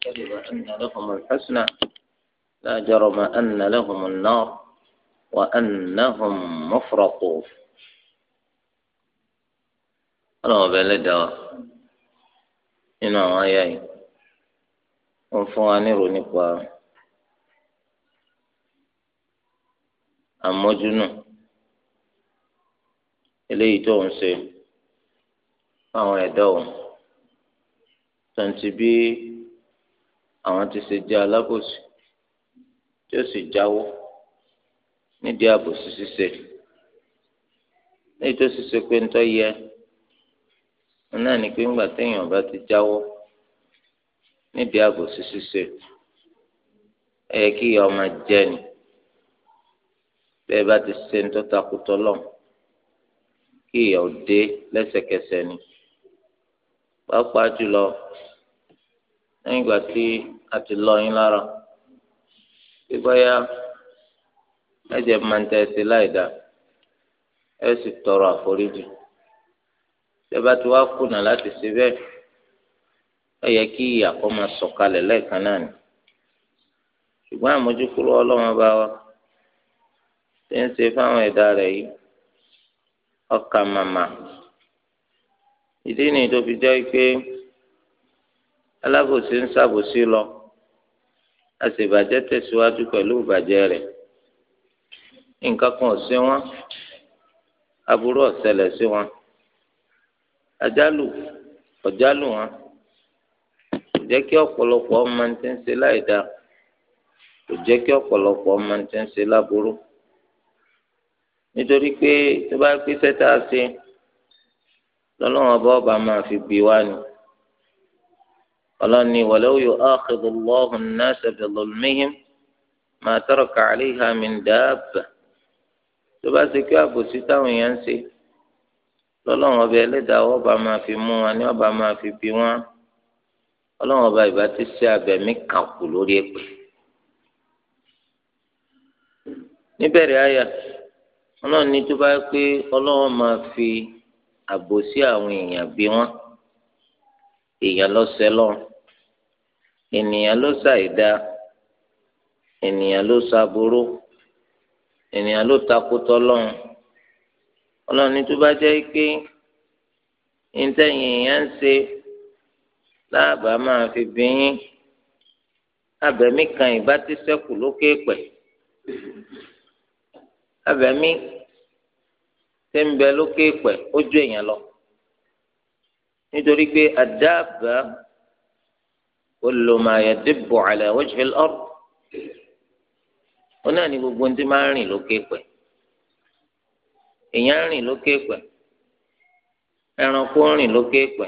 كذب أن لهم الحسنى لا جرم أن لهم النار وأنهم مفرطون ọlọ́run ọbẹ̀ lẹ́dàá wa nínú àwọn àyà yìí wọ́n fún wa nírò nípa àmójúnù eléyìí tó ń ṣe fáwọn ẹ̀dọ́ òun tàǹtí bí àwọn ti ṣe jẹ́ alábòsí tí ó sì jáwọ́ nídìí àbòsí ṣíṣe léyìí tó sì ṣe pé ńtọ́ yẹ náà ni pé ńgbà téèyàn bá ti jáwọ́ nídìí àbòsí ṣíṣe ẹ yẹ kí ìyá ọmọ jẹ ni bẹ́ẹ̀ bá ti ṣe ńtọ́ takùtọ̀ lọ kí ìyá ò dé ni pàápàá jùlọ. lẹ́yìn ìgbà tí a ti lọ yín lára bí báyà ẹ̀jẹ̀ máa ń tẹ̀sí láì ẹ sì tọrọ àforíjì ìjọba tí wàá kùnà láti ṣe bẹ́ẹ̀ ẹ yẹ kí ìyàkọ́ máa sọ̀kalẹ̀ lẹ́ẹ̀kan náà ni ṣùgbọ́n àmójúkúrò ọlọ́run bá wa ṣe ń ṣe fáwọn ẹ̀dá rẹ̀ yìí ọkà màmá ìdí alábòsí ń ṣàbòsí lọ àṣebàjẹ́ tẹ̀síwájú pẹ̀lú ìbàjẹ́ rẹ̀ nǹkan kan ò sí wọn aburú ọ̀sẹ̀lẹ̀ sí wọn àjálù ọ̀jálù wọn kò jẹ́ kí ọ̀pọ̀lọpọ̀ ọmọ ti ń ṣe láìda kò jẹ́ kí ọ̀pọ̀lọpọ̀ ọmọ ti ń ṣe láburú nítorí pé tó bá pé sẹ́tà ṣe lọ́lọ́wọ́n bá ọba máa fi bí wá ni ọlọ́ni ولو يؤاخذ الله الناس nasa ما ترك عليها من 'alayha min dabba tó bá ṣe kí àbòsí táwọn èèyàn ń ṣe lọ́lọ́run ọba ẹlẹ́dàá ọba máa fi mú wọn ní ọba máa fi bí wọn ọlọ́run ọba ìbá ti ṣe abẹ̀mí kàn kù lórí èpè. níbẹ̀rẹ̀ àyà ọlọ́run ní tó bá pé ọlọ́run máa fi àbòsí àwọn èèyàn bí wọn èèyàn lọ́sẹ̀ lọ́run ènìyàn ló ṣàìdá ènìyàn ló ṣàbúrú ènìyàn ló takótọ́ lọ́run ọlọ́run ní tó bá jẹ́ pé ntẹ̀yìn yẹn ń ṣe láàbà máa fi bíyín abẹ̀mí kan ìbá ti ṣẹ́kù lókè pẹ̀ abẹ̀mí tẹ́ ń bẹ lókè pẹ̀ ó èèyàn lọ nítorí pé àdáàbà. kullu ma yadibbu ala wajhi al-ard ó náà ní gbogbo ndị ti máa rìn lókè pẹ èèyàn rìn lókè pẹ ẹranko rìn lókè pẹ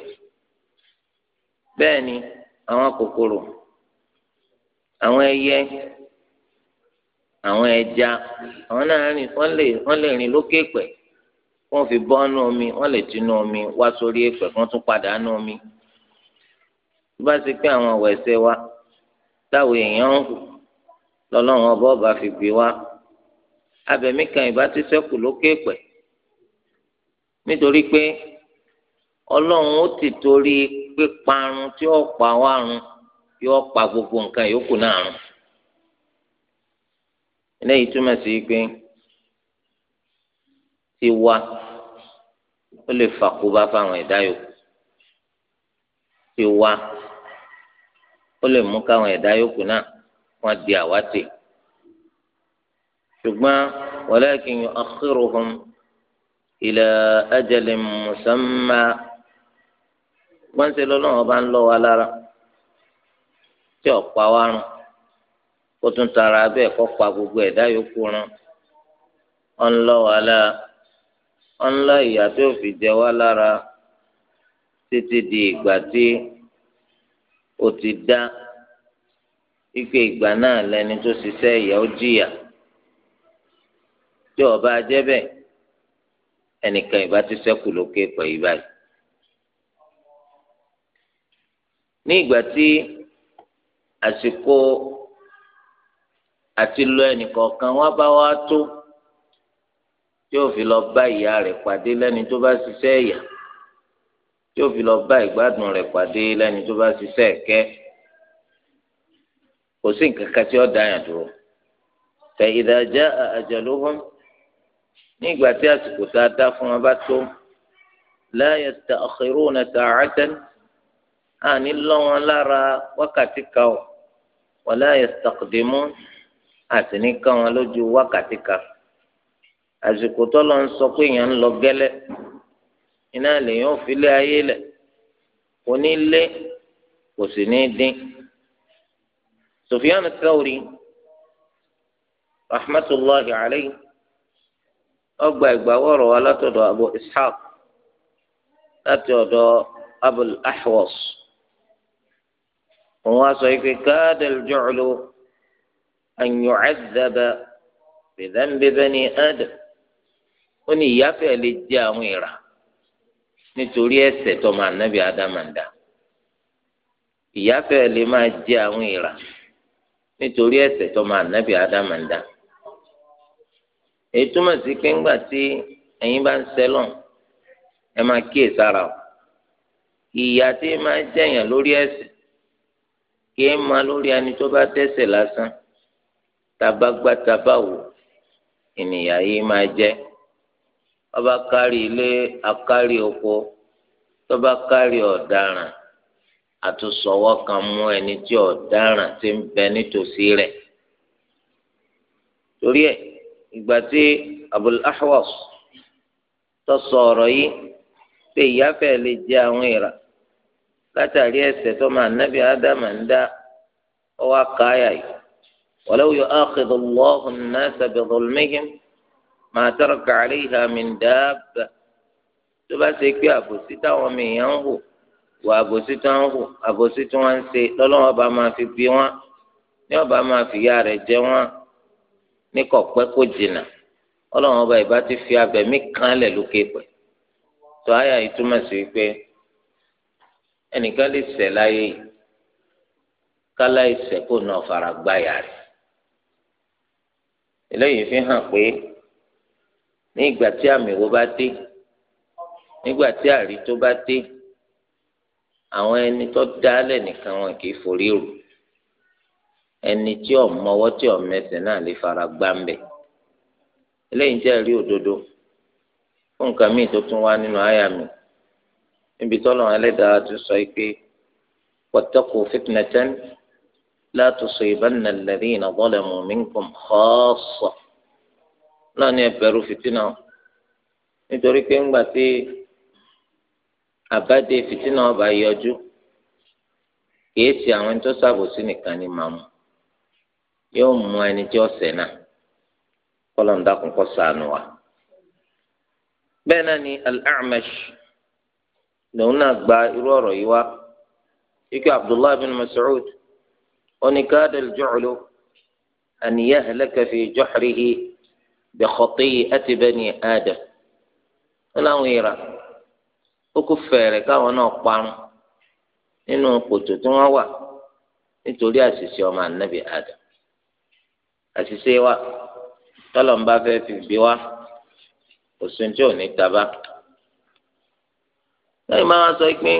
bẹ́ẹ̀ ni àwọn kòkòrò àwọn ẹyẹ àwọn ẹja àwọn náà rìn wọ́n lè rìn lókè pẹ fi bọ́ nú omi wọ́n lè omi wá sórí tún padà omi bá ti pé àwọn ọ̀wọ̀ ẹ̀ṣẹ̀ wa táwọn èèyàn ń hù lọ́lọ́run ọba ọba fi gbé wa abẹ̀mí kan ìbá ti ṣẹ́kù lókè pẹ̀ nítorí pé ọlọ́run ó ti torí píparun tí ó pa wá run yóò pa gbogbo nǹkan yòókù náà run eléyìí túmọ̀ sí pé tiwa ó lè fàkóbá fáwọn ẹ̀dá yòókù tiwa ó lè mú káwọn ẹ̀dá yòókù náà wọ́n di àwátì ṣùgbọ́n walakin yu'akhiruhum ila ajalin musamma wọ́n ṣe lọ́lọ́wọ́ bá ń lọ wa lára tí ọ̀pá wa rún ó tún tara bẹ́ẹ̀ kọ́ pa gbogbo ẹ̀dá yòókù rún ó lọ wa lára ó lọ ìyà tó fi jẹ wá lára títí di ìgbà tí ó ti dá ike ìgbà náà lẹni tó ṣiṣẹ́ ìyà ó jìyà tí ọba ajẹ́bẹ̀ ẹnìkan ìbá ti ṣẹ́kù lókè pẹ̀ yí báyìí. ní ìgbà tí àsìkò àti lọ ẹnìkọ̀ọ̀kan wá bá wá tó tí fi lọ bá ìyá rẹ̀ pàdé lẹ́ni tó bá ṣiṣẹ́ ìyà tí ó fi lọ bá ìgbádùn rẹ̀ pàdé lẹ́ni tó bá ṣiṣẹ́ ẹ̀kẹ́ kò sí nǹkan kan tí ó dá yàn dúró fa idha jaa ajaluhum ní ìgbà tí àsìkò tá a dá fún wọn bá tó la yasta'khiruna sa'atan àní lọ́ wọn lára wákàtí kan o wa la yastaqdimun àti ní ká wọn lójú wákàtí kan àsìkò tó lọ ń sọ pé èèyàn ń lọ gẹ́lẹ́. iná lèyàn ò fi lé ayé niile kò ní lé kò sì ní dín. Sufyan Thawri rahmatulahi alayhi ọgbà Abu Ishaq láti ọ̀dọ̀ Abul Ahwas òun á sọ pé káàdàl jọ̀ọ́lù ànyọ̀ ẹ̀dàbà ni ẹ̀dà ó ní lè àwọn nítorí ẹ̀ṣẹ̀ tọmọ anabi adamanda ìyá fẹẹ lè máa jẹ àwọn ìrà nítorí ẹ̀ṣẹ̀ tọmọ anabi adamanda èyí túmọ̀ sí pé ńgbà tí ẹ̀yin bá ń sẹ́lọ̀n ẹ máa kíyè sára o ìyá tí máa jẹ̀yàn lórí ẹ̀ṣẹ̀ kí ẹ máa lórí ẹni tó bá tẹ̀ṣẹ̀ lásán tabagbá ènìyàn yìí máa jẹ́ ọba kárí ilé akárí oko tọba kárí ọ̀daràn àtúnṣọwọ́ kan mú ẹni tí ọ̀daràn ti ń bẹ nítòsí rẹ̀ torí ẹ̀ ìgbà tí Abul tó sọ yìí pé ìyáfẹ́ lè jẹ àwọn ìrà látàrí ẹ̀ṣẹ̀ tó máa nábì ádámà ń dá ọwọ́ àkáyà yìí walau ma taraka alayha min dabba tó bá ṣe pé àbòsí táwọn ọmọ èèyàn ń wò wà àbòsí tó ń wò àbòsí tó ń ṣe lọ́lọ́wọ́ bá máa fi bí wọn ní ọba máa fi ya rẹ̀ jẹ wọn ní kọ̀pẹ́ kó jìnnà ọlọ́wọ́n ọba ìbá ti fi abẹ̀mí kan lẹ̀ lókè pẹ̀ tó àyà yìí túmọ̀ sí pé ẹnìkan lè ṣẹ̀ láyé kálá ìṣẹ̀ kó nà fara gbáyà rẹ̀ eléyìí fi hàn pé ní ìgbà tí àmì wo bá dé nígbà tí àrí tó bá dé àwọn ẹni tó dálẹ̀ nìkan wọn kì í forí rù ẹni tí ò mọwọ́ tí ò mẹsẹ̀ náà lè fara gbá ń bẹ̀ eléyìí jẹ́ ẹ̀rí òdodo fún nǹkan míì tó tún wá nínú àyà mi níbi tọ́lọ̀ ẹlẹ́dàá tún sọ pé wattaqu fitnatan la tusibanna alladhina zalamu minkum khassa. naanị ẹ̀bẹ̀rù fìtínà nítorí pé ńgbà tí àbádé fìtínà ọba yọjú kìí ṣe àwọn ẹni tó ṣàbòsí nìkan ni màmú yóò mú ẹni tí ó ṣẹ̀ náà kọ́lọ̀ ń dákun sànù wa. bẹ́ẹ̀ náà ni al-A'mash lòun náà gba irú ọ̀rọ̀ yìí ike Abdullahi bin Mas'ud oníkàdé al-ju'lu an yahlaka bi khati'ati bani Adam wọn làwọn ìrà ó kú fẹ̀rẹ̀ káwọn náà parun nínú kòtò tí wọ́n wà nítorí àṣìṣe ọmọ ànábì Adam àṣìṣe wa tọ́lọ́mbà fẹ́ fi bí wa òsùn tí ò ní taba lẹ́yìn máa sọ pé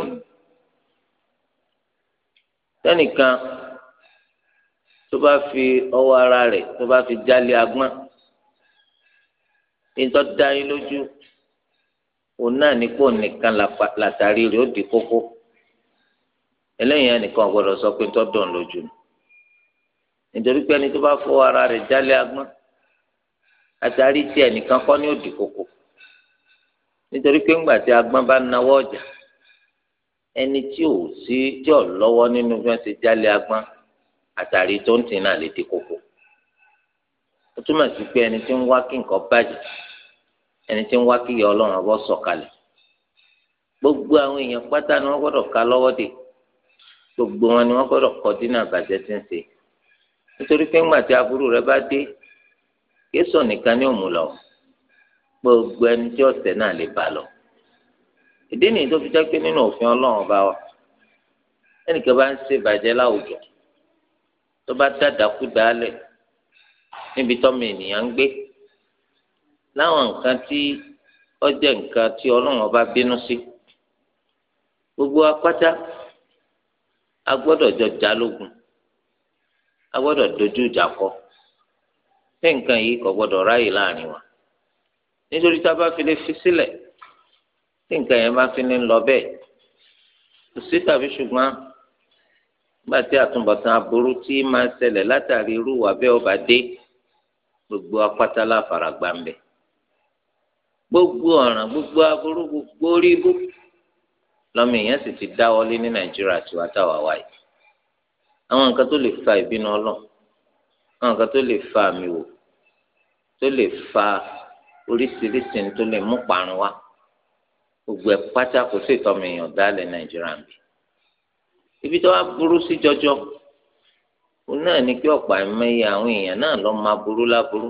tẹ́nìkan tó bá fi ọwọ́ ara rẹ̀ tó bá fi jálé agbọ́n nítorí dá yín lójú òun náà ní kó nìkan làtàrí rẹ̀ ó di kókó eléyìí ẹnìkan gbọ́dọ̀ sọ pé tó dùn lójú nítorí pé ẹni tó bá fọ ara rẹ̀ jálẹ̀ agbọ́n àtàrí tí ẹnìkan kọ́ ní ó di kókó nítorí pé ńgbà tí agbọ́n bá nawọ́ ọjà ẹni tí ò sí tí ò lọ́wọ́ nínú bí ti jálẹ̀ agbọ́n àtàrí tó ń tì náà lè di kókó ó túmọ̀ sí pé ẹni tí ń wá kí nǹkan bàjẹ́ ẹni tí ń wá kí ìyà ọlọ́run ọbọ̀ sọ̀kalẹ̀ gbogbo àwọn èèyàn pátá ni wọ́n gbọ́dọ̀ ká lọ́wọ́ dè gbogbo wọn ni wọ́n gbọ́dọ̀ kọ́ dínà bàjẹ́ tí ń ṣe nítorí pé ńgbà tí aburú rẹ bá dé yéṣọ nìkan ní òmù lọ gbogbo ẹni tí ọ̀sẹ̀ náà lè bà lọ ìdí nìyí tó fi jẹ́ pé nínú òfin ọlọ́run ọba wa ẹnìkan bá ń ṣe bàjẹ́ láwùjọ tó bá dàdákú dálẹ̀ níbi tọ́mọ ènìyàn ń gbé láwọn nǹkan tí ó jẹ́ nǹkan tí ọlọ́run ọba bínú gbogbo apáta a gbọ́dọ̀ jọ jalógun a gbọ́dọ̀ dojú ìjà kọ pé nǹkan yìí kò gbọ́dọ̀ ráàyè láàrin wa nítorí tá a bá fi lè fi sílẹ̀ tí nǹkan yẹn bá fi ní lọ bẹ́ẹ̀ kò sí tàbí ṣùgbọ́n nígbà tí àtúbọ̀tán aburú tí máa gbogbo apáta láfara gbà ń bẹ gbogbo ọ̀ràn gbogbo aburú gbogbo oríbú lọ́mọ èèyàn sì ti dáwọ́lé ní nàìjíríà tiwa táwa wáyé àwọn nǹkan tó lè fa ìbínú ọlọ́run àwọn nǹkan tó lè fa àmì wò tó lè fa oríṣiríṣi tó lè mú parun wá gbogbo ẹ̀ pátá sí ìtọ́mọ èèyàn dálẹ̀ nàìjíríà ń ibi tó wá burú sí jọjọ. náà ní kí ọ̀pọ̀ àìmọye àwọn èèyàn náà ma máa burú láburú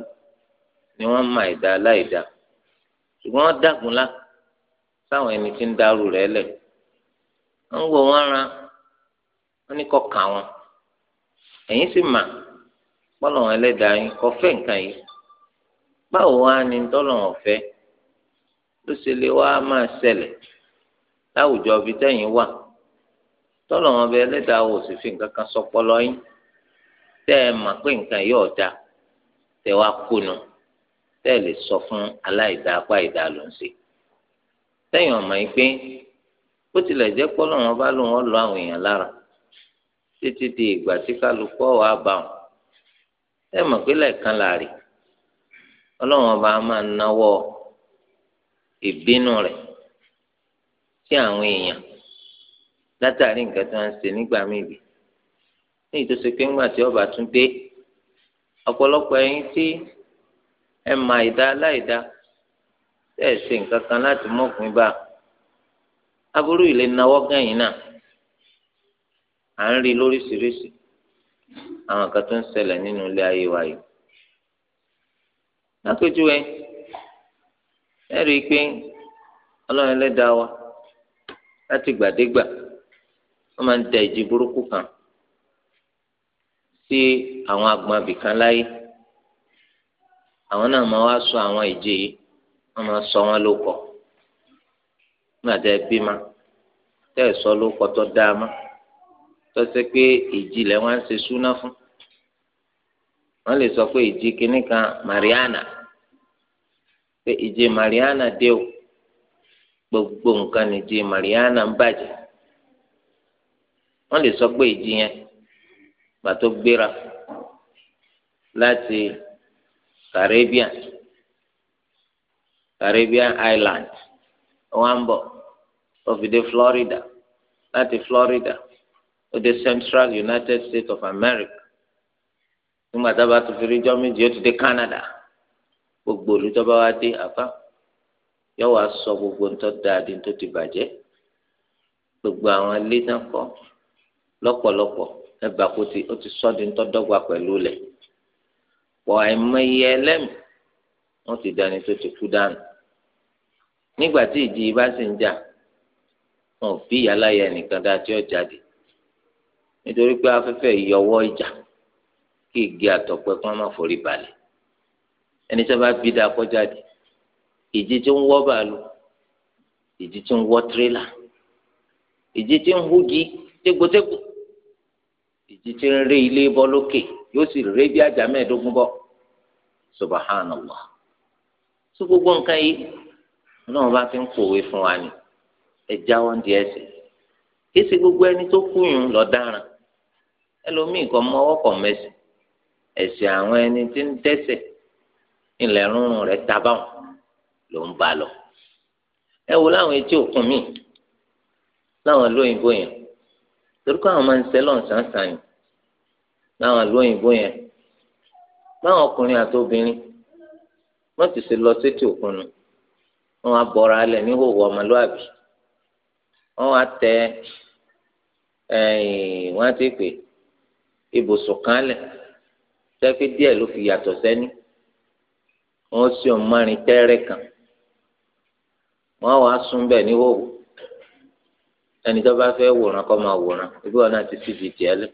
ni wọ́n máa ìdá aláìdá ṣùgbọ́n wọ́n dàgúnlá sáwọn ẹni tí ń darú rẹ̀ lẹ̀ wọ́n ń wọ́n kà wọ́n ẹ̀yìn sì mà wọn ẹlẹ́dàá yín kọ́ fẹ́ yìí báwo wá ni tọ́lọ̀ wọn fẹ́ ló ṣe lè wá máa ṣẹlẹ̀ láwùjọ ibi tẹ́yìn wà tọ́lọ̀ wọn bẹ ẹlẹ́dàá wò fi tẹ́ ẹ mọ̀ pé nǹkan yóò da tẹ́ wá kùnú tẹ́ ẹ lè sọ fún aláìdá apá ìdá ló ń ṣe ọmọ yìí pé bó tilẹ̀ jẹ́ pọ́lọ́ wọn bá lò wọ́n àwọn èèyàn lára títí di ìgbà tí kálukú ọ̀wá bá wọn ẹ mọ̀ pé lẹ́ẹ̀kan láàrin ọba máa ìbínú rẹ̀ sí àwọn èèyàn látàrí nǹkan tí wọ́n ń ṣe nígbà ní ìtòsí pé ńgbà tí ọba tún dé ọ̀pọ̀lọpọ̀ ẹ̀yin tí ẹ mà ìdá aláìdá tẹ́ ẹ ṣe nǹkan kan láti mọ̀kùn bá aburú ilé náwó gẹ̀yìn náà à ń rí lóríṣiríṣi àwọn kan tó ń ṣẹlẹ̀ nínú ilé ayé wa yìí. lápèjúwe ẹ rí i pé ọlọ́run ẹlẹ́dàá wa láti gbàdégbà wọ́n máa ń da ìjì burúkú kan sí àwọn agbọn abìkan láyé àwọn náà máa wá sọ àwọn ìje yìí wọn máa sọ wọn ló ma tẹ ẹ sọ ló kọ tó dáa ma tọ́sẹ̀ pé ìjì lẹ́ wọ́n á ṣe súná fún wọ́n lè sọ pé Mariana pé ìjì Mariana dé o gbogbo nǹkan nìjì Mariana ń bàjẹ́ wọ́n lè sọ pé ìjì yẹn gbàtó gbéra láti Caribbean Caribbean island wọ́n ń bọ̀ ó fi dé Florida láti Florida ó dé Central United States of America nígbà tá a bá tún fi rí jọ́ méjì ó ti dé Canada gbogbo olùtọ́ba wa dé àbá yọ wá sọ gbogbo ń tọ́ da àdín tó ti bàjẹ́ gbogbo àwọn ilé náà kọ́ lọ́pọ̀lọpọ̀ ẹgbà kò tí ó ti sọ́ọ̀dì ńtọ́dọ́gba pẹ̀lú lẹ̀ pọ̀ àìmọye ẹlẹ́mì wọ́n ti dání tó ti kú dànù nígbà tí ìdí bá sì ń jà wọn ò bí ìyáláyà nìkan dá tí ó jáde nítorí pé afẹ́fẹ́ ìyọwọ́ ìjà kí igi àtọ̀pẹ́ kan má forí balẹ̀ ẹni tí wọ́n bá bí dáa kọ́ jáde ìdí tí ń wọ́ bàálù ìdí tí ń wọ́ tírélà ìdí tí ń húgi tégbòtégbò ìjì tí ń ré ilé bọ́ lókè yóò sì ré bí àjà mẹ́ẹ̀ẹ́dógún bọ́ subhanallah tó gbogbo nǹkan yìí náà bá fi ń pòwe fún wa ni ẹ jáwọ́ ń di ẹsẹ̀ kìí ṣe gbogbo ẹni tó kúyùn lọ́daràn ẹlòmíì kan mọ́wọ́ kọ̀ mẹ́sì ẹ̀sìn àwọn ẹni tí ń dẹ́sẹ̀ ilẹ̀ rúnrún rẹ̀ tabáwọn ló ń bá lọ ẹ wo láwọn etí òkun míì láwọn lóyìnbó yẹn torí pé àwọn máa ń sẹ́lọ̀ ṣàǹṣàn yìí láwọn àlọ́ òyìnbó yẹn báwọn ọkùnrin àti obìnrin wọ́n ti ṣe lọ sétí òkun nu wọ́n á bọ̀ra alẹ̀ ní ọmọlúwàbí wọ́n tẹ wọ́n á ti pè ibùsùn kan lẹ̀ sẹ́fí díẹ̀ fi yàtọ̀ sẹ́ni wọ́n sì ẹni tó bá fẹ́ wòran kọ́ máa wòran ibi wọn náà ti sì di tiẹ̀ lẹ̀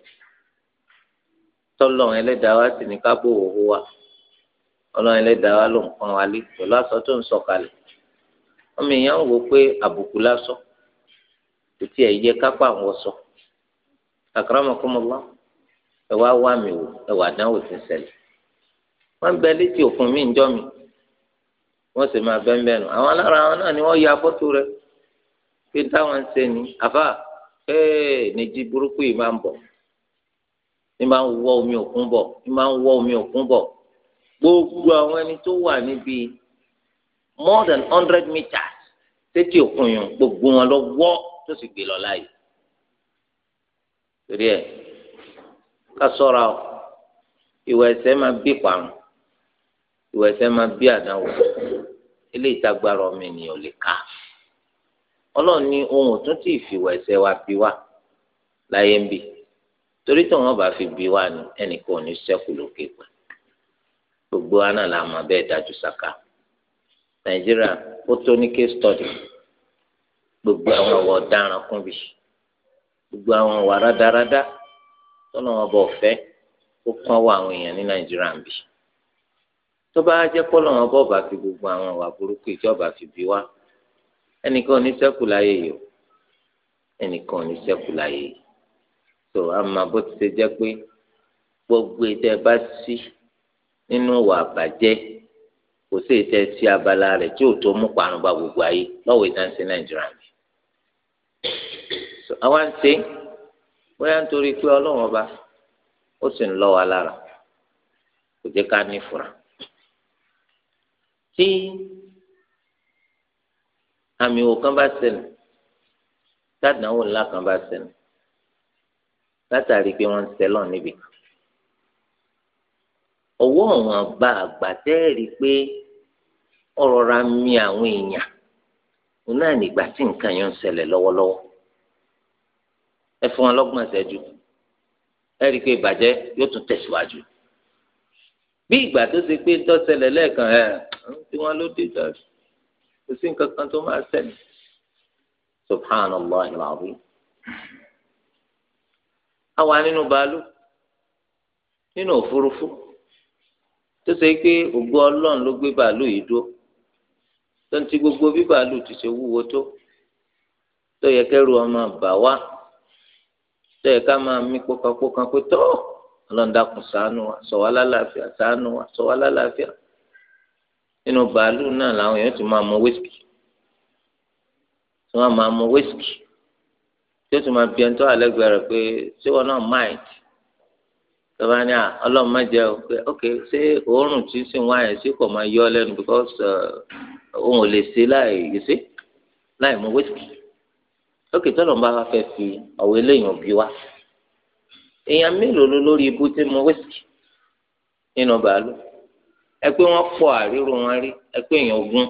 tọ́lọ̀ ẹlẹ́dàá wa sì ní ká bò wa ọlọ́run ẹlẹ́dàá wa ló ń pọn wa lé pẹ̀lú aṣọ tó ń sọ̀kalẹ̀ ọmọ èèyàn ń pé àbùkù lásọ kò yẹ kápá àwọn sọ àkàràmọ̀kọ́mọlá ẹ wá wá mi wò ẹ wà dánwò wọ́n bẹ létí òfin mi ń jọ́ mi wọ́n sì máa nù àwọn alára àwọn náà ni wọ́n ya rẹ̀ pé táwọn ń ṣe ni àfa ee eh, nìjí burúkú yìí máa ń bọ̀ ní máa ń wọ omi òkun bọ̀ ní máa ń wọ omi òkun bọ̀ gbogbo àwọn ẹni tó wà níbi more than hundred meters sétí òkun yìí gbogbo wọn lọ wọ́ tó sì gbé lọ láàyè torí ẹ ká ṣọ́ra o ìwà ẹ̀ṣẹ̀ máa bí parun ìwà ẹ̀ṣẹ̀ máa bí àdánwò eléyìí tá gbára ọmọ ènìyàn lè ká. ọlọ́run ní ohun òtún tí ìfìwà ẹ̀ṣẹ̀ wa bí wa láyé ń bì torí wọn bá fi bí ni ẹnìkan ò gbogbo wa la mọ̀ saka nàìjíríà ó tó ní gbogbo àwọn ọwọ́ ọ̀daràn kún gbogbo àwọn ọwọ́ tọ́nà wọn bọ̀ fẹ́ ó àwọn èèyàn ní nàìjíríà ń bì tó gbogbo àwọn ọwọ́ ìjọba fi bí ẹnìkan ò ní ṣẹ́kù láyé yìí o ẹnìkan ò ní ṣẹ́kù láyé yìí tó àmọ́ bó ti ṣe jẹ́ pé gbogbo ètò ẹ bá sí nínú ìwà àbàjẹ́ kò sí ètò ẹ sí abala rẹ̀ tí ò tó mú parun bá gbogbo ayé lọ́wọ́ ìdánsẹ́ nàìjíríà mi. àwa ń ṣe bóyá nítorí pé ọlọ́run ọba ó sì ń lọ́ wa lára kò jẹ́ ká nífura. tí àmì wò kán bá ṣẹlẹ̀ tádàáwò ńlá kan bá ṣẹlẹ̀ látàrí pé wọ́n ń sẹlọ̀ níbi kan ọwọ́ àwọn àgbà àgbà tẹ́ẹ̀rí pé ọ̀rọ̀ ra mi àwọn èèyàn òun náà nígbà tí nǹkan yẹn ń ṣẹlẹ̀ lọ́wọ́lọ́wọ́ ẹ fún wọn lọ́gbọ̀n ìṣẹ́jú ẹ rí i pé ìbàjẹ́ yóò tún tẹ̀síwájú bí ìgbà tó ṣe pé tọ́sẹlẹ̀ lẹ́ẹ̀kan ẹ̀ tí wọ́n ló dé jáde kò sí nǹkan kan tó máa ṣẹlẹ̀ subhanallah alazim a wà nínú bàálù nínú òfurufú tó ṣe pé ògo ọlọ́run ló gbé bàálù yìí dúró tó ń ti gbogbo bí bàálù ti ṣe wúwo tó tó yẹ kẹ́rù ọmọ bà wá tó yẹ ká máa mí pọkànpọkàn pé tó ọlọ́run dákun ṣàánú wa sọ wá lálàáfíà ṣàánú wa nínú bàálù náà làwọn èèyàn ti máa mọ wíṣkì tí wọ́n máa mọ wíṣkì tí ó ti máa bí ẹni tó àlẹ́gbẹ̀ẹ́ rẹ̀ pé ṣé wọn náà mind tọ́ba ní à ọlọ́run má jẹ́ pé ok ṣé òórùn tí sì ń wá yẹn sí kò máa yọ ọ lẹ́nu because uh, òun ò lè ṣe láì ṣe láì mọ wíṣkì ok tọ́lọ̀ ń bá wa fẹ́ fi ọ̀wọ́ eléyìí bí wa èèyàn mélòó lórí ibú tí mo wíṣkì nínú bàálù ẹ pé wọ́n pọ̀ àríro wọn rí ẹ pé èèyàn ogún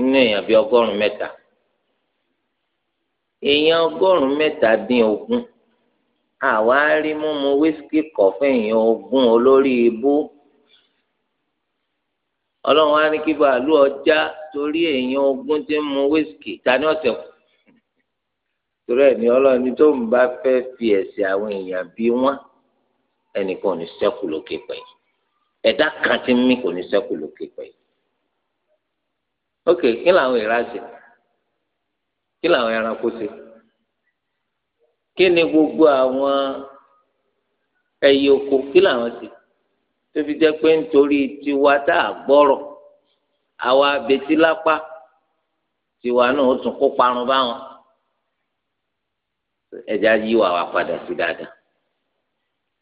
nínú èèyàn bíi ọgọ́rùn-ún mẹ́ta èèyàn ọgọ́rùn-ún mẹ́ta dín ogún àwa rí mímu wíṣíkì kọ̀ fún èèyàn ogún olórí ibú ọlọ́run á ní kí bàálù ọjà torí èèyàn ogún ti ń mu wíṣíkì ta ni ọ̀sẹ̀ kù torí ẹni ọlọ́run tó ń bá fẹ́ fi ẹ̀sìn àwọn èèyàn bí wọ́n ẹnìkan ò ní sẹ́kù lókè pẹ̀yì ẹ̀dá kan ti mí kò ní sẹ́kù lókè pẹ̀. ok kí làwọn èèrà ṣe kí làwọn ẹranko ṣe kí ni gbogbo àwọn ẹyẹ oko kí làwọn ṣe tó fi jẹ́ pé nítorí tiwa tá a gbọ́rọ̀ àwa abetí lápá tiwa náà ó tún kó parun báwọn ẹ̀dá yí wa wá padà sí dáadáa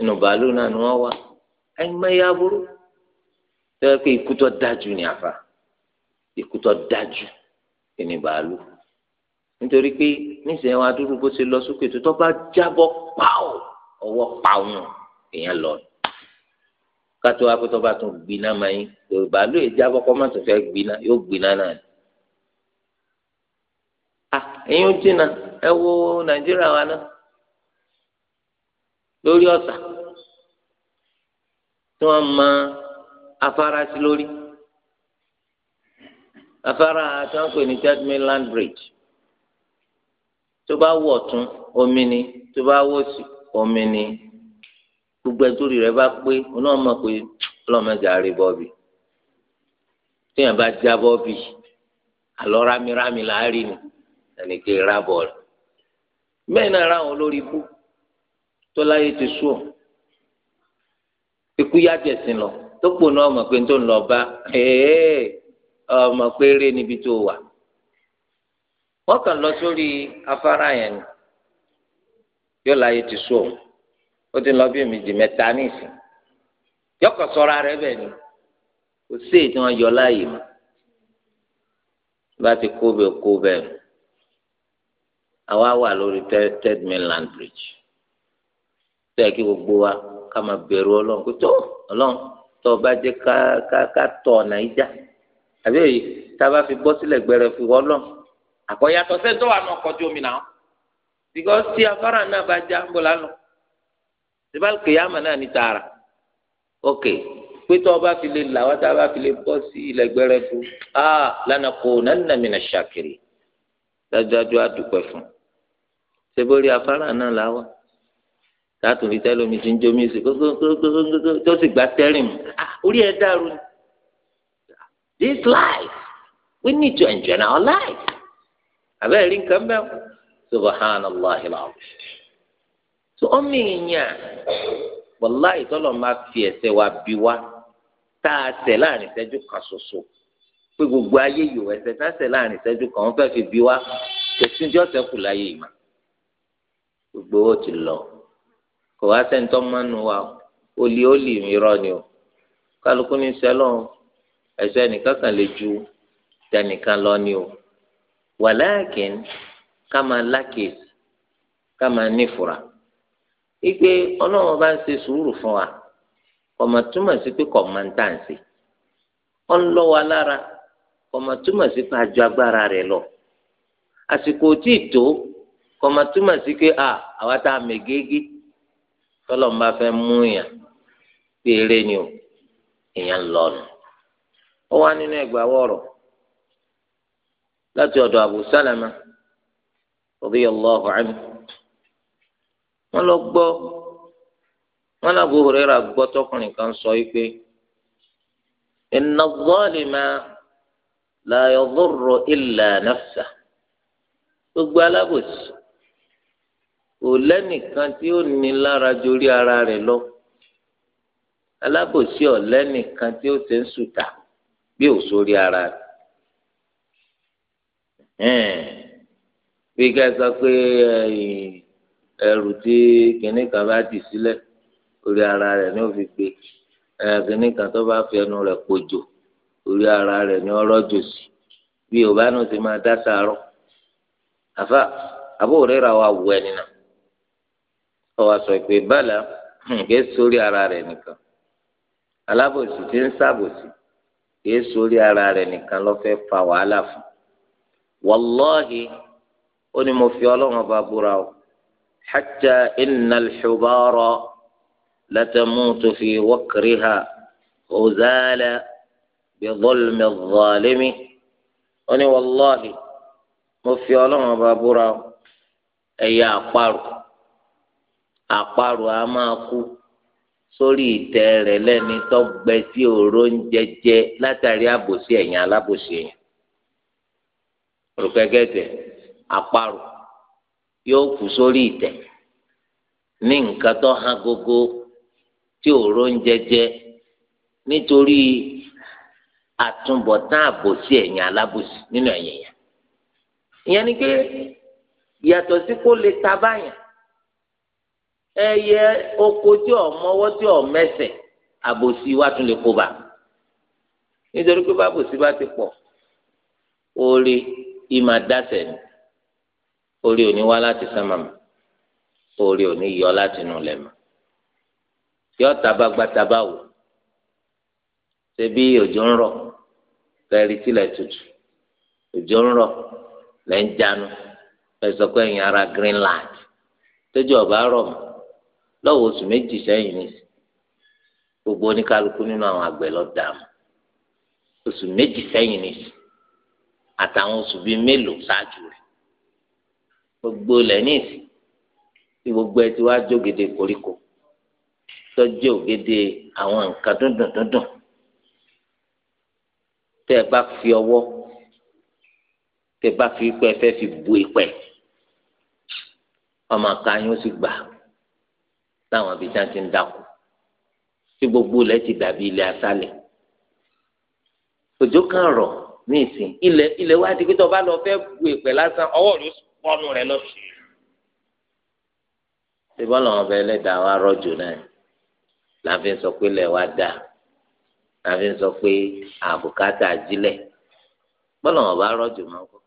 inú bàálù náà ni wọ́n wà ẹ̀yìnmáyà aburú tẹ́lẹ̀ pé ikú tó dájú ni àfa ikú tó dájú ni bàálù nítorí pé nísìnyẹn wàá dúró bó ṣe lọ sókè tó tọ́ bá jábọ́ pàó ọwọ́ pàó èèyàn lọ kátó wá pé tó bá tún gbiná máa yín bàálù yìí jábọ́ kọ́ má tún fẹ́ gbiná yóò gbiná náà ni. Ah, ẹ̀yin ó jìnnà ẹ wo nàìjíríà wa náà lórí ọ̀sà tí wọ́n ma afárá sí lórí afárá tí wọ́n pè ní third mainland bridge tó bá wọ̀ tún omi ni tó bá wọ̀ sí omi ni gbogbo ẹtúrì rẹ bá pé òun náà mọ̀ pé ọlọ́mọdé àárẹ̀ bọ́ọ̀bì téèyàn bá já bọ́ọ̀bì àlọ́ rámírámí láàárín ni ẹnìkan ìrábọ̀ rẹ̀ bẹ́ẹ̀ náà ráwọn olórí ikú tó ti sú ikú yájẹ sí lọ tó pò náà mọ̀ pé tó ń lọ bá ọmọ pé eré níbi tó wà wọ́n kàn lọ sórí afárá yẹn ni yóò láyé ti sùn òun ó ti lọ bí méjì mẹ́ta nísìn yọkọ̀ sọ́ra rẹ bẹ́ẹ̀ ni kò sí èyí tí wọ́n yọ láàyè mọ́ bá ti kó bẹ́ẹ̀ kó bẹ́ẹ̀ àwa wà lórí third mainland bridge tẹ́ kí gbogbo wa ká máa bẹ̀rù ọlọ́run pé tó ọlọ́run tó o bá jẹ́ ká ká ká tọ̀ ọ̀nà ìjà àbí èyí tá a bá fi bọ́ sílẹ̀ gbẹrẹ fi wọ́ ọlọ́run àkọ́yàtọ̀ sẹ́ńtọ́ wà náà kọjú omi náà because tí afárá náà bá já ń bọ̀ lánàá sibal kìyàmà náà ní tààrà ok pété ọba fi lè là wọ́n tá a bá fi lè bọ́ sí gbẹrẹ fún ah lánàá kò nánà mi nà ṣàkiri dájúdájú àdúpẹ́ fún sebórí afárá náà làwọn sátúrí omi ti ń jó mísì kókókókókó tó sì gba tẹrìn mu ah, orí ẹ dàrú ni this life we need to enjoy our life abẹ́rẹ́ rí nǹkan bẹ́ẹ̀ subhanallah ilaahu so ọmọ èèyàn wàláì tọ́lọ̀ máa fi ẹ̀ṣẹ̀ wa bí wa tá a ṣẹ̀ láàrin ìṣẹ́jú kan ṣoṣo pé gbogbo ayé yòó ẹ̀ṣẹ̀ tá a láàrin ìṣẹ́jú kan wọ́n fẹ́ fi bí wa kò sí ní ọ̀sẹ̀ kù láyé ìmọ̀ gbogbo ó ti lọ. kò wá sẹ́ńtọ́ mánu wa ó lé ó lì mí rọ ni o kálukú ní sẹ́lọ̀ ẹ̀sọ́ ẹnìkan kan lè ju tẹnìkan lọ ni o wàláàkín ká máa lákèsì ká máa nífura ipe ọlọ́run bá ń ṣe sùúrù fún wa kọ̀mà túmọ̀ sí pé kọ̀mà ń tà ń ṣe ọ ń lọ́ wa lára kọ̀mà túmọ̀ sí pé àjọ agbára rẹ̀ lọ àsìkò tí ì tó kọ̀mà sí pé a àwa tá a mẹ̀ tọlọm ń bá ya mú yàn bí eré ni o èèyàn ń lọ nù. ó wá nínú ẹgbàá láti Abu Salama radiyallahu anhu wọ́n lọ gbọ́ wọ́n lọ Abu Huraira tọkùnrin kan sọ yìí pé inna adh-dhalima la yadurru illa nafsah gbogbo alábòsí. ò lẹ́nìkan tí ó ní lára jorí ara rẹ̀ lọ alábòsí ò lẹ́nìkan tí ó ti ń sùtà bí ò sórí ara rẹ̀ bí ká sọ pé ẹrù tí kìnnìkan bá dì sílẹ̀ orí ara rẹ̀ ni ó fi gbé kìnnìkan tó bá fi ẹnu rẹ̀ pòjò orí ara rẹ̀ ni ó rọ̀jò sí bí ò bá ti máa dá sàárọ̀ àfa àbúrò rẹ̀ ra wa wù ẹni náà ọwọ́ sọ pé bàlá kì í sórí ara rẹ̀ nìkan alábòsí ti ń ṣàbòsí kì í sórí ara rẹ̀ nìkan ló fẹ́ fa wàhálà fún wàlọ́ọ̀hì ó ní mo fi ọlọ́run ọba búra o hatta innal hubara latamutu fi wakriha uzala bi dhulmi adh-dhalimi ó ní wàlọ́ọ̀hì mo fi ọlọ́run ọba búra o ẹ̀yà àparò. àparò a máa kú sórí ìtẹ́ rẹ̀ lẹ́ni tó gbẹ sí òró ń jẹjẹ látàrí àbòsí ẹ̀yìn alábòsí ẹ̀yìn rògbẹ́gẹ́dẹ̀ àparò yóò kú sórí ní nǹkan tó hàn gógó tí òró ń jẹjẹ nítorí àtúbọ̀tán àbòsí alábòsí ni pé yàtọ̀ sí kó lè ẹyẹ oko tí ò mọwọ́ tí ò mẹsẹ̀ àbòsí wa tún lè kó bá nítorí pé bábòsí bá ti pọ̀ orí ìmà dásẹ̀ ni orí òní wá láti sánmàmà orí òní yọ láti nù lẹ́mà yọ tabagbátaba wò ṣebí òjò ń rọ̀ kẹrì tilẹ̀ tutù òjò ń rọ̀ lẹ́ ń jánu ẹ sọ pé ẹ̀yin ara Greenland tójú ọba rọ̀ mọ́ lọ́wọ́ oṣù méjì sẹ́yìn ní gbogbo oníkálukú nínú àwọn àgbẹ̀ lọ dààmú oṣù méjì sẹ́yìn ní àtàwọn oṣù bíi mélòó ṣáájú rẹ̀ gbogbo ilẹ̀ ní ìsìn tí gbogbo ẹ ti wá jógede koríko tọ́jú ògede àwọn nǹkan dúndùn dúndùn tẹ́ ẹ bá fi ọwọ́ tẹ́ ẹ bá fi ipẹ́ fẹ́ fi bu ipẹ́ ọmọ kan yóò sì gbà láwọn ibi tí wọn ti ń dáko tí gbogbo ilẹ̀ ti dàbí ilẹ̀ asálẹ̀ òjò kan rọ̀ ní ìsìn ilẹ̀ ilẹ̀ wa di pé tó o bá lọ fẹ́ bu ìpè lásán ọwọ́ rẹ pọ́nù rẹ lọ sí i. ṣé bọ́lá wọn bẹ ẹlẹ́dàá wa rọ̀jò náà la fi ń sọ pé ilẹ̀ wa dà la fi ń sọ pé àbùkátà ajílẹ̀ bọ́lá wọn bá rọ̀jò máa ń kọ́.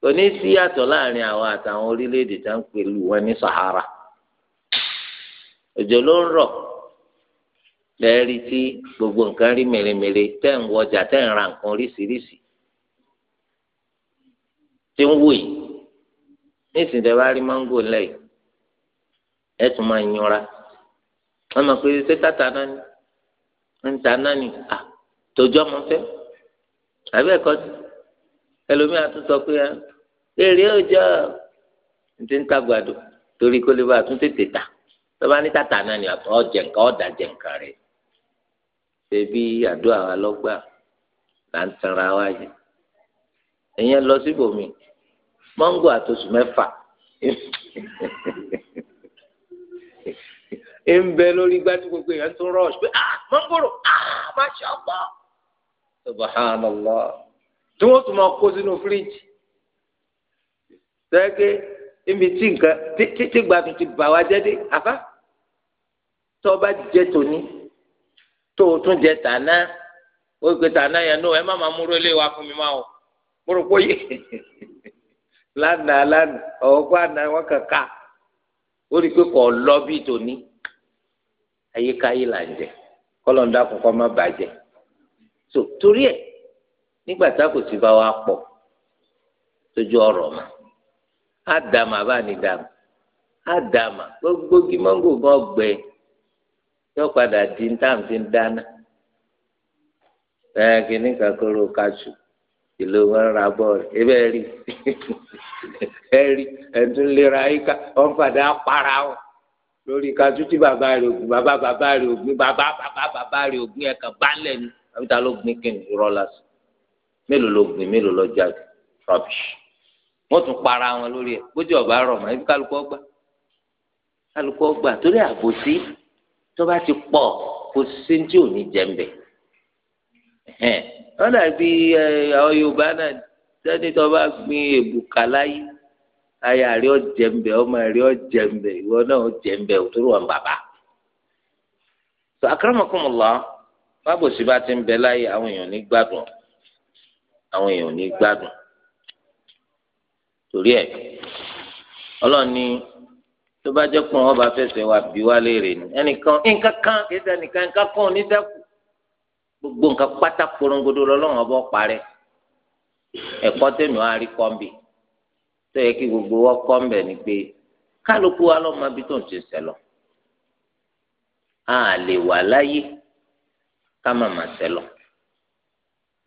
kò ní sí yàtọ̀ láàrin àwa àtàwọn orílẹ̀-èdè tá ń pẹ̀lú wọn ní Sahara òjò ló ń rọ̀ lẹ́ẹ̀rí tí gbogbo nǹkan rí mèremère tẹ́ ń wọjà tẹ́ ń ra nǹkan oríṣiríṣi tí ń wù yìí nísìnyí bá rí máńgò lẹ́yìn ẹ tún máa yanra wọn mọ̀ pé ṣé tata náà ni ń ta náà ni à tòjọ́ mọ fẹ́ àbí ẹ̀kọ́ sí ẹlòmíràn tún sọ pé èrè òjò ti ń ta gbàdo torí kó tún tètè ta tọ́ba ní tàtà náà ni ọ̀jẹ̀ nǹkan ọ̀dà jẹ̀ nǹkan rẹ̀ ṣe bí àdúrà wa lọ́gbà là ń tanra wa yìí ìyẹn lọ síbòmí mọ́ngò àtòsù mẹ́fà ń bẹ lórí igbá gbogbo èèyàn tún rọ́ọ̀ṣì pé ah, mọ́ngòrò ah, máa ṣe ọ̀pọ̀ subhanallah tí wọ́n tún máa kó sínú fíríjì sẹ́kẹ́. níbi tí nǹkan tí tí gbàtú ti bà wá jẹ́ dé àbá tó o bá jẹ tòní tó o tún jẹ tàná o gbé tàná yẹn nù ẹ má máa wa fún mi máa o múrò kó yé lánàá lánàá ọ̀ọ́kọ́ àná wọn kàn ká ó rí i pé kò lọ bí tòní ayékáyé là ń jẹ má so torí nígbà tá wa tójú ọrọ àdàmà bá ní dàmà àdàmà gbogbo gímọ́ngò gan gbẹ yóò padà di ní táwọn fi ń dáná ẹ kìíní kakoro kaṣu ìlú wọn ra bọ́ọ̀lù ebe ẹ rí ẹ rí ẹtún lera ayíká wọn padà para wọn lórí kaṣu tí bàbá rẹ ògùn bàbá bàbá rẹ ògùn bàbá bàbá bàbá rẹ ògùn ẹ̀kan balẹ̀ ni àbíta ló gbin kí n rọ́ọ̀lá sí mélòó ló gbin mélòó ló jáde rubbish wọ́n tún para wọn lórí ẹ̀ bójú ọba rọ̀ mọ́ ibi kálukọ́ gbà kálukọ́ gbà torí àbòsí tó bá ti pọ̀ kò sí tí ò ní jẹ́ǹbẹ̀ wọ́n dàbí àwọn Yorùbá náà sẹ́ni tó bá gbin èbùkà láyé aya rí ọ jẹ́ǹbẹ̀ ọmọ rí ọ ìwọ náà ọ òtúrò wọn bàbá tó akramakumullah bábòsí bá ti ń bẹ láyé àwọn èèyàn ní gbádùn àwọn èèyàn ní gbádùn. torí ẹ̀ ọlọ́ọ̀ni tó bá jẹ́ pọ́n ọba fẹsẹ̀ wà bí wá léèrè ni ẹnìkan nǹkan kan kìí ẹnìkan nǹkan kan gbogbo nǹkan pátá porongodo lọ́lọ́run ọba ẹ̀kọ́ tẹ̀mí wá rí kọ́ńbì tó yẹ kí gbogbo wọ́n ni pé kálukú wa bí tó ń ṣe a lè wà láyé ká má má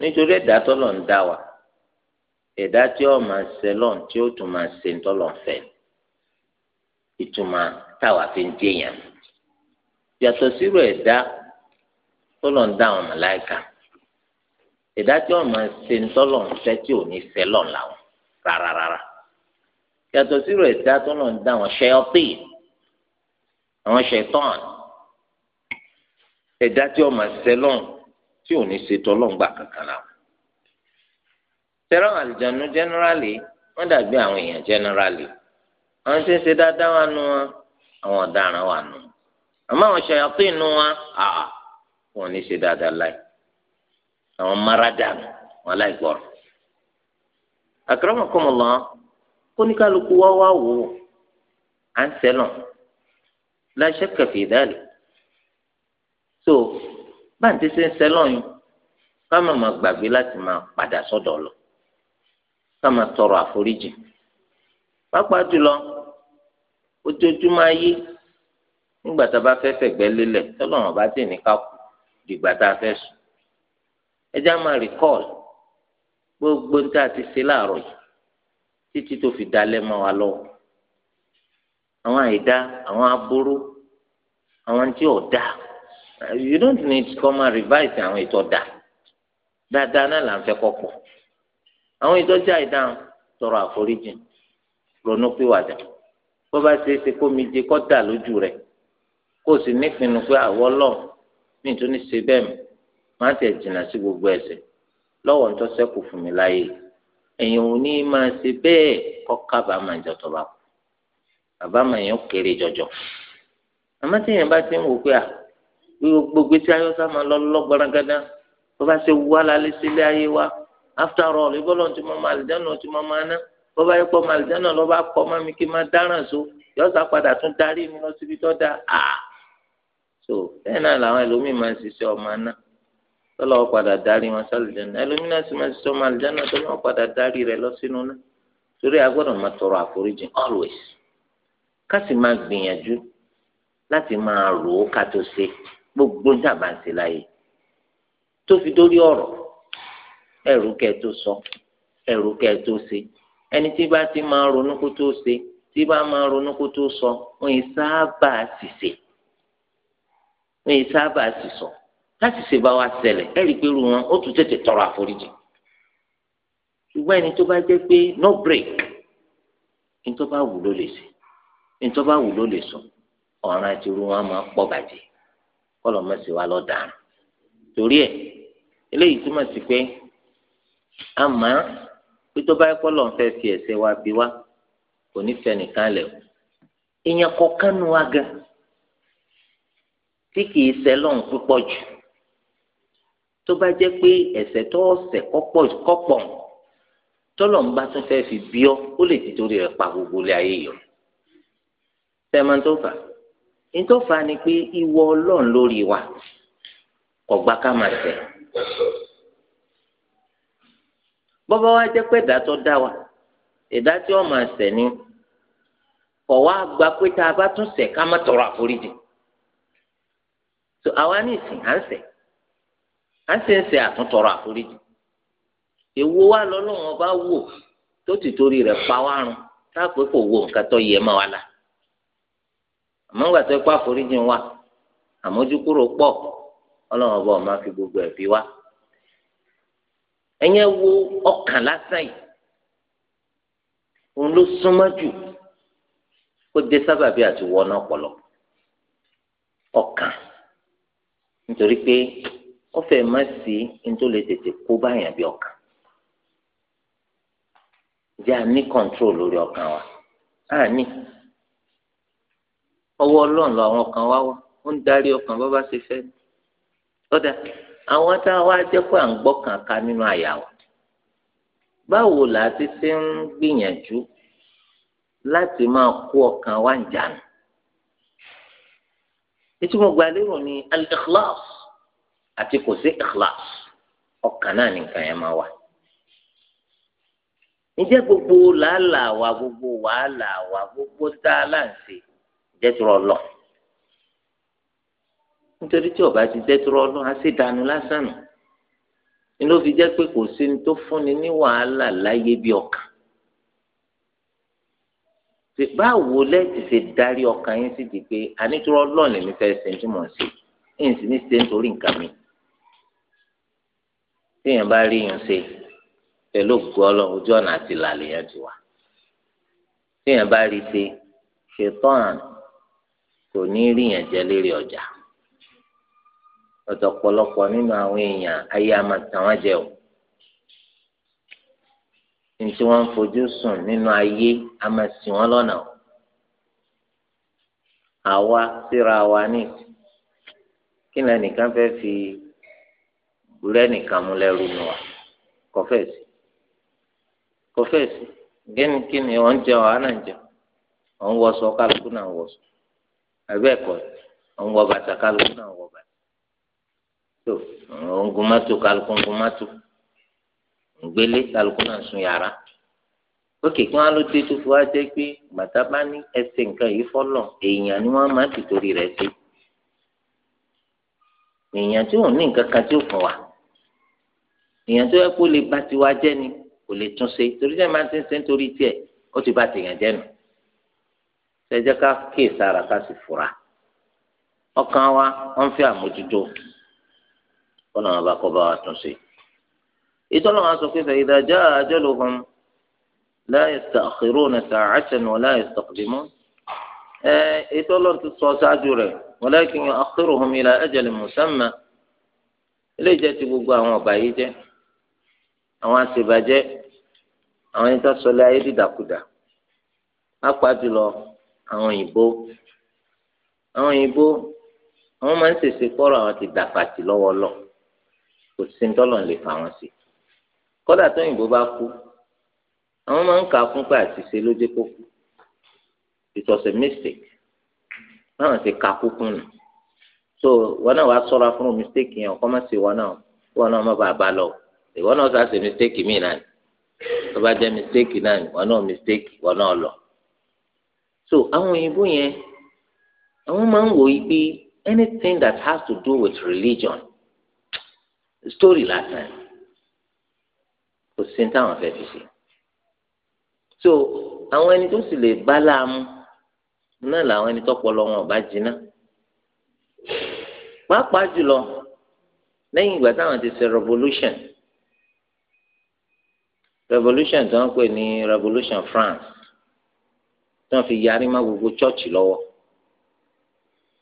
nítorí ń dá ẹ̀dá tí ó máa ṣe lọ́n tí ó tún máa ṣe ńtọ́lọ́fẹ́ ìtumọ̀ táwa fi ń jẹyàn yàtọ̀ sírò ẹ̀dá tọ́lọ̀ ń dá àwọn màláìka ẹ̀dá tí ó máa ṣe ńtọ́lọ̀ ńfẹ́ tí ò ní ṣe lọ́n làwọn rárára yàtọ̀ sírò ẹ̀dá tọ́lọ̀ ń dá àwọn ṣẹ́ọ́tì àwọn ṣẹ́tọ́n ẹ̀dá tí ó máa ṣe lọ́n tí ò ní ṣe tọ́lọ̀ kankan làwọn sẹ́rọ̀ àlùjánu jẹ́nẹ́rálì wọ́n dàbí àwọn èèyàn jẹ́nẹ́rálì àwọn tí ń ṣe dáadáa wà nù wọn àwọn ọ̀daràn wà nù àmọ́ àwọn ṣayàtọ̀ inú wọn àà wọn ní ṣe dáadáa láì àwọn máradànù wọn láì gbọ́rọ̀. àkàràmọ̀kọ́mọ̀lá kóníkàlùkù wá wá wò ó à ń sẹ́lọ̀ láṣẹ kẹfì ìdálè so báńtí ṣe ń sẹ́lọ̀ yìí ká má má gbàgbé láti máa padà sọ́dọ̀ lọ ká máa tọrọ àforíjì pápá jùlọ ojoojúmọ́ ayé nígbà tá a bá fẹ́ fẹ̀gbẹ́ lélẹ̀ tọ́lọ́run bá tì ní ká kú dìgbà tá a fẹ́ sùn ẹjẹ́ á máa rìkọ́ọ̀l gbogbo ní tá a ti ṣe láàárọ̀ yìí títí tó fi dalẹ̀ mọ́ wa lọ́wọ́ àwọn àìdá àwọn aburú àwọn tí ò dáa you don't need to come and revise àwọn ètò ọ̀dà dáadáa náà là ń fẹ́ kọ́ pọ̀ àwọn ìtọ́jú àìdáhùn tọrọ àforíjì ronú pìwàdà bó bá ṣe é ṣe kó mi jẹ kó dà lójú rẹ kó o sì nípinnu pé àwọ lọ ní ìtúni ṣe bẹ́ẹ̀ mi má tẹ̀ jìnnà sí gbogbo ẹ̀ṣẹ̀ lọ́wọ́ nítorí sẹ́kù fún mi láàyè ẹ̀yìn ò ní máa ṣe bẹ́ẹ̀ kọ́ kábàámà ìjọtọ̀ bá kú àbámọ̀ èèyàn kéré jọjọ àmọ́ tí èèyàn bá ti ń wò pé à gbogbo gbèsè ayọ́sá máa lọ lọ́gbọ̀ràn gánà bó bá ṣe wú wá sílé ayé wa after all ìbọ̀lọ̀ tí mo máa àlìjáná tí mo máa ná bó bá yẹ pọ̀ máa àlìjáná lọ́ bá pọ̀ mọ́ mi kí n máa dáràn so yọ̀ọ́sà padà tún darí mi lọ síbi tó dáa à so bẹ́ẹ̀ náà làwọn ẹlòmíì máa ń ṣiṣẹ́ ọmọ náà tọ́lọ́ padà darí wọn sálìjáná ẹlòmíì náà sì máa ṣiṣẹ́ ọmọ àlìjáná tó náà padà darí rẹ̀ lọ sínú náà torí a máa tọrọ àforíjì always ká sì máa gbìyànjú láti máa rò ó ká tó ṣe gbogbo dàbà láyé tó fi dórí ọ̀rọ̀ ẹrù kẹ sọ ẹrù kẹ ẹni tí bá ti máa ronú kó tó tí bá sọ wọn yìí sábà sì wọn yìí sábà sọ láti ṣe bá wa ṣẹlẹ̀ ẹrí pé irú wọn ó tún tètè tọrọ àforíjì ṣùgbọ́n ẹni tó bá jẹ́ pé no break tó bá wù ló lè ṣe ní tó bá wù ló lè sọ ọ̀ràn àti irú wọn máa pọ̀ bàjẹ́ mọ̀ sí wa àmọ́ pété báyìí kọ́ lọ́n fẹ́ fi ẹ̀ṣẹ̀ wa bí wa kò ní fẹ́ nìkan lẹ̀ o èèyàn kọ̀ọ̀kan nu wa gan tí kìí ṣẹ̀ lọ́n púpọ̀ jù tó bá jẹ́ pé ẹ̀ṣẹ̀ tó ọ̀sẹ̀ kọ́pọ̀ kọ́pọ̀ tọ́lọ̀ bá tún fẹ́ fi bí ọ ó lè ti torí rẹ̀ pa gbogbo ilé ayé yọ tẹ́mọ̀ tó fà ní tó fà ni pé ìwọ ọlọ́run lórí wa kò gbà ká máa ṣẹ̀ bọ́bá wa jẹ́ pé ẹ̀dá tó dá wa tí wọ́n máa sẹ̀ ni kọ̀ wá gba pé tá a bá tún ká má tọrọ àforíjì tó àwa ní ìsìn à ń sẹ̀ à ń ń àtúntọrọ àforíjì èwo wa lọ́lọ́run ọba wò tó ti torí rẹ̀ pa wá run tá a kò wo la àmọ́ ń gbà tó pa àforíjì wa àmójúkúrò pọ̀ ọlọ́run ọba ọ̀ fi gbogbo ẹ̀ wa. ẹ̀yẹ wo ọkàn lásán yìí òun ló súnmọ́ jù ó dé sábàbí àti wọnà ọpọlọ ọkàn nítorí pé ó má sí nítorí tètè kó báyàn bí ọkàn jẹ́ à ní kọ́ńtrol lórí ọkàn wa à ní Ọwọ ọlọ́run lọ àwọn ọkàn wa wá ń darí ọkàn bá bá ṣe fẹ́ àwọn tá a wá jẹ́ pé à ń gbọ́ kànká nínú àyà wa báwo là á ti ṣe ń gbìyànjú láti máa kó ọkàn wa ń jànú ètò mo gbà lérò ní al àti kò sí ikhlas ọkàn náà nìkan yẹn máa wà ǹjẹ́ gbogbo làálàá wa gbogbo wàhálà wa gbogbo tá a là ń ṣe jẹ́ tó rọ lọ́ọ̀ nítorí tí ọba ti dẹ́túrọ́ ọlọ́run á sì dànù lásán nù ni ló fi jẹ́ pé kò sí ní tó fúnni ní wàhálà láyé bí ọkàn báwo lẹ́ẹ̀tì ṣe darí ọkàn yín sí di pé ànítúrọ́ ọlọ́run lèmi fẹ́ ṣe tí mò ṣe èyí sì ní ṣe nítorí nǹkan mi téèyàn bá rí yín ṣe pẹ̀lú ògùn ọlọ́run ojú ọ̀nà àti ìlàlẹ̀ yẹn ti wà téèyàn bá rí ṣe ṣetán kò ní rí yẹn jẹ lérí ọjà lọ́tọ̀ pọ̀lọpọ̀ nínú àwọn èèyàn ayé a máa jẹ o ní wọ́n ń fojú sùn nínú ayé a máa wọ́n lọ́nà o àwa síra wa ní kí ni ẹnìkan fẹ́ fi rẹ́nìkan mú lẹ́rù nù wa kọfẹ́sì kọfẹ́sì gẹ́ni kí ni wọ́n ń jẹ wàá náà ń jẹ wọ́n ń wọṣọ kálukú náà ń wọṣọ ẹ̀bẹ́ ẹ̀kọ́ wọ́n ń wọ bàtà kálukú náà wọ bàtà tó òǹgùn mọ́tò kálukú òǹgùn mọ́tò òǹgbélé kálukú náà sun yàrá ókè kí wọn á ló dé tó fi wá jẹ pé bàtà bá ní ẹsẹ nǹkan yìí fọlọ èèyàn ni wọn máa ti torí rẹ̀ ṣe èèyàn tí ò ní nǹkan kan tí ò fún wa èèyàn tó yẹ kó lè bá tiwa jẹ ni kò lè tún ṣe torí jẹ máa ti ń ṣe nítorí tiẹ̀ ó ti bá tèèyàn jẹ nù ṣe jẹ ká kíyèsára ká sì fura ọkàn wa wọn fi àmójútó kọ́nà wọn bá kọ́ bá wa tún ṣe. ìtọ́nà wọn sọ pé fa idha jaa ajaluhum la yasta'khiruna sa'atan wa la yastaqdimun. ẹ ìtọ́nà ti sọ ṣáájú rẹ̀ walakin yu'akhiruhum ila ajalin musamma. ilé ìjẹ́ ti gbogbo àwọn ọ̀bà yìí jẹ́ àwọn àṣebàjẹ́ àwọn ẹni tó sọlé ayé dìdàkudà pàápàá jùlọ àwọn òyìnbó àwọn òyìnbó àwọn máa ń ṣèṣe kọ́rọ̀ àwọn ti dàpàtì lọ́wọ́ lọ́wọ́ kò sí tọ́lọ̀ lè fà wọ́n sí kódà tóyìnbó bá kú àwọn máa ń kà á fún pé àṣìṣe ló dé kó kú it was a mistake báwọn ti ka kú kùnà so wọn náà wàá ṣọ́ra fún mistake yẹn ọkọ má sí wọn náà wọn náà má bàa bá lọ ìwọ náà sá ṣe mistake míì náà tó bá jẹ mistake náà wọn náà mistake wọn náà lọ so àwọn òyìnbó yẹn àwọn máa ń wò yí pé anything that has to do with religion sítórì lásán kò sí ní táwọn fẹ́ fi ṣe so àwọn ẹni tó sì lè bá láàmú náà làwọn ẹni tọpọlọ wọn ò bá jiná pàápàá jùlọ lẹ́yìn ìgbà táwọn ti ṣe revolution revolution tí wọ́n pè ní revolution France tí wọ́n fi yarí má gbogbo chọ́ọ̀chì lọ́wọ́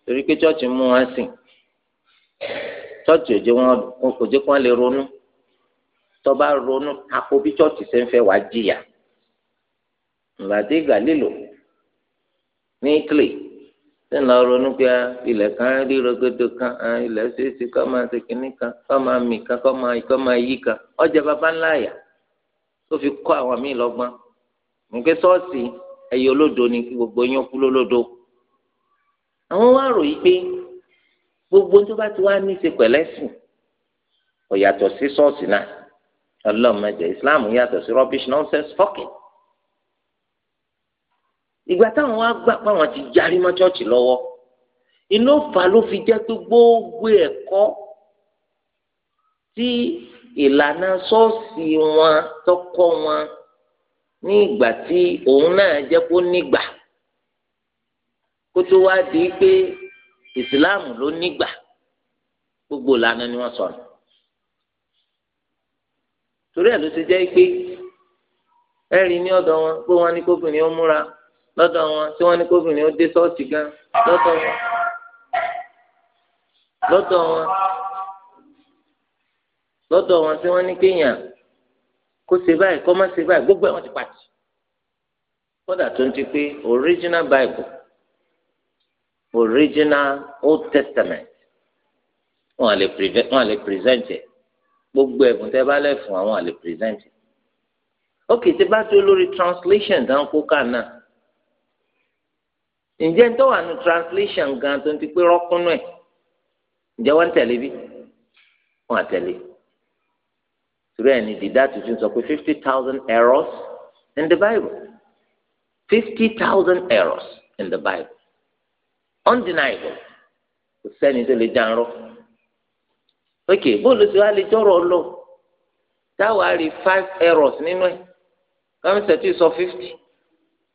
torí pé chọ́ọ̀chì mú wọn sìn. chọọchì òjò wọn kò jẹ́ kí wọ́n lè ronú tó bá ronú tako bí chọọchì ṣe ń fẹ́ wàá jìyà ìbàdí galilo ní Italy ṣe ń lọ ronú pé ah, kan rí rogodo kan ah, ilẹ̀ ṣeéṣe kọ́ máa ṣe kan kọ́ máa mì kan kọ́ máa yí gbogbo yín kú lólódo àwọn wá gbogbo tó bá ti wá ní í ṣe pẹ̀lẹ́sìn ó yàtọ̀ sí ṣọ́ọ̀ṣì náà ọlọ́mọdé islam yàtọ̀ sí rubbish nonsense fọ́kìn. ìgbà táwọn wá gbà pé àwọn ti yarí mọ́ chọ́ọ̀chì lọ́wọ́ inú fa ló fi jẹ́ pé gbogbo ẹ̀kọ́ tí ìlànà ṣọ́ọ̀ṣì wọn tọkọ wọn ní ìgbà tí òun náà jẹ́ kó nígbà kó tó wá di pé ìsìláàmù ló nígbà gbogbo ìlànà ni wọ́n sọ̀rọ̀ torí ẹ̀ ló ti jẹ́ pé ẹ̀rí ní ọ̀dọ̀ wọn pé wọ́n ní kóbìnrin ó múra lọ́dọ̀ wọn tí wọ́n ní kóbìnrin ó dé ṣọ́ọ̀ṣì gan lọ́dọ̀ wọn lọ́dọ̀ wọn lọ́dọ̀ wọn tí wọ́n ní kéèyàn kó ṣe báyìí kó má ṣe báyìí gbogbo ẹ̀ wọ́n ti pàtì kódà tó ń ti pé original bible original old testament wọn à lè prevent wọn à lè present ẹ gbogbo ẹbùn tẹ bá lẹ fún àwọn à lè present ẹ ok tí bá tó lórí translation dáhùn kó kà náà ǹjẹ́ ń tọ́wà nu translation gan tó ń ti pé rọ́kúnú ẹ̀ ǹjẹ́ wọ́n ń tẹ̀lé bí wọ́n à tẹ̀lé sùrẹ́ ẹ̀ ní dídá tuntun sọ pé fifty thousand errors in the bible fifty thousand errors in the bible undeniable kò sẹ́ni tó lè jàǹrọ́ ok bóòlù tí wàá lè jọ̀rọ̀ lọ táwa rí five errors nínú ẹ̀ kámẹ́sẹ̀ tí sọ fifty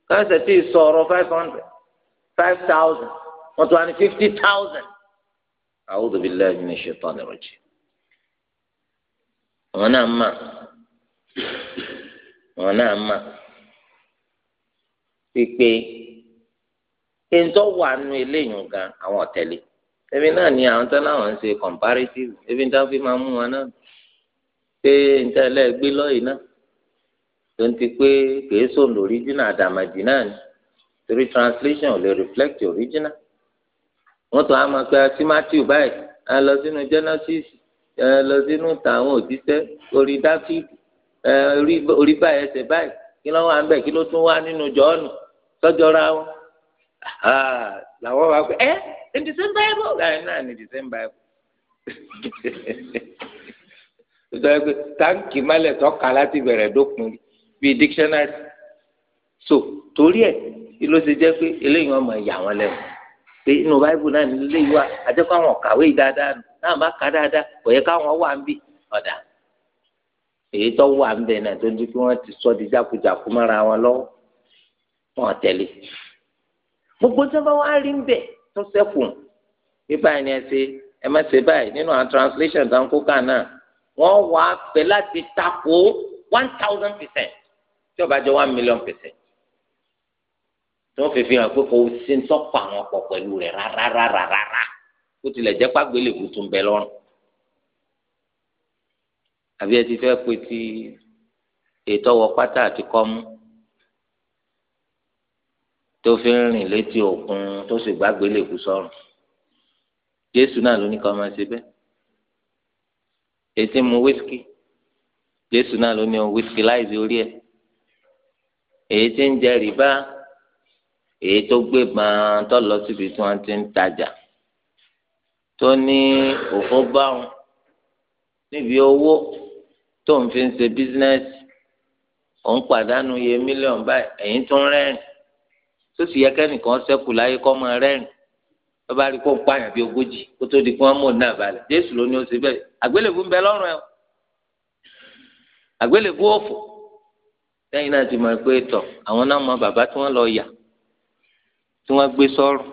kámẹ́sẹ̀ tí sọ ọ̀rọ̀ five hundred five thousand wọ́n tún wá ní fifty thousand a'udhu billahi minash shaitani rajim àwọn náà mà àwọn náà mà pípé èntọ́ wà nù eléyìí gan àwọn ọ̀tẹ́lẹ̀ ebi náà ni àwọn tán láwọn ń ṣe comparative ebi tán fi máa mú wọn náà pé níta ẹlẹ́gbé lọ́yìí náà tó ń ti pé kìí sọ lóríjìnà àdàmàjì náà ni torí translation ò lè reflect original wọ́n tún á máa pe Timothy báyìí á lọ sínú Genesis ẹ lọ sínú tàwọn òjíṣẹ́ orí David ẹ orí báyìí ẹsẹ̀ báyìí kí ló wà ń bẹ̀ kí ló tún wà nínú Jọ́ọ̀nù sọ́jọ́ra wọn làwọn wà pé eh, ẹ in the same bible láyé náà ní the same bible ìjọba pé táǹkì mọ́lẹ̀ tọ́ka láti bẹ̀rẹ̀ dópin bíi dictionary so torí ẹ̀ ló ṣe jẹ́ pé eléyìí wọn mọ̀ ìyá wọn lẹ́nu pé inú bible náà ní eléyìí wà àjẹkọ́ àwọn kàwé dáadáa nù náà má kà dáadáa kò yẹ káwọn wà ń bì ọ̀dà èyí tó wà ń bẹ̀ náà tó ń di kí wọ́n ti sọ di jákujàku mọ́ra wọn lọ́wọ́ wọn tẹ̀lé gbogbo tí wọn bá wá rí ń bẹ tó sẹkùn bíbá ẹni ẹ ẹ má ṣe báyìí nínú àwọn translation tó ń kó kàn náà wọn wà pẹ láti takò one thousand percent tí ó bá one million percent tí wọn fi fi hàn pé kò sí ń tọpọ àwọn pọ̀ pẹ̀lú rẹ̀ rárárárárá ó tilẹ̀ jẹ́ pàgbélébùú tó ń bẹ lọ́rùn àbí ẹ ti fẹ́ pe ti ètò ọwọ́ pátá àti kọ́mú tó fi ń rìn létí òkun tó sì gbàgbé lè kú sọ́run jésù náà ló ní ká máa ṣe bẹ́ẹ̀ ètí mu wíṣkì jésù náà ló ní o wíṣkì láìsí orí ẹ̀ èyí tí ń jẹ rìbá èyí tó gbé gbọ̀n tó lọ síbi tí wọ́n ti ń tajà tó ní òfó báwọn níbi owó tó ń fi ń ṣe bísínẹ́sì òun pàdánù iye mílíọ̀nù báyìí èyí tó ń rẹ́rìn sósì yẹ kẹ́nìkan sẹ́kù láyé kọ́ máa rẹ́rìn tó bá rí kó ń pààyàn bíi ogójì kó tó di kó wọ́n mọ̀ náà balẹ̀ jésù ló ní ó ṣe bẹ́ẹ̀ àgbélébùú ń bẹ lọ́rùn ẹ̀ àgbélébùú òfò lẹ́yìn náà ti máa gbé tọ̀ àwọn náà mọ bàbá tí wọ́n lọ yà tí wọ́n gbé sọ́rùn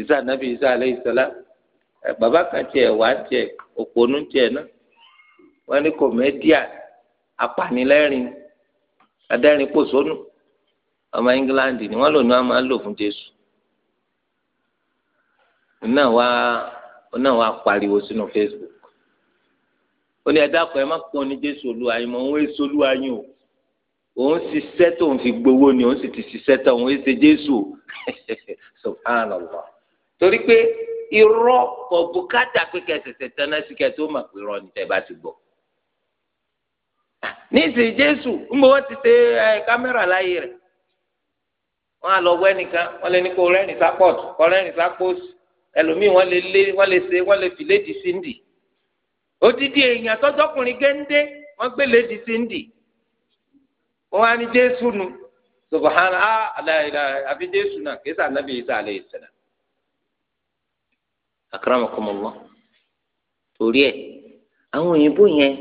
ìsá nàbí ìsá alẹ́ ìsọlá bàbá kan tiẹ̀ wá tiẹ̀ òpònú tiẹ̀ náà wọ́n ní kòmẹ́díà apanilẹ́rìn adẹ́rìn pòsónù ọmọ England ni wọ́n lò ní wọ́n máa ń lò fún Jésù náà wá náà wá pariwo sínú Facebook ó ní ẹ̀dá kan ẹ má pọ́n ní Jésù olúwa yín mọ́ òun èso olúwa yín o òun ṣiṣẹ́ tó ń fi gbowó ni òun sì ti ṣiṣẹ́ tó òun èsè Jésù subhanallah torí pé irọ́ kọ̀ bùkátà pé kẹsẹ̀sẹ̀ tẹ́ná sí kẹsẹ̀ ó mà pé irọ́ ni tẹ́ bá ti gbọ́ ah, nísìnyí Jésù ń bọ́ wọ́n ti ṣe eh, kámẹ́rà láyé rẹ̀ wọn á lọ wọn lè ní kó rẹ́rìn sápọ̀tù kó rẹ́rìn sápọ̀tù ẹlòmíì wọn lè lé wọn lè wọn lè fi léèdì síndì odidi èèyàn tọjọkùnrin géńdé wọn gbé síndì wọn á ní jésù nu subahana a ah, alayira àfi jésù náà kí sàn nàbí isa alayhi torí ẹ àwọn òyìnbó yẹn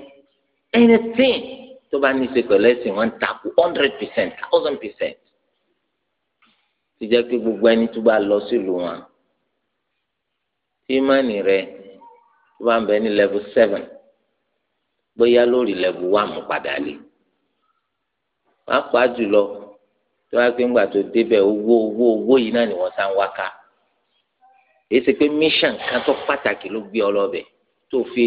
ti jẹ́ pé gbogbo ẹni tó bá lọ sílùú wọn tí ìmánì rẹ tó bá ń bẹ ní level seven bóyá lórí level one mú padà lé wọn pa jùlọ tó wá pé ńgbà tó débẹ̀ owó owó owó yìí náà ni wọ́n sá ń wá ká èyí ṣe pé mission kan tó pàtàkì ló gbé ọ lọ bẹ̀ tó fi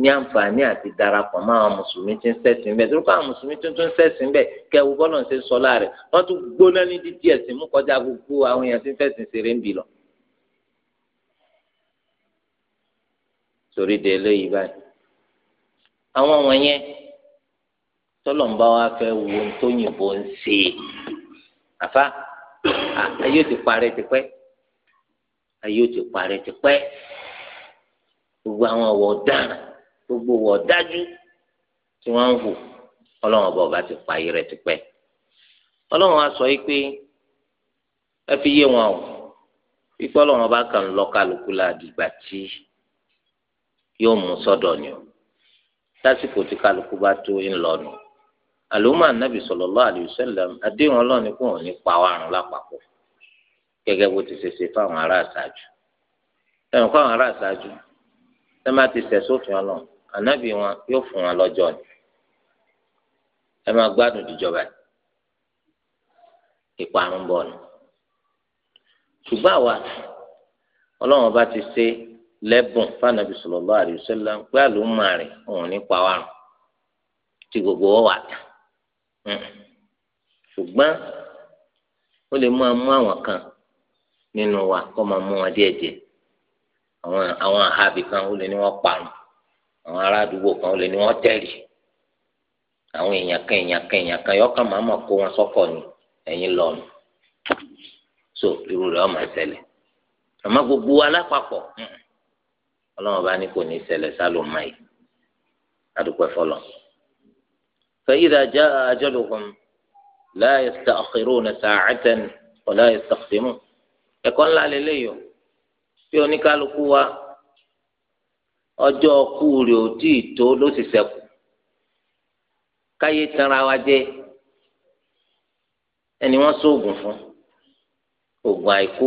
ní àǹfààní àti darapọ̀ mọ́ àwọn mùsùlùmí tí ń ṣẹ̀sìn bẹ́ẹ̀ torí pé àwọn mùsùlùmí tuntun ń ṣẹ̀sìn bẹ́ẹ̀ kẹwù bọ́lọ̀ ń ṣe sọ láàrẹ̀ wọ́n tún gbóná ní dídí ẹ̀sìn mú kọjá gbogbo àwọn èèyàn tí ń fẹ̀sìn ṣeré ń bì lọ. torí de eléyìí báyìí àwọn wọ̀nyẹn tọ́lọ̀ ń bá wa fẹ́ wo ohun tó yìnbó ń ṣe àfa ayé ti parẹ́ tipẹ́ ayé ti parẹ́ tipẹ́ gbogbo àwọn ọ̀wọ́ ọ̀daràn gbogbo wọ̀ dájú tí wọ́n ń hù ọlọ́run ọba ọba ti pa ayé rẹ̀ tipẹ́ ọlọ́run á sọ yìí pé ẹ fi yé wọn o wípé ọlọ́run ọba kan lọ kálukú ládìgbà tí yóò mú sọ́dọ̀ ni o lásìkò tí kálukú bá tó ń lọ nù àlùmọ́ ànábì sallallahu alayhi wa sallam àdéhùn ọlọ́run ni kò wọ́n ní pa àrùn lápapọ̀ gẹ́gẹ́ bó ti ṣe ṣe fáwọn ará àṣáájú ẹ̀rùn fáwọn ará àṣáájú ẹ má ti tẹ̀ sófin ọlọ́run ànábì wọn yóò fún wọn lọ́jọ́ ni ẹ máa gbádùn ìjọba ìparun bọ̀ ni ṣùgbọ́n àwa ọlọ́run bá ti ṣe lẹ́bùn fànàbí sallallahu alaihi wasallam pé àlùmọ́ rẹ̀ òun nípa wa rùn tí gbogbo wọn wà tán ṣùgbọ́n ó lè máa mú àwọn kan nínú wa kó máa mú wọn díẹ̀díẹ̀ àwọn àhábì kan ó lè ní wọ́n parun àwọn ará àdúgbò kan lè ní wọ́n tẹ̀lé àwọn èèyàn kan èèyàn kan èèyàn kan yọkàn máa kó wọn sọ́kọ̀ ni ẹ̀yin lọ́nu so irú rẹ̀ ọmọ ṣẹlẹ̀ àmọ́ gbogbo alápapọ̀ ọlọ́run bá ní kò ní ṣẹlẹ̀ sálòmá yìí adúpẹ́ fọlọ́ فإذا جاء أجلهم لا يستأخرون ساعة ولا يستقدمون ẹ̀kọ́ ńlá lélẹ́yìí bí oníkálukú wa ọjọ́ ọkú rẹ̀ ò tí ì tó ló sì ṣẹ́kù káyé tanra wa jẹ ẹni wọ́n sóògùn fún oògùn àìkú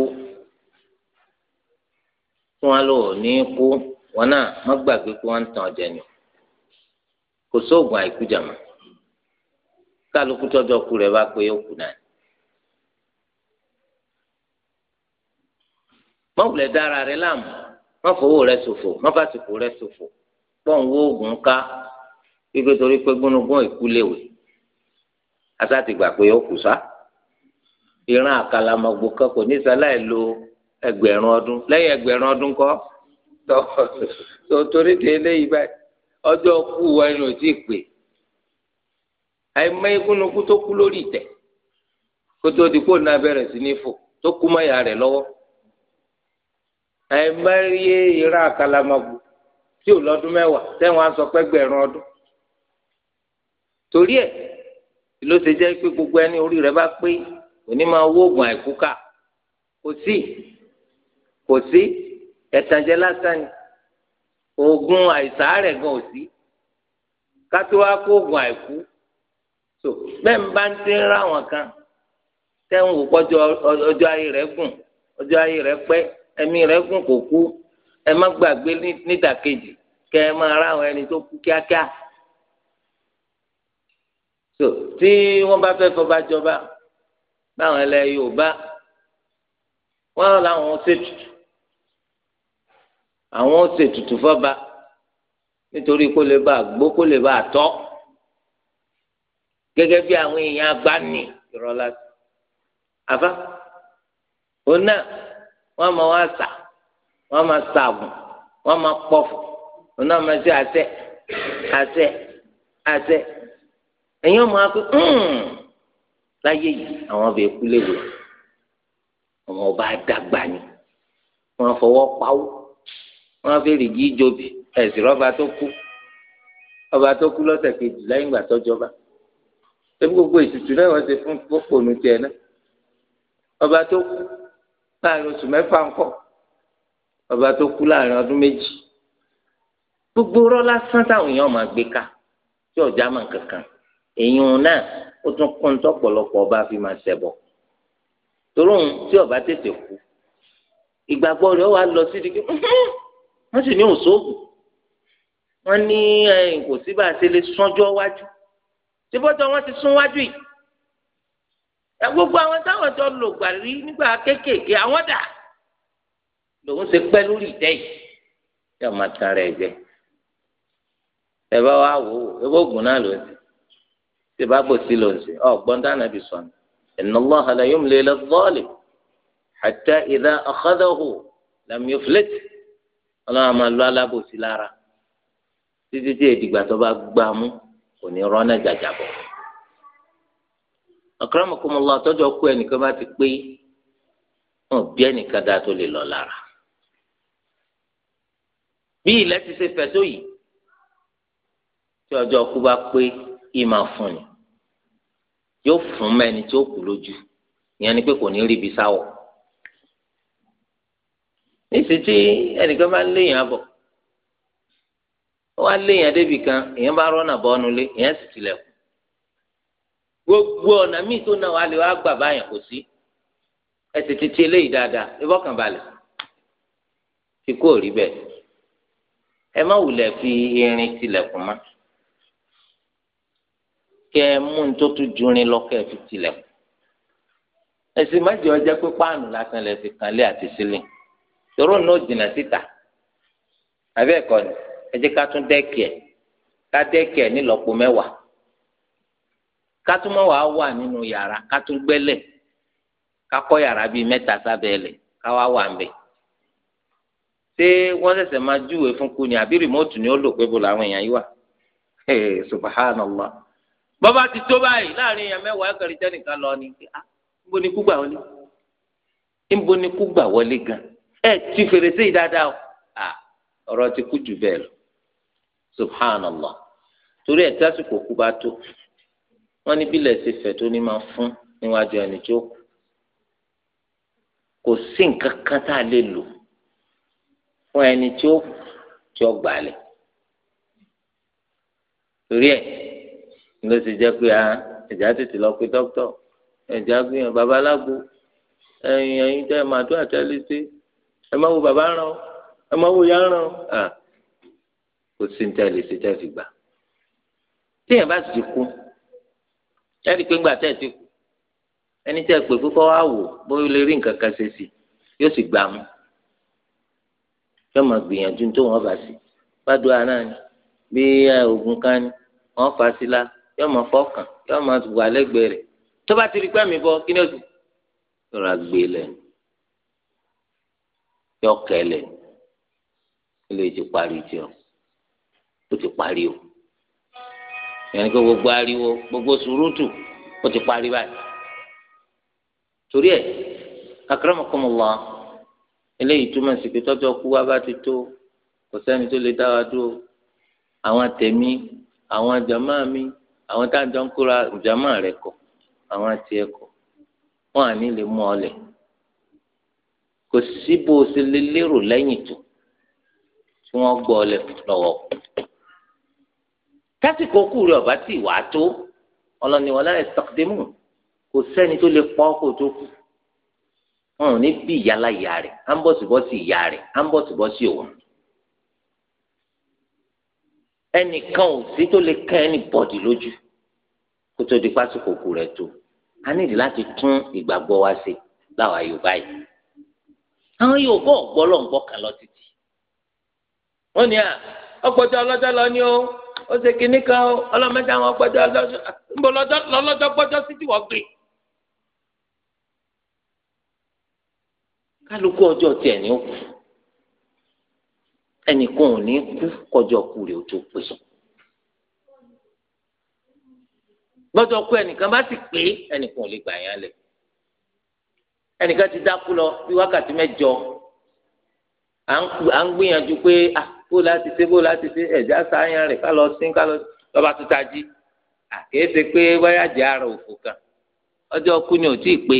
tí wọ́n lò ní kú wọn náà má gbàgbé pé wọ́n ń tan ọjà ni kò sóògùn àìkú jàmọ́ kálukú tọ́jọ́ ọkú rẹ̀ bá pé ó kù náà. mọ̀wùlẹ̀ dára rẹ̀ láàmú. má fowó rẹ ṣòfò má fàṣìkò rẹ ṣòfò pọ́ǹwó oògùn ká wípé torí pé gbónúgbón ìkúléwé asáti gbà pé ó kù àkàlàmọ̀gbò kan kò ní sáláì lo ẹgbẹ̀rún ọdún lẹ́yìn ẹgbẹ̀rún ọdún kọ́ tó torí tẹ eléyìí báyìí ẹnu ò pè tó kú lórí ìtẹ̀ kótó dìpọ̀ náà bẹ̀rẹ̀ sí ní àìmọye ìra àkàlàmọ̀gbò tí ò lọ́dún mẹ́wàá tẹ́wọ̀n á sọ pé gbẹ̀rún ọdún torí ẹ̀ ló ṣe jẹ́ pé gbogbo ẹni orí rẹ̀ bá pé òní máa wó oògùn àìkú ká kò sí kò sí ẹ̀tànjẹ lásán ni oògùn àìsàárẹ̀ gan ò sí ká kó oògùn àìkú so bẹ́ẹ̀ ń bá ń ti ń ráwọn kan tẹ́wọ̀n òpọ́jọ ọjọ́ ayé rẹ̀ gùn ọjọ́ ayé rẹ̀ pẹ́ ẹ̀mí rẹ̀ gùn kò kú ẹ má gbàgbé nídàkejì kẹ ẹ máa rá àwọn ẹni tó kú kíákíá so tí wọ́n bá fẹ́ fọba jọba báwọn ẹlẹ Yorùbá wọ́n làwọn ṣètùtù àwọn ṣètùtù fọba nítorí kó lè bá gbó kó lè bá tọ́ gẹ́gẹ́ bí àwọn èèyàn agbani ìrọlá àfa òun náà wọ́n máa wá sà wọ́n máa sàbùn wọ́n máa pọ̀fù wọ́n náà máa ṣe àṣẹ àṣẹ àṣẹ ẹ̀yin ọmọ akpé hmm. láyé yìí àwọn ọbẹ̀ kú léwu àwọn ọba àdàgbà ni wọ́n fọwọ́ pawó wọ́n fẹ́ẹ́ rìgì ìjọbi ẹ̀sìn rọ́bà tó kú ọba tó kú lọ́sẹ̀ kejì lẹ́yìn ìgbà tọ́jọba ebi gbogbo ètùtù náà wọ́n ṣe fún pópónù tiẹ̀ náà ọba tó kú láàrin oṣù mẹ́fà ńkọ́ bàbá tó kú láàrin ọdún méjì gbogbo rọ́ lásán táwọn èèyàn máa gbé ká tí ọjà máa kankan èèyàn náà ó tún kún tọ́pọ̀lọpọ̀ ọba fi máa ṣẹbọ toróhùn tí ọba tètè kú ìgbàgbọ́ rẹ̀ wà lọ sí digi wọ́n sì ní òṣòògùn wọ́n ní kò sí bá a ṣe lè sánjọ́ wájú síbọ́tọ̀ wọ́n ti sún wájú yìí ẹ gbogbo àwọn táwọn jọ lò gbà rí nígbà kéékèèké àwọn dà lòun ṣe pẹ́ lórí ìtẹ́ yìí yóò máa tan rẹ̀ jẹ ẹ bá wá wò ó ewé oògùn náà ló ń sè ṣe bá bò sí ló ń sè ọ gbọ́n dáná bí sọ ni inna Allaha la yumli lil-zalim hatta idha akhadhahu lam yuflit ọlọ́run máa lọ alábòsí lára títí tí èdìgbà tó bá gbà mú kò ní rọ́nà jàjàbọ̀ akramakumullah tọ́jọ́ kú ẹnìkan bá ti pé wọn bí ẹnìkan dáa tó lè lọ lára bí ilẹ̀ ti ṣe fẹ̀ tó yìí tí ọjọ́ kú bá pé yìí máa fún ni yóò fún mẹ́ni tí ó kú lójú ìyẹn ni pé kò ní rí ibi sáwọ̀ níṣẹ́ tí ẹnìkan bá léèyàn abọ̀ ó wá léèyàn débì kan èèyàn bá rọ́nà bọ́nu lé èèyàn sì tilẹ̀kùn gbogbo ọ̀nà míì tó náà wà lè wá gbà báyẹn kò sí ẹsẹ̀ títí eléyìí dáadáa ìbọ̀kàn balẹ̀ tí kò rí bẹ́ẹ̀ ẹ má wulẹ̀ fi irin tilẹ̀kùn mọ́ kẹ ẹ mú ní tó tún jurin lọ kẹ ẹ fi tilẹ̀kùn ẹsìn má jẹ ọjọ́ pé páànù lásán lè fi kanlé àti sílẹ̀ tòró náà jìnnà síta àbẹ́ẹ̀kọ́ ni ẹ jẹ́ ká tún dẹ́kì ká dẹ́kì ẹ̀ mẹ́wàá. kátúmọ̀ wa wà nínú yàrá kátún gbẹ́lẹ̀ yàrá bíi mẹ́ta sábẹ́ wà ń bẹ̀. wọ́n ṣẹ̀ṣẹ̀ máa fún kú ni àbí rìmọ́ọ̀tù ni ó lò ti tó báyìí láàrin èèyàn lọ ni ah, ni kú gbà wọlé ni kú gbà wọlé gan ti fèrèsé yìí dáadáa o torí kú bá wọ́n ní bílẹ̀ ṣe fẹ̀ tó ní máa fún níwájú ẹni tí ó kù kò sí nǹkan kan tá a lè lò fún ẹni tí ó kù tí ó gbà lẹ̀ torí ẹ̀ ló ti jẹ́ pé ah, ẹ̀já tètè lọ pé dókítọ̀ ẹ̀já gbìyànjú babaláwo ẹ̀yìn ẹ̀yìn tẹ́ ẹ máa tó àtẹ́lẹsẹ́ ẹ máa wo bàbá ràn ọ́ ẹ máa wo ìyá ràn ọ́ ah, kò sí ní tẹ́lẹ̀ ṣe tẹ́ fi gbà téèyàn bá ti kú ẹni pé ńgbà tẹ̀ ti kú ẹni tẹ̀ pé púpọ̀ wá wò bóyá lè rí nǹkan kan ṣe sí yóò sì gbà mú yóò máa gbìyànjú tó wọn bá sí gbàdúrà náà ni bí oògùn kan ni wọn fà sí la yóò máa fọkàn yóò máa wà lẹ́gbẹ̀ẹ́ rẹ̀ tó bá ti rí pẹ́ẹ́mì bọ kí ni o sì rọra gbé lẹ́nu yọ kẹlẹ̀ ó lè ti parí tiọ́ ó ti parí o yẹn kí gbogbo ariwo gbogbo sùúrùtù ó ti parí báyìí torí ẹ akramakumullah eléyìí túmọ̀ sí pé tọ́jú ọkú wa bá ti tó kò sẹ́ni tó lè dá wa dúró àwọn tèmi àwọn jàmá mi àwọn tájọ ń kóra jàmá rẹ kọ àwọn àti ẹkọ wọn àní lè mú ọ lẹ kò sí lè lérò lẹ́yìn tó tí wọ́n gbọ́ ọ lẹ lọ́wọ́ tásìkò kù rẹ̀ ọ̀bá tí wàá tó ọlọ́ni wọn láyé sọ́kdẹ́mù kò sẹ́ni tó lè pọ́ kó tó kù wọn ò ní bí ìyálà ìyá rẹ̀ à ń bọ̀sibọ́sì ìyá rẹ̀ à ń bọ̀sibọ́sì òun ẹnìkan ò sí tó lè kẹ́ ẹni bọ̀dì lójú kó tó di pásìkò kù rẹ̀ tó a nídìí láti tún ìgbàgbọ́ wa ṣe láwa Yorùbá yìí àwọn Yorùbá ọ̀gbọ́lọ̀ ń gbọ́ kan lọ títì wọ́n ní à ọgbọ́jọ́ ọlọ́jọ́ lọ ní o ó ṣe kinní kan o ọlọ́mọdé àwọn gbọ́dọ̀ lọ́lọ́dọ́ gbọ́dọ̀ sí ti wọ́n gbé. kálukú ọjọ́ tiẹ̀ ní òkú ẹnìkan ò ní kú kọjọ́ kú rẹ̀ o tó pè. gbọ́dọ̀ kú ẹnìkan bá sì pé ẹnìkan ò lè gbà yán lẹ̀ ẹnìkan ti dákú lọ bí wákàtí mẹ́jọ à ń gbìyànjú pé ah bó láti ṣe bó láti ṣe ẹ̀já sáyẹn rẹ̀ ká lọ sí ká lọ lọ́ba tó ta jí pé wáyà jẹ́ ara òfò kan ọjọ́ kú ni ò tí ì pé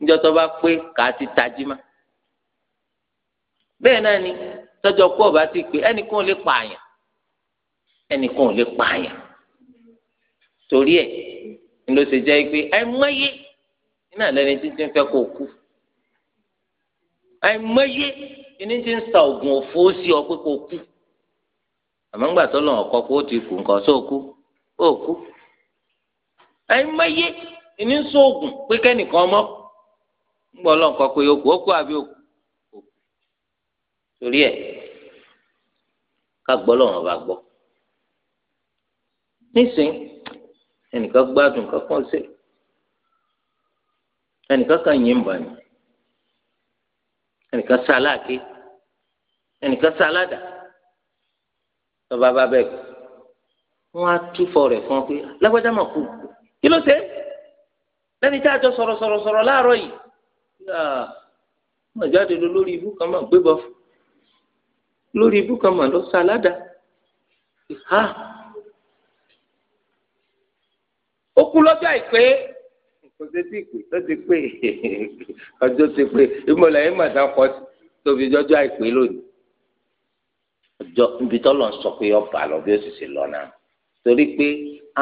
níjọ́ tó bá pé kà á ti ta jí bẹ́ẹ̀ náà ni tọ́jọ́ kú ọba ti pé ẹnìkan ò lè ẹnìkan ò lè torí kíní ti ń sa oògùn òfò sí ọ pé kò kú àmọ́ ńgbà tó lọ́wọ́ kọ́ pé ó ti kú nǹkan tó kú ó kú ẹ̀yin mẹ́yẹ kíní ń sóògùn pé kẹ́nìkan mọ́ ńgbà ọlọ́wọ́ kọ́ pé ó kú ó kú àbí ó kú ó kú torí ẹ̀ ká gbọ́ lọ́wọ́ bá gbọ́ nísìnyí ẹnìkan gbádùn kankan ṣe ẹnìkan kan yín bọ̀ ni ẹnìkan sá aláàké ẹnìkan sá aládà tọba bá bẹ́ẹ̀ kú wọn á túfọ rẹ fún ọ pé lágbájá mà kú kí ló ṣe lẹni tí a jọ sọ̀rọ̀ sọ̀rọ̀ sọ̀rọ̀ láàárọ̀ yìí wọn jáde lọ lórí ibú kan mà gbébọ lórí ibú kan mà lọ sá ó kú lọ́jọ́ àìpé kò sí tí pé tó ti pé ọjọ́ ti pé ìmọ̀lẹ̀ yìí mà sàn kọ́ tóbi jọjọ́ àìpé lónìí. ọjọ́ níbi tó lọ sọ pé ọba lọ bí ó sì ṣe lọ náà torí pé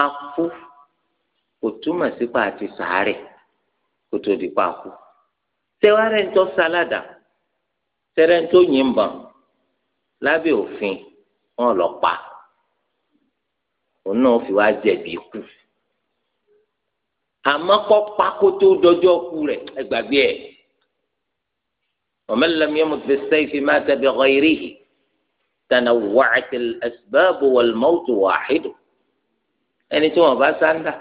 a kú kò túmọ̀ sí pa àti sàárẹ̀ kò tó di pa kú. tẹ́wárẹ̀ ń tọ́ sálàdà tẹ́rẹ́ ń tó yìnbọn lábẹ́ òfin wọn lọ pa òun náà fi wá jẹ̀bi kú àmọ́ kọ́ pakoto dọjọ́ ku rẹ̀ ẹgbàgbé ẹ̀ ومن لم يمت بالسيف مات بغيره تنوعت الأسباب والموت واحد ẹni tí wọn bá sáńdà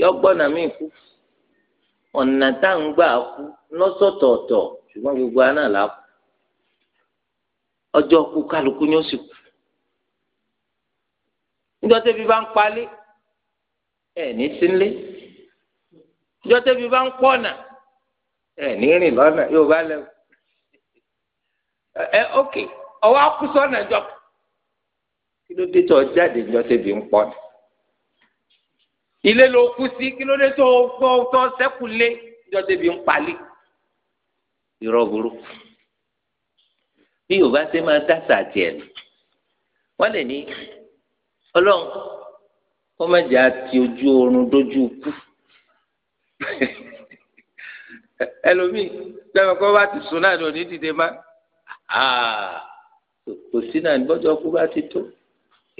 yọ gbọ́nà mí kú ọ̀nà tá à ń gbà kú lọ́sọ̀tọ̀ọ̀tọ̀ ṣùgbọ́n gbogbo aná là kú ọjọ́ kú kálukú ni ó sì kú níjọ́ tẹ́bí bá ń palẹ̀ ẹ̀ ní sínlé jọ́tẹ́bi bá ń pọ̀nà ẹ̀ ní rìn lọ́nà yóò bá lẹ́wọ̀ ẹ ok ọwọ́ akúsọ́nà jọ kí ló dé tó ọ jáde jọ́tẹ́bi ń pọ̀nà ilé ló kú sí kí ló dé tó gbọ́ tó sẹ́kù lé jọ́tẹ́bi ń palẹ̀ irọ́ burúkú bí yorùbá ṣe máa dáṣà tiẹ̀ nù wọ́n lè ní ọlọ́run kọ́mọ̀jà ti ojú oorun dójú kú. ẹlòmíì dábàá kó bá ti sùn náà ní onídìde má ah, kò sí náà gbọ́dọ̀ kó bá ti tó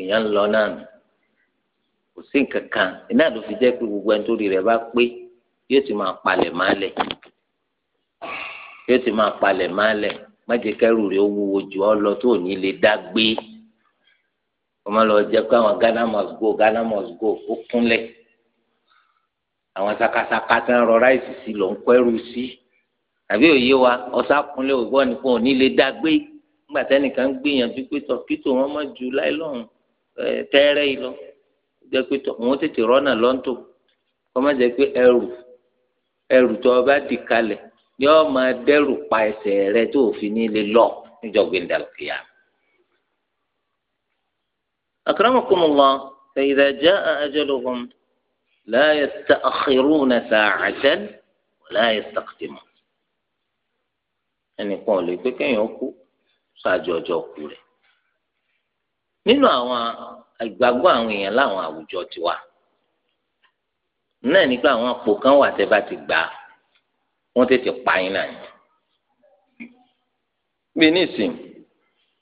èèyàn ń lọ náà nù kò sí nǹkan kan iná ló fi jẹ́ pé gbogbo ẹni tó rí rẹ̀ bá pé yóò ti máa palẹ̀ má lẹ̀ yóò ti máa palẹ̀ má lẹ̀ má jẹ́ kẹ́rù rẹ̀ ó wúwo jù ọ́ lọ tó ní lè dá gbé ọmọ lọ jẹ́ pé àwọn Ghana must go Ghana must go ó kúnlẹ̀ àwọn sakasaka tí wọn rọra èsì sí ló ń kẹrù sí àbí òye wa ọsà kúnlẹ̀ òwò nípa òní lè dá gbé nígbà tẹnìkan ń gbìyànjú pé tọkítò wọn mọ ju láìlọrun tẹẹrẹ yìí lọ jẹ pé tọ wọn tètè rọnà lọńtò wọn má jẹ pé ẹrù ẹrù tó o bá di yóò máa dẹrù pa ẹsẹ̀ rẹ tó òfin ní lè lọ níjọba ìdàlùkìyà. akramakumullah fa idha jaa ajaluhum. لا يتأخرون ساعة ولا يستقدمون ẹnì kan ò lè pé kéèyàn kú ṣáájú ọjọ́ kú rẹ̀ nínú àwọn ìgbàgbọ́ àwọn èèyàn láwọn àwùjọ tiwa náà nígbà àwọn àpò kan wà tẹ́ bá ti gbà á tètè pa yín náà yẹn bí nísìnyí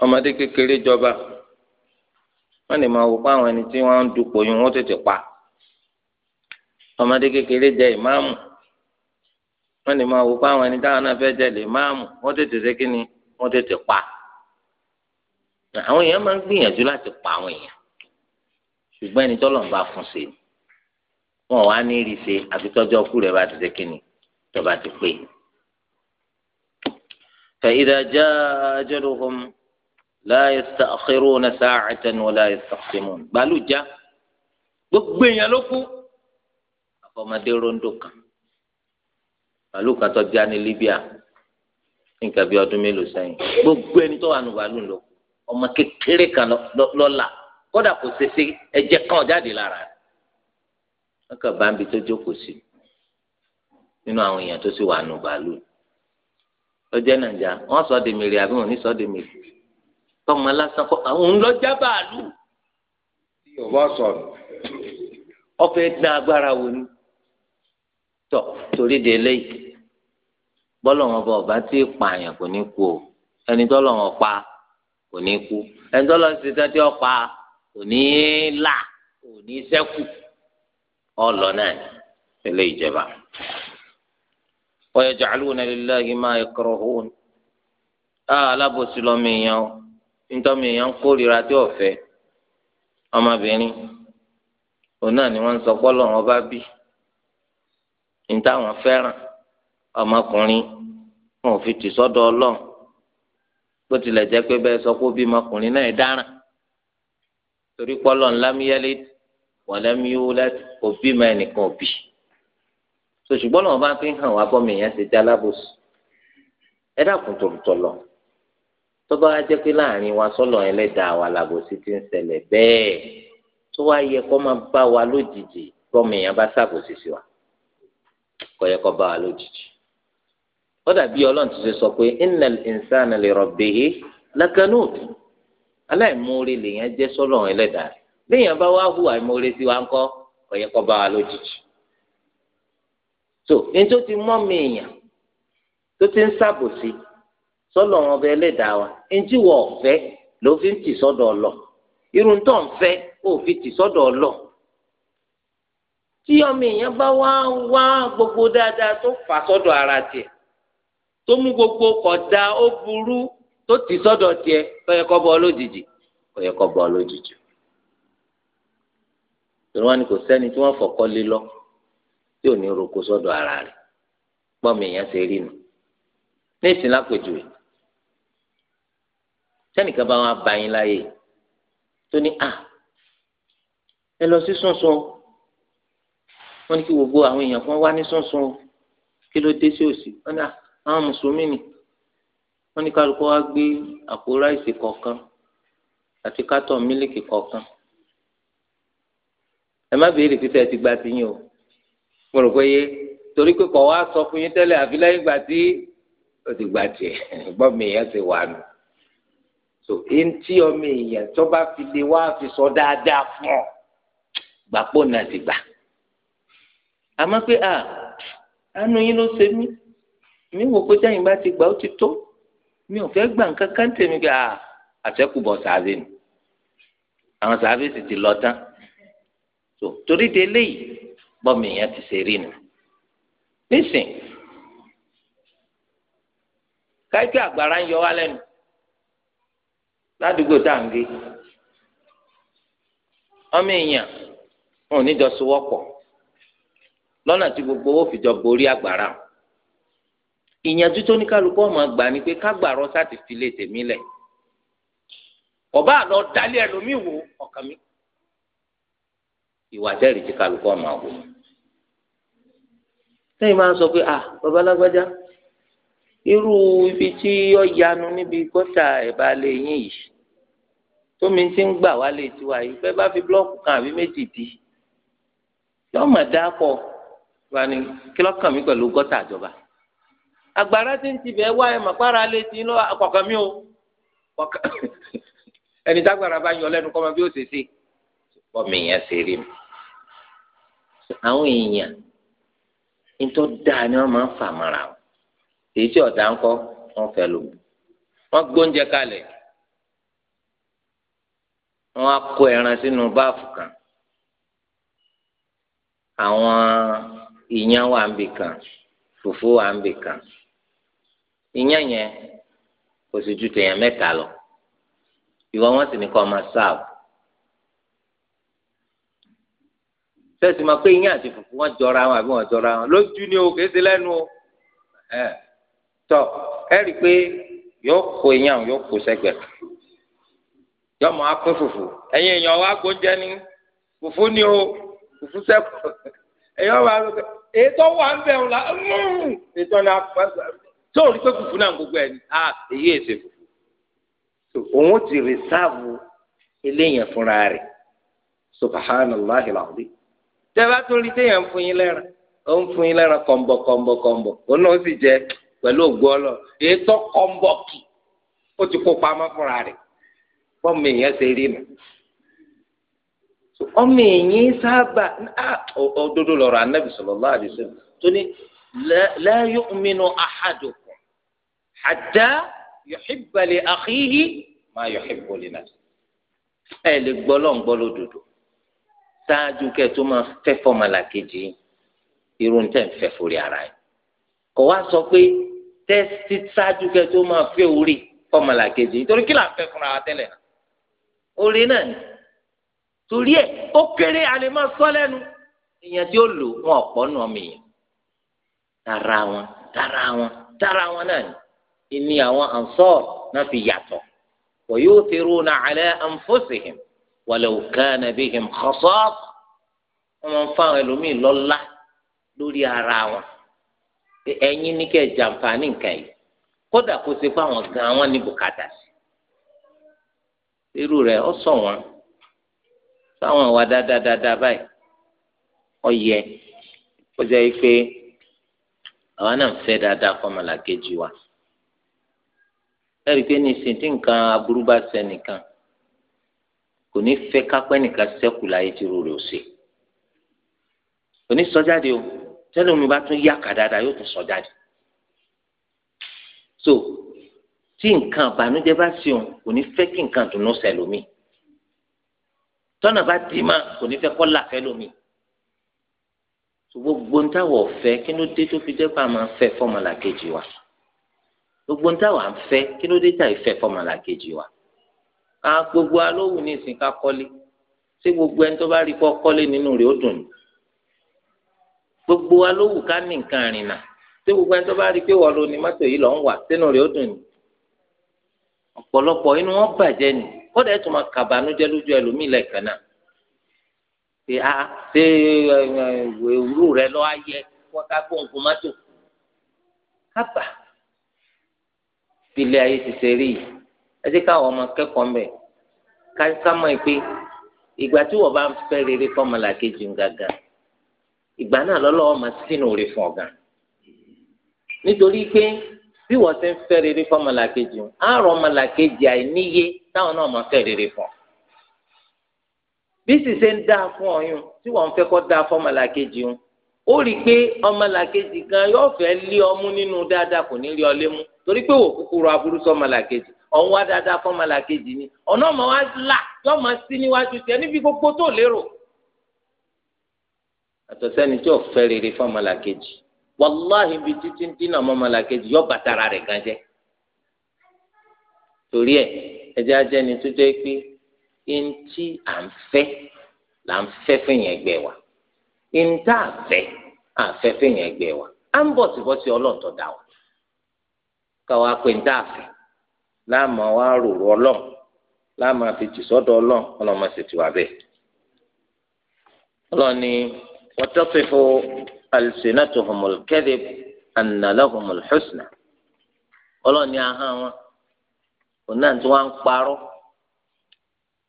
ọmọdé kékeré jọba wọ́n lè máa wò pé àwọn ẹni tí wọ́n ń dupò yín wọ́n tètè pa ọmọdé kékeré jẹ ìmáàmù wọn lè máa wò pé àwọn ẹni táwọn náà fẹ́ jẹ lè máàmù wọn tètè ṣe kíni wọn tètè pa àwọn èèyàn máa ń gbìyànjú láti pa àwọn èèyàn ṣùgbọ́n ẹni tọ́lọ̀ ń bá fún ṣe wọn wá ní rí ṣe àfi tọ́jọ́ ọkú rẹ̀ bá ti ṣe kíni tó bá ti pé. فإذا جاء لا يستأخرون ساعة ولا يستقسمون bàálù já gbogbo èèyàn ọmọdé rondo kan bàálù kan tó já ní Libya nǹkan bíi ọdún mélòó sẹ́yìn gbogbo ẹni tó wà nù bàálù lọ ọmọ kékeré kan lọ́la kódà kò sese ẹ̀jẹ̀ kan jáde lára rẹ̀ wọ́n kàn bá ń bi tó jókòó sí nínú àwọn èèyàn tó sì wà nù bàálù lọ́jọ́ nàìjíríà wọ́n sọ de mèrè àbí wọ́n ní sọ de mèrè tọmọ lásán kọ àwọn ńlọjà bàálù. yorùbá sọ̀rọ̀ ọ̀fẹ́ dín agbára wo ni tọ torí de eléyìí bọ́lọ̀wọ́n bá ọba tí pààyàn kò ní kú o ẹni tọ́lọ̀wọ́n pa kò ní kú ẹni tọ́lọ̀wọ́n ti tán tí ó pa kò ní là kò ní sẹ́kù ọlọ náà eléyìí jẹba. ويجعلون لله ما يكرهون alábòsí lọ́mọ èèyàn o nítorí èèyàn ń kórìíra tí ọ̀fẹ́ ọmọbìnrin òun náà ni wọ́n ń sọ pé ọba bí ní táwọn fẹ́ràn ọmọkùnrin wọn ò fi tì sọ́dọ̀ ọlọ́run bó tilẹ̀ jẹ́ pé bẹ́ẹ̀ sọ pé bí ọmọkùnrin náà dáràn torí pọ́lọ́ ńlámiyálé wọ̀lẹ́míwúlẹ́ òbí máa nìkan òbí sòṣùgbọ́n náà bá fi hàn wá bọ́ mi yẹn ṣe jẹ́ alábòsù ẹ dákun tòlùtọ̀lọ̀ tó bá wá pé láàrin wa sọ́lọ̀ ẹlẹ́dàá wa làbòsí ti ń ṣẹlẹ̀ bẹ́ẹ̀ tó wá yẹ kó máa bá wa lójijì bọ́ mi bá ṣàbòsí sí wa kọyẹ kọ bá wa lójijì ó dàbí Ọlọ́run ti ṣe sọ pé innal insana li rabbihi lakanut aláìmoore lèèyàn jẹ́ sọ́lọ̀ ẹlẹ́dàá rẹ̀ léèyàn bá wá hùwà ìmoore sí wa ń kọ́ kọyẹ kọ bá wa lójijì tó ní tó ti mọ́ mi èèyàn tó ti ń ṣàbòsí sọ́lọ̀ ọba ẹlẹ́dàá wa ní tí wọ́n ọ̀fẹ́ ló fi ń tì sọ́dọ̀ ọlọ irun tó ń fẹ́ ó fi tì sọ́dọ̀ ọlọ́ọ̀ tí ọmọ èèyàn bá wá wá gbogbo dáadáa tó fà sọ́dọ̀ ara tiẹ̀ tó mú gbogbo kódà ó burú tó ti sọ́dọ̀ tiẹ̀ tó yẹ kó bọ́ lójijì tó yẹ kó bọ́ lójijì tòun wá ní kò sẹ́ni tí wọ́n fọkọ́ lé lọ tí ò ní roko sọ́dọ̀ ara rẹ̀ pọ́ọ̀mù èèyàn ṣe rí nu ní ìsìn lápèjúwe sẹ́nìkan bá wọn bá yín láyè tó ní à ẹ lọ sí sunsun wọ́n ní kí gbogbo àwọn èèyàn kan wá ní sọ̀nsọ̀n o kí ló dé sí òsì wọ́n ní ah, àwọn mùsùlùmí ni wọ́n ní kálukú wá gbé àpò ráìsì kọ̀ọ̀kan àti kátọ̀ mílíkì kọ̀ọ̀kan ẹ má béèrè pété ti gba ti yín o mo rò pé yé torí pé kọ̀ wá sọ fún yín tẹ́lẹ̀ àfi lẹ́yìn ìgbà tí ó ti gba tiẹ̀ gbọ́n mi èèyàn ti wà nù so eŋti ọmọ èèyàn tó bá fi lè wá fi sọ dáadáa fún ọ gbàpọ̀ náà ti gbà àmọ́ pé a àánú yín ló ṣe mí mi wò pé tẹ́yìn bá ti gbà ó ti tó mi ò fẹ́ gbà nǹkan kan tèmi pé à àtẹ́kùbọ̀ sàáfẹ́ ni àwọn sàáfẹ́ sì ti lọ tán tó torí de eléyìí bọ́mọ èèyàn ti ṣe rí nu nísìn káyipẹ́ àgbàrá ń yọ wá lẹ́nu ládùúgbò tá à ń gbé ọmọ èèyàn wọn ò ní jọ sowọ́pọ̀ lọ́nà tí gbogbo owó fìjọ borí àgbàrá ìyànjú tó ní kálukú ọmọ gbà ni pé kágbàrọ sáti filé tèmi lẹ ọba àlọ dalẹ ẹlòmíì wo ọkàn mi ìwà tẹ́rì tí kálukú ọmọ wò sẹ́yìn máa ń sọ pé ah babalágbájá irú ibi tí ó yanu níbi gọ́tà ẹ̀bá lè yín yìí tómi ti ń gbà wálé tiwa yìí bẹ́ẹ̀ bá fi blọ́ọ̀kù kan àbí méjì di yọ́ọ́ mà dáa pọ̀ wani ní kí lọ́kàn mi pẹ̀lú gọ́tà àjọba agbára ti ń tibẹ̀ wá ẹ̀ màpára lé ti lọ kọ̀ọ̀kan mi o ẹni tágbára bá yọ lẹ́nu kọ́ bí ó ṣe ṣe bọ́mì yẹn ṣe rí mi àwọn èèyàn nítọ́ dáa ni wọ́n máa ń fà mọ́ra o èyí tí ọ̀dà ń kọ́ wọ́n fẹ́ lò wọ́n gbóúnjẹ kalẹ̀ wọ́n á kó ẹran sínú báàfù kan àwọn ìyàn wà ń bì kan fùfú wà ń bì kan ìyàn yẹn kò sì ju tèèyàn mẹ́ta lọ ìwọ wọn sì ní kó máa sáàbù pé àti wọn jọra wọn àbí wọn jọra wọn lójú ni o lẹ́nu o tọ ẹ rí i pé yóò kó yóò kó sẹ́gbẹ̀ yóò máa pín ẹ̀yin èèyàn wa gbóúnjẹ ní ni o fùfú sẹ́kù ẹ̀yin wọn máa lọ èyí tó wà ń bẹ̀rù la ètò ọ̀nà tó rí pé fùfú náà gbogbo ẹ̀ ní à èyí èsè fùfú òun ti rìsáàbù eléyàn fúnra rẹ̀ subhanallahi alazim tẹ́lá tó rí téèyàn fún yín lẹ́ran ó ń fún yín lẹ́ran kọ̀ǹbọ̀ kọ̀ǹbọ̀ kọ̀ǹbọ̀ òun náà sì jẹ pẹ̀lú ògbó ọlọ èyí tó kọ̀ǹbọ̀ ó ti kó pamọ́ fúnra rẹ̀ bọ́ọ̀mù èèyàn ṣe rí nù ọmọ èyí sábà òdodo lọ́rọ̀ anabi sallallahu alaihi wasallam tó ní la yu'minu ahadukum hatta yuhibba li akhihi ma yuhibbu li nafsihi ẹ lè gbọ́ lọ́ngbọ́ lódodo ṣáájú kẹ́ ẹ tó máa fẹ́ fọ́mọlà kejì irun tẹ̀ ń fẹ́ forí ara yẹn kò wá sọ pé tẹ́sí ṣáájú kẹ́ tó máa fẹ́ orí fọ́mọlà kejì nítorí kí là ń fẹ́ fúnra wa tẹ́lẹ̀ orí náà ni torí ẹ̀ ó kéré a lè máa sọ lẹ́nu èèyàn tí ó lò wọn ọ̀pọ̀ nù ọmọ èèyàn tara wọn tara wọn tara wọn náà ni ìní àwọn ansọ́ọ̀ náà fi yàtọ̀ wa yuthiruna ala anfusihim walau kana bihim khasasa wọn máa ń fa àwọn ẹlòmíì lọ́lá lórí ara wọn ẹ̀yin ní kẹ́ jàǹfààní nǹkan yìí kódà kó ṣe fáwọn gan wọn ní bùkátà sí irú rẹ̀ ó sọ wọn sáwọn àwa dáadáa báyìí ọyẹ ó jẹ́ pé àwa náà fẹ́ dáadáa fọmọlà kejì wa ẹ̀rí pé ní ìsìn tí nǹkan aburú bá ṣe nìkan kò ní fẹ́ kápẹ́ nìkan ṣẹ́kù láyé tí rò rè ṣe kò ní sọ o tẹ́lẹ̀ omi bá tún yá kà dáadáa yóò tún sọ so tí nǹkan àbànújẹ́ bá ṣe òun kò ní fẹ́ kí nǹkan dùnú ṣẹlòmíì tọ́nà bá dì í mà kò ní fẹ́ kọ́ làfẹ́ lómi gbogbo ntàwọ̀ fẹ́ kí ló dé tó fi jẹ́ pé a máa fẹ́ fọ́mọlà kejì wa gbogbo ntàwọ̀ à ń fẹ́ kí ló dé tàì fẹ́ fọ́mọlà kejì wa a gbogbo alówù ní ìsìn ká kọ́lé ṣé gbogbo ẹni tó bá rí kọ́ kọ́lé nínú rẹ̀ ó dùn ní gbogbo alówù ká ní nǹkan àrìnà ṣé gbogbo ẹni tó bá rí pé wọ́n lo ni mọ́tò yìí lọ́ ń wà sínú rẹ̀ ó dùn ní ọ̀pọ̀lọpọ̀ inú wọn bàjẹ́ ni kódà ẹ̀ tún máa kàbánújẹ́ lójú ẹlòmíì lẹ́ẹ̀kan náà ṣe a ṣe ìwúrú rẹ lọ ayẹ wọn ká kó nǹkan mọ́tò kábà ilé ayé ti ṣe rí yìí ẹ jẹ́ káwọn ọmọ kẹ́kọ̀ọ́ ń bẹ̀ ká mọ̀ pé ìgbà tí wọ́n bá ń fẹ́ rere fọ́mọlà kejì ń gàgà ìgbà náà lọ́lọ́wọ́ máa sínú rẹ̀ fún ọ̀gá nítorí pé bí wọ́n ti ń fẹ́ rere fún ọmọlàkejì ń àárọ̀ ọmọlàkejì àìníye táwọn náà máa fẹ́ rere fún ọ. bí sì ṣe ń dáa fún ọyún tí wọ́n ń fẹ́ kọ́ dáa fún ọmọlàkejì ń ó rí i pé ọmọlàkejì gan yóò fẹ́ lé ọmú nínú dáadáa kò ní lé ọ lé mú torí pé wò kúkúrú aburú sọ ọmọlàkejì ọ̀hún wá dáadáa fún ọmọlàkejì ni ọ̀nà ọmọ wa là yóò máa sí níwájú tiẹ̀ níbi gbogbo tó lérò àtọ̀sẹ́ni tí ò fẹ́ rere fún ọmọlàkejì wàláhì bíi títí ń dínà ọmọ màlàkejì yọ bàtàrà rẹ̀ gan jẹ́ torí ẹ̀ ẹjẹ́ ajẹ́ni tó jẹ́ pé ntí à ń fẹ́ là ń fẹ́ fún yẹn gbẹ wa ntá àfẹ́ àfẹ́ fún yẹn gbẹ wa à ń bọ̀ síbọ̀ sí ọlọ́ọ̀tọ̀ dà wá káwa pé ntá àfẹ́ láàmú wa rorò ọlọ́ọ̀ láàmú àfi tìsọ́dọ̀ ọlọ́ọ̀ ọlọ́ọ̀ máa ṣètìwà bẹ́ẹ̀ ọlọ́ọ̀ ni wọ́n tọ́ fífọ́ alsinatuhumul الكذب أن لهم husna ọlọ́ni ahọ́n wọn òun náà tí wọ́n ń parọ́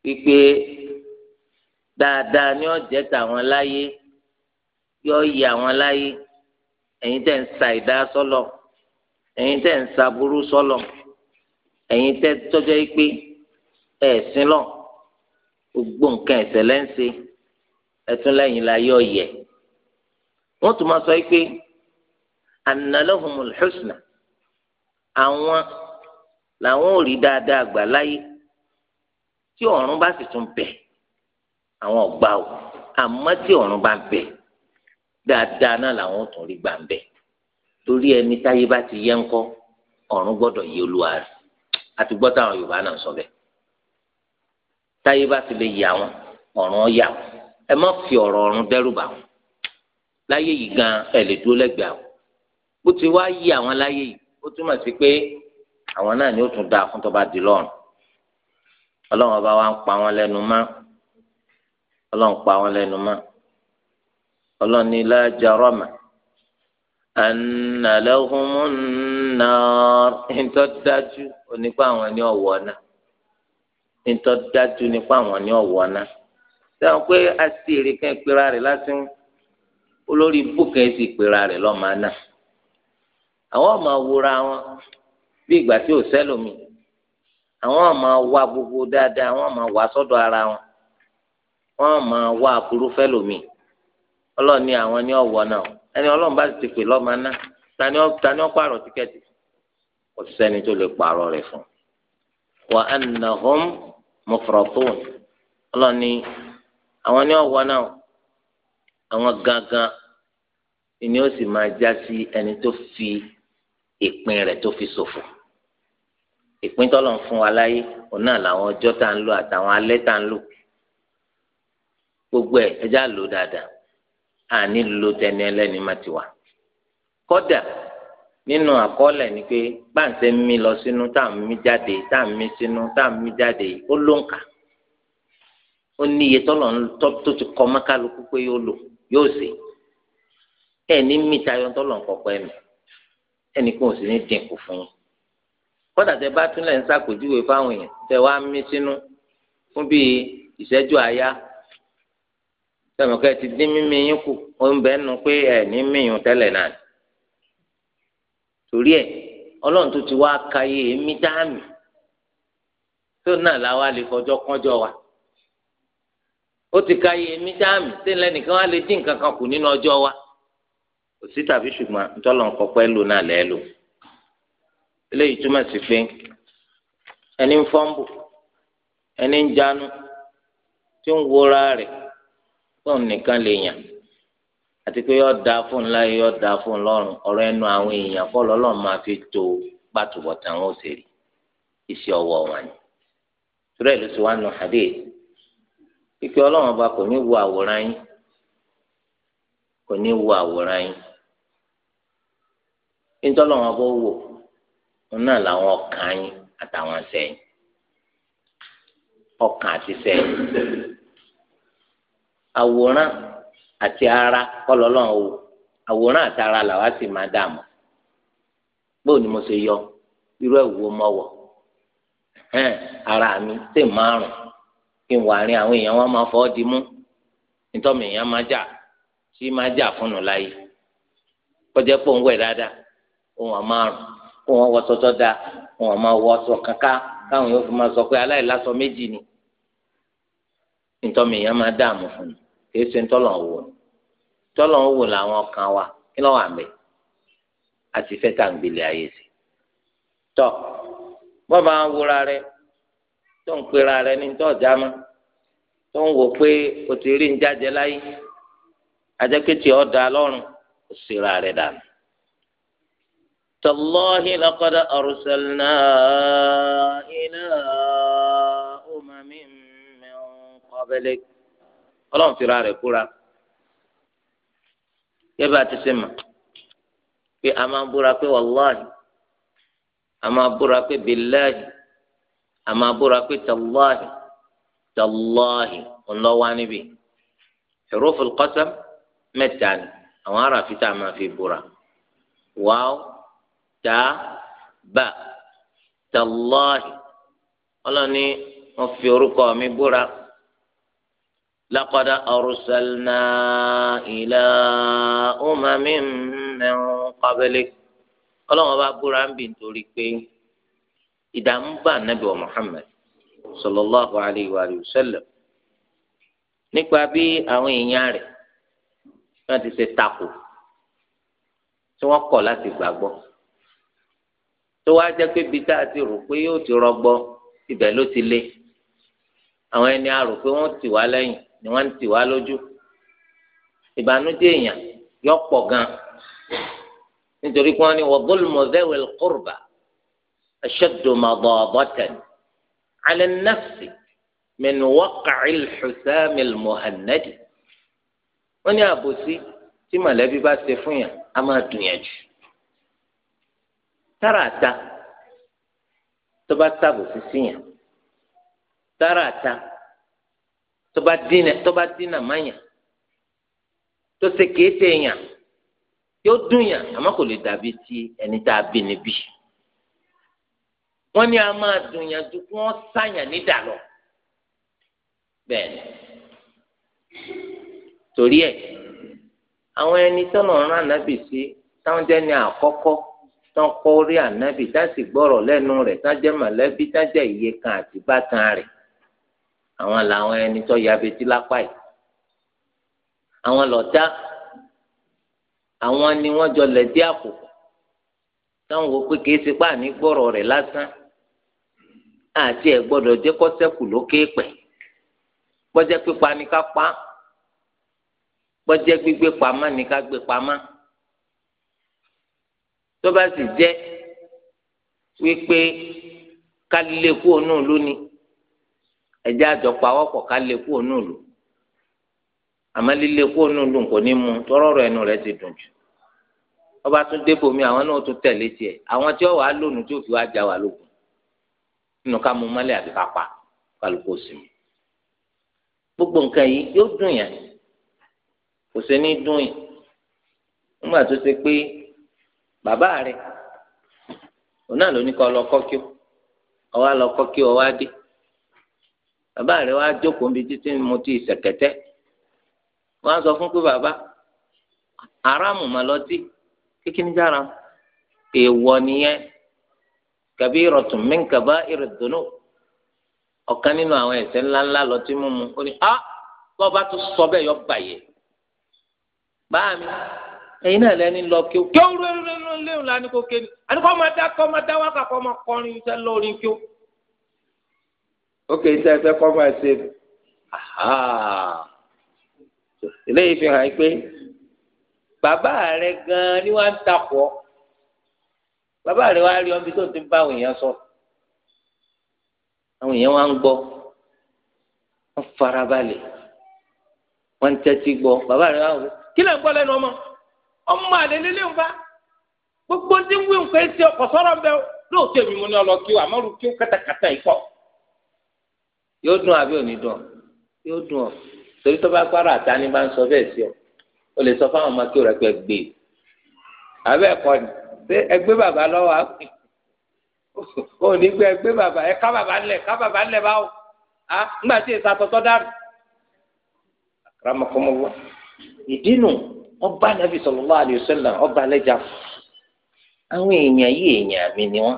wípé dáadáa ni ọ̀jẹ̀ tàwọn láyé yóò yẹ àwọn láyé ẹ̀yin tẹ̀ ń sa ìdá sọ́lọ̀ ẹ̀yin tẹ̀ ń sa burú sọ́lọ̀ ẹ̀yin tẹ̀ tọ́jọ́ pé ẹ̀ sílọ̀ gbogbo nǹkan ẹ̀sẹ̀ lẹ́ńsẹ̀ ẹ̀tún lẹ́yìn láyé ọ̀yẹ̀ wọ́n tún máa sọ yìí pé annalahumul husna àwọn làwọn ò rí dáadáa gbà láyé tí ọ̀run bá sì tún bẹ̀ àwọn ọ̀gbà ò àmọ́ tí ọ̀run bá bẹ̀ dáadáa náà làwọn ò tún rí gbà ń bẹ̀ torí ẹni táyé bá ti yẹ ńkọ́ ọ̀run gbọ́dọ̀ yí olúwa rẹ̀ àti gbọ́ táwọn Yorùbá náà sọ bẹ́ẹ̀ táyé bá ti lè yà wọn ọ̀run ọ̀yà wọn ẹ má fi ọ̀rọ̀ ọ̀run dẹ́rù bà wọn láyé yìí gan ẹ lè dúró lẹ́gbẹ̀ẹ́ àwọn bó ti wá yí àwọn láyé yìí ó túmọ̀ sí pé àwọn náà ni ó tún da fún tọ́ba di lọ́run ọlọ́run ọba wa ń pa wọn lẹ́nu mọ́ ọlọ́run pa wọn lẹ́nu mọ́ ọlọ́run ní la jarama anna lahumun ntọ́ dájú onípa àwọn ní ọ̀wọ́ náà ntọ́ dájú nípa àwọn ní ọ̀wọ́ náà sẹ́wọ̀n pé a sì rí kẹ́ rẹ̀ lásìkò olórí búkẹ́ sì pera rẹ̀ lọ́mọ náà àwọn ọmọ wúra wọn bí ìgbà tí ò sẹ́lòmíì àwọn máa wá gbogbo dáadáa àwọn máa wá sọ́dọ̀ ara wọn wọn máa wá aburú fẹ́lòmí ọlọ́run ní àwọn ní ọ̀wọ́ náà ẹni ọlọ́run bá ti pè lọ́mọ náà tani ó tani pààrọ̀ tíkẹ́ẹ̀tì kò sẹ́ni tó lè pààrọ̀ rẹ̀ fún wa annahum mufratun ọlọ́run ní àwọn ní ọ̀wọ́ náà àwọn gangan ìní ó sì máa já sí ẹni tó fi ìpín rẹ̀ tó fi ṣòfò ìpín tọ́lọ̀ ń fún wa láyé òun náà làwọn ọjọ́ tá à ń lò àtàwọn alẹ́ tá à ń lò gbogbo ẹ̀ ẹjá lò dáadáa àní lo tẹni ẹlẹ́ni má ti wà kódà nínú àkọọ́lẹ̀ ni pé báńsẹ̀ ń mí lọ sínú tá à ń mí jáde tá à ń mí sínú tá à ń mí jáde ó ló ń kà ó ní iye tọ́lọ̀ tó ti kọ́ mọ́kálukú pé yóò lò yóò sè ẹ ní mí tayọ ńtọ́lọ̀ nkọ́kọ́ ẹ̀mí ẹnì kan ò sì ní dínkù fún yín kódà tẹ bá túnlẹ̀ ń ṣàpèjúwe fáwọn èèyàn tẹ wá mí sínú fún bíi ìṣẹ́jú àyá tẹmọkẹ́ ti dín mímí yín kù ó ń bẹ́ẹ̀ nu pé ẹ ní míyàn tẹ́lẹ̀ náà torí ẹ ọlọ́run tó ti wá kayé èémí dáàmì tó náà làwa lè fọjọ́ kánjọ́ wa ó ti kayé èémí dáàmì tí lẹ́nìkan wá lè dín nǹkan kan kù nínú ọjọ́ wa kò sí tàbí ṣùgbọ́n ntọ́lọ̀ ń kọ́pẹ́ lò náà lẹ́ẹ̀ lò eléyìí túmọ̀ sí pé ẹni ń fọ́nbù ẹni ń jánu tí ń wora rẹ̀ fóun nìkan lè yàn àti pé yọ da fóun láyé yọ da fóun lọ́rùn ọ̀rọ̀ ẹnu àwọn èèyàn fọlọ́ ọlọ́run máa fi to pàtùbọ̀tàn wọn ṣe iṣẹ́ ọwọ́ wọn ni torí ló ti wá nu hadith pípẹ́ ọlọ́run ọba kò ní wo àwòrán yín kò ní wo àwòrán yín nítorí àwọn abọ́ wò wọn náà làwọn ọkàn yín àtàwọn sẹ́yìn ọkàn àti sẹ́yìn àwòrán àti ara kọlọ́lọ́n wò àwòrán àti ara làwa sì máa dààmú bóò ni mo ṣe yọ irú ẹ̀ wo mọ́ wọ̀ hẹ́n ara mi ṣe márùn kí n wà rí àwọn èèyàn wọn máa fọ́ di mú nítorí èèyàn máa jà sí máa jà fún láyé kọjá pò ń wẹ̀ dáadáa wọn márùn kó wọn wọ sọtọ da wọn máa wọ sọ kankan káwọn yóò fi máa sọ pé aláìlásọ méjì ni ntọ́mi yẹn máa dààmú fún mi kì í ṣe ntọ́lọ̀ wò ni wò làwọn wa kí lọ́wọ́ àmì àti fẹ́ tà ń gbélé ayé sí tọ́ wọ́n máa ń wúra rẹ tó ń pera rẹ ní tó ń wò pé تالله لقد أرسلنا إلى أمم من قبلك ọlọ́run fi ra rẹ̀ kúra yẹ́bí àti sèmà pé a máa búra pé wàláhì a máa búra pé bìláhì a máa búra pé tàláhì tàláhì ńlọ́wọ́ níbí huruful qasam mẹ́ta ni àwọn aráàfin tá a máa fi búra wàá. Wow tàbá tàlọ́ọ̀hì ọlọ́ni wọ́n fi orúkọ mi búra laqad arsalna ila umamin min qablik ọlọ́wọ́n bá búra ń bì nítorí pé ìdààmú bá nàbì wa Muhammad sallallahu alayhi wa sallam nípa bí àwọn èèyàn rẹ̀ wọ́n ti ṣe takò tí wọ́n kọ̀ láti gbàgbọ́ tó wá jẹ́ pé bíi tá a ti rò pé yóò ti rọgbọ ibẹ̀ ló ti lé àwọn ẹni a rò pé wọ́n tì wá lẹ́yìn ni wọ́n ń tì wá lójú ìbànújẹ́ èèyàn yọ pọ̀ gan nítorí pé wọ́n ní wọ́n gbólùmọ̀ zẹ́wẹ̀l kúrúbà aṣẹ́dùmọ̀bọ̀bọ̀tẹ̀n alẹ́ nafsi mẹ́nu wọ́kàcí xùsàmìl mọ̀hánẹ́dì wọ́n ní àbòsí tí mọ̀lẹ́bí bá ṣe fún yàn á máa dùn yàn jù tara ata tọba bá yàn tára ta dina bá dínà tó yàn tó ṣe yàn yóò yàn kò lè dàbí ti ẹni tá a bí níbí wọ́n ni a máa dùn yàn ju kí ni torí àwọn ẹni sí táwọn ní tán kọ́ orí ànábì tá sì gbọ́rọ̀ lẹ́nu rẹ̀ tá jẹ́ mọ̀lẹ́bí tá jẹ́ iye kan àti bátan rẹ̀ àwọn làwọn ẹni tó yabetí lápá yìí àwọn lọ́tá àwọn ni wọ́n jọ lẹ̀dí àpò táwọn wò pé kìí ṣe páàní gbọ́rọ̀ rẹ̀ lásán àti ẹ̀ gbọ́dọ̀ jẹ́ kọ́sẹ́kù lókè pẹ̀ gbọ́jẹ́ pípa ni ká pa gbọ́jẹ́ gbígbé pamọ́ ni ká gbé pamọ́ tó bá sì jẹ́ wípé ká lè kú ònú ìlú ni ẹ̀jẹ̀ àjọ pawọ́pọ̀ ká lè kú ònú ìlú àmọ́ líle kú ònú ìlú kò ní mu tọ́rọ̀rọ̀ ẹnu rẹ̀ ti dùn jù ọba tún débò mi àwọn náà tún tẹ̀lé tiẹ̀ àwọn tí ó wàá lónìí tó fi wá já wa lógun nínú ká mú mọ́lẹ̀ àbí ká pa kálukú sinmi gbogbo nǹkan yìí yóò dùn yàn kò sí ní dùn yàn nígbà tó ṣe pé bàbá rẹ̀ òun náà ló ní kọ́ lọ kọ́kí ọwọ́ lọ kọ́kí ọwọ́ adé bàbá rẹ̀ wá jókòó níbi títí mu ti ìsẹ̀kẹ̀tẹ́ wọ́n á sọ fún pé bàbá aráàmù mà lọ́tí kíkíní jára èèwọ̀ nìyẹn kàbí ìrọ̀tún mí kàbá ìrọ̀dùnú ọ̀kan nínú àwọn ẹ̀ṣẹ̀ ńláńlá lọ́tí mímu ó ní a bọ́ọ̀ bá tún sọ bẹ́ẹ̀ yọ bàyẹ̀ báàmì ẹ̀yin náà lẹ́ni lọ kí o kí o léwu la ní kò ké ni àní kò máa dá kò máa dá wákà kò máa kọrin iṣẹ́ lórí kí o. ó kè iṣẹ́ ẹgbẹ́ kò máa ṣe eléyìí fi hàn pé bàbá rẹ gan-an ni wọ́n ń takọ̀ bàbá rẹ wá rí ọbí tó ti bá àwọn èèyàn sọ àwọn èèyàn wá ń gbọ́ wọ́n farabalẹ̀ wọ́n ń tẹ́tí gbọ́ bàbá rẹ wá wò kí lè ń gbọ́ lẹ́nu ọmọ ọmọ àlele lé nfa gbogbo ndí wí nǹkan ẹsẹ ọkọ sọ̀rọ̀ mbẹ lóòótọ́ èmi ni ní ọlọ kí o àmọrù kí o kàtàkàtà ìkọ yóò dùn àbí òní dùn yóò dùn ọ torí tó bá gbára ni bá ń sọ bẹ́ẹ̀ sí ọ o lè sọ fáwọn ọmọ kí o rẹ pẹ gbé àbẹ ẹkọ ni ṣé ẹgbẹ́ bàbá lọ́wọ́ àpè o ní gbé ẹgbẹ́ bàbá ẹ ká bàbá ńlẹ̀ ká bàbá ńlẹ̀ báwo a ńgbà tí èsì àtọtọ dànù àkàrà mọkànmọwọ ìdí nù ọba nàbì sallallahu alaihi wasallam ọba lẹ́jà àwọn èèyàn yìí èèyàn mi ni wọ́n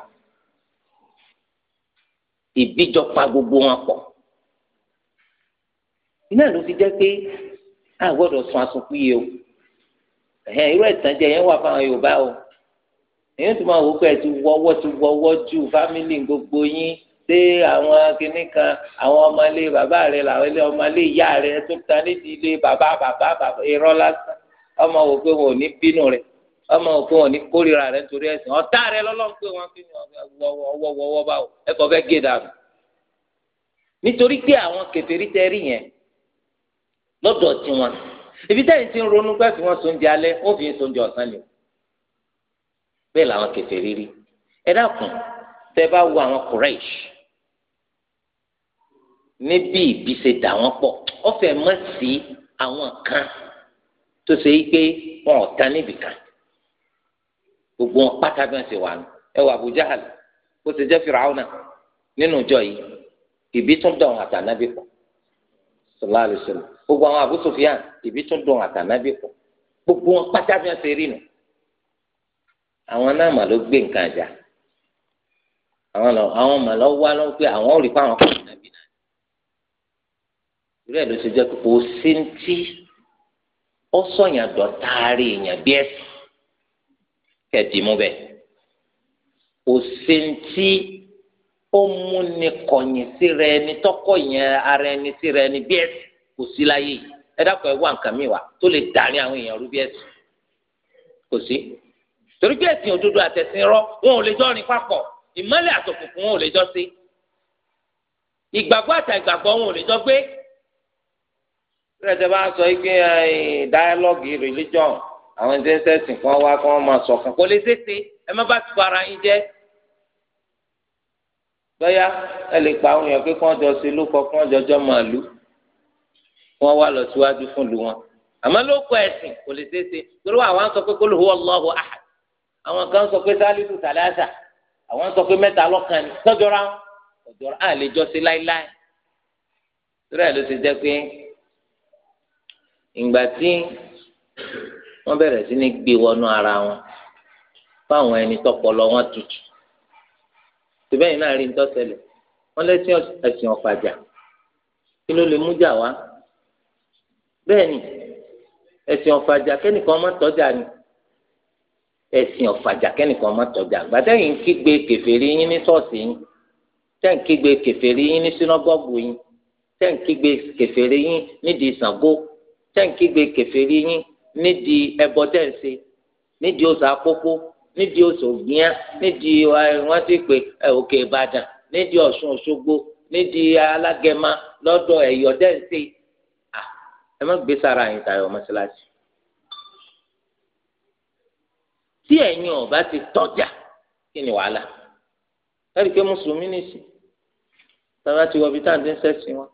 ìbíjọpa gbogbo wọn pọ̀ iná ló fi jẹ́ pé a gbọ́dọ̀ sun asunkúyè o ẹ̀hẹ́n irú ìtànjẹ yẹn wà fáwọn Yorùbá o èyí tó máa wò pé ẹ ti wọ́wọ́ ti wọ́wọ́ ju fámìlì gbogbo yín ṣé àwọn kinní kan àwọn ọmọlé bàbá rẹ làwọn ọmọlé ìyá rẹ tó ta nídìí ilé bàbá bàbá bàbá irọ́ lásán ọmọ wò pé wọn ò ní bínú rẹ ọmọ wò pé wọn ò ní kórìíra rẹ nítorí ẹ̀sìn ọ̀tá rẹ lọ́lọ́run pé wọn fi wọ́wọ́wọ́wọ́ báwo ẹ̀kọ́ fẹ́ gé dànù nítorí pé àwọn kèfèrí tẹ rí yẹn lọ́dọ̀ tiwọn ibi táyì ti ń ronú pé fi wọn sóúnjẹ alẹ́ wọn fi sóúnjẹ ọ̀sán ni bẹ́ẹ̀ làwọn kèfèrí rí ẹ dákun tẹ bá wo àwọn Quraysh níbi ìbí ṣe dà wọn pọ̀ ọ̀fẹ́ mọ sí àwọn kan tó ṣe yí pé wọn ò tán níbì kan gbogbo wọn pátá bí wọn ṣe wà nù ẹ wà Abu Jahal bó ṣe jẹ́ Firauna nínú ìjọ yìí ìbí tún dùn àtànábì pọ̀ sallallahu alaihi gbogbo àwọn Abu ìbí tún dùn àtànábì pọ̀ gbogbo wọn pátá bí wọn ṣe rí nù àwọn náà mà ló gbé nǹkan àjà àwọn lọ àwọn mà lọ wá lọ pé àwọn ò rí pé àwọn kò nàbì náà ìrẹ́ ló ṣe jẹ́ kó o sí ń tí ó sọyàn dọ̀taari èèyàn bí ẹ̀sìn kẹ̀dìmú bẹ́ẹ̀ kò sí ti ó múni kọ̀yìn síra ẹni tọ́kọ̀ yẹn ara ẹni síra ẹni bí ẹ̀sìn kò sí láyé ẹ dákọ̀ ẹ wá nǹkan mi wá tó lè dàrí àwọn èèyàn rú bí ẹ̀sìn kò sí torí pé ẹ̀sìn òdodo àtẹ̀sìn wọn ò lè jọ rìn papọ̀ ìmọ́lẹ̀ àtòkùnkùn wọn ò lè jọ sí ìgbàgbọ́ àtàgbàgbọ́ wọn ò lè jọ gbé rẹ̀ tẹ́ bá ń sọ pé dialogue religion àwọn ẹni tẹ́ ń sẹ́sìn kan wá kí wọ́n máa sọ kan kò lè tètè ẹ má bá ti para yín jẹ́ bóyá ẹ lè pa àwọn èèyàn pé kí wọ́n jọ sí lóko kí wọ́n jọjọ́ máa lù kí wọ́n wá lọ síwájú fún lu wọn àmọ́ lóko ẹ̀sìn kò lè tètè torí àwọn sọ pé kólú huwa Allahu ahad àwọn kan sọ pé sálísù sàlásà àwọn sọ pé mẹ́ta lọ́kàn ni tọ́jọ́ra tọ́jọ́ra àlejò sí láíláí ìgbà tí wọ́n bẹ̀rẹ̀ sí ní gbé wọnú ara wọn fáwọn ẹni tọpọlọ wọn tutù síbẹ̀ yìí náà rí ń tọ́sẹ̀lẹ̀ wọ́n lẹ́sìn ẹ̀sìn ọ̀pàjà kí ló lè mú jà wá bẹ́ẹ̀ ni ẹ̀sìn ọ̀fàjà kẹ́nìkan má tọ́jà ni ẹ̀sìn ọ̀fàjà kẹ́nìkan má tọ́jà gbàtẹ́yìn ń kígbe kèfèrí yín ní ṣọ́ọ̀ṣì yín tẹ́ ń kígbe kèfèrí yín ní sínágọ́gù yín tẹ́ ń kígbe kèfèrí yín nídìí Ṣàngó tẹ́ǹkì gbé kèfèrí yín nídìí ẹbọ tẹ́ǹsì nídìí òsà pópó nídìí òsò gbìyà nídìí wọ́n ti pè òkè ìbàdàn nídìí ọ̀ṣun òṣogbo nídìí alágẹ̀mà lọ́dọ̀ ẹ̀yọ́ tẹ́ǹsì ẹ má gbé sára yín tayọ mọ́ṣáláṣí. tí ẹ̀yin ọ̀bá ti tọ́jà kí ni wàhálà ẹ̀rí pé mùsùlùmí nìsí tàbá ti wọ ibi táǹdì ń sẹ́sìn wọn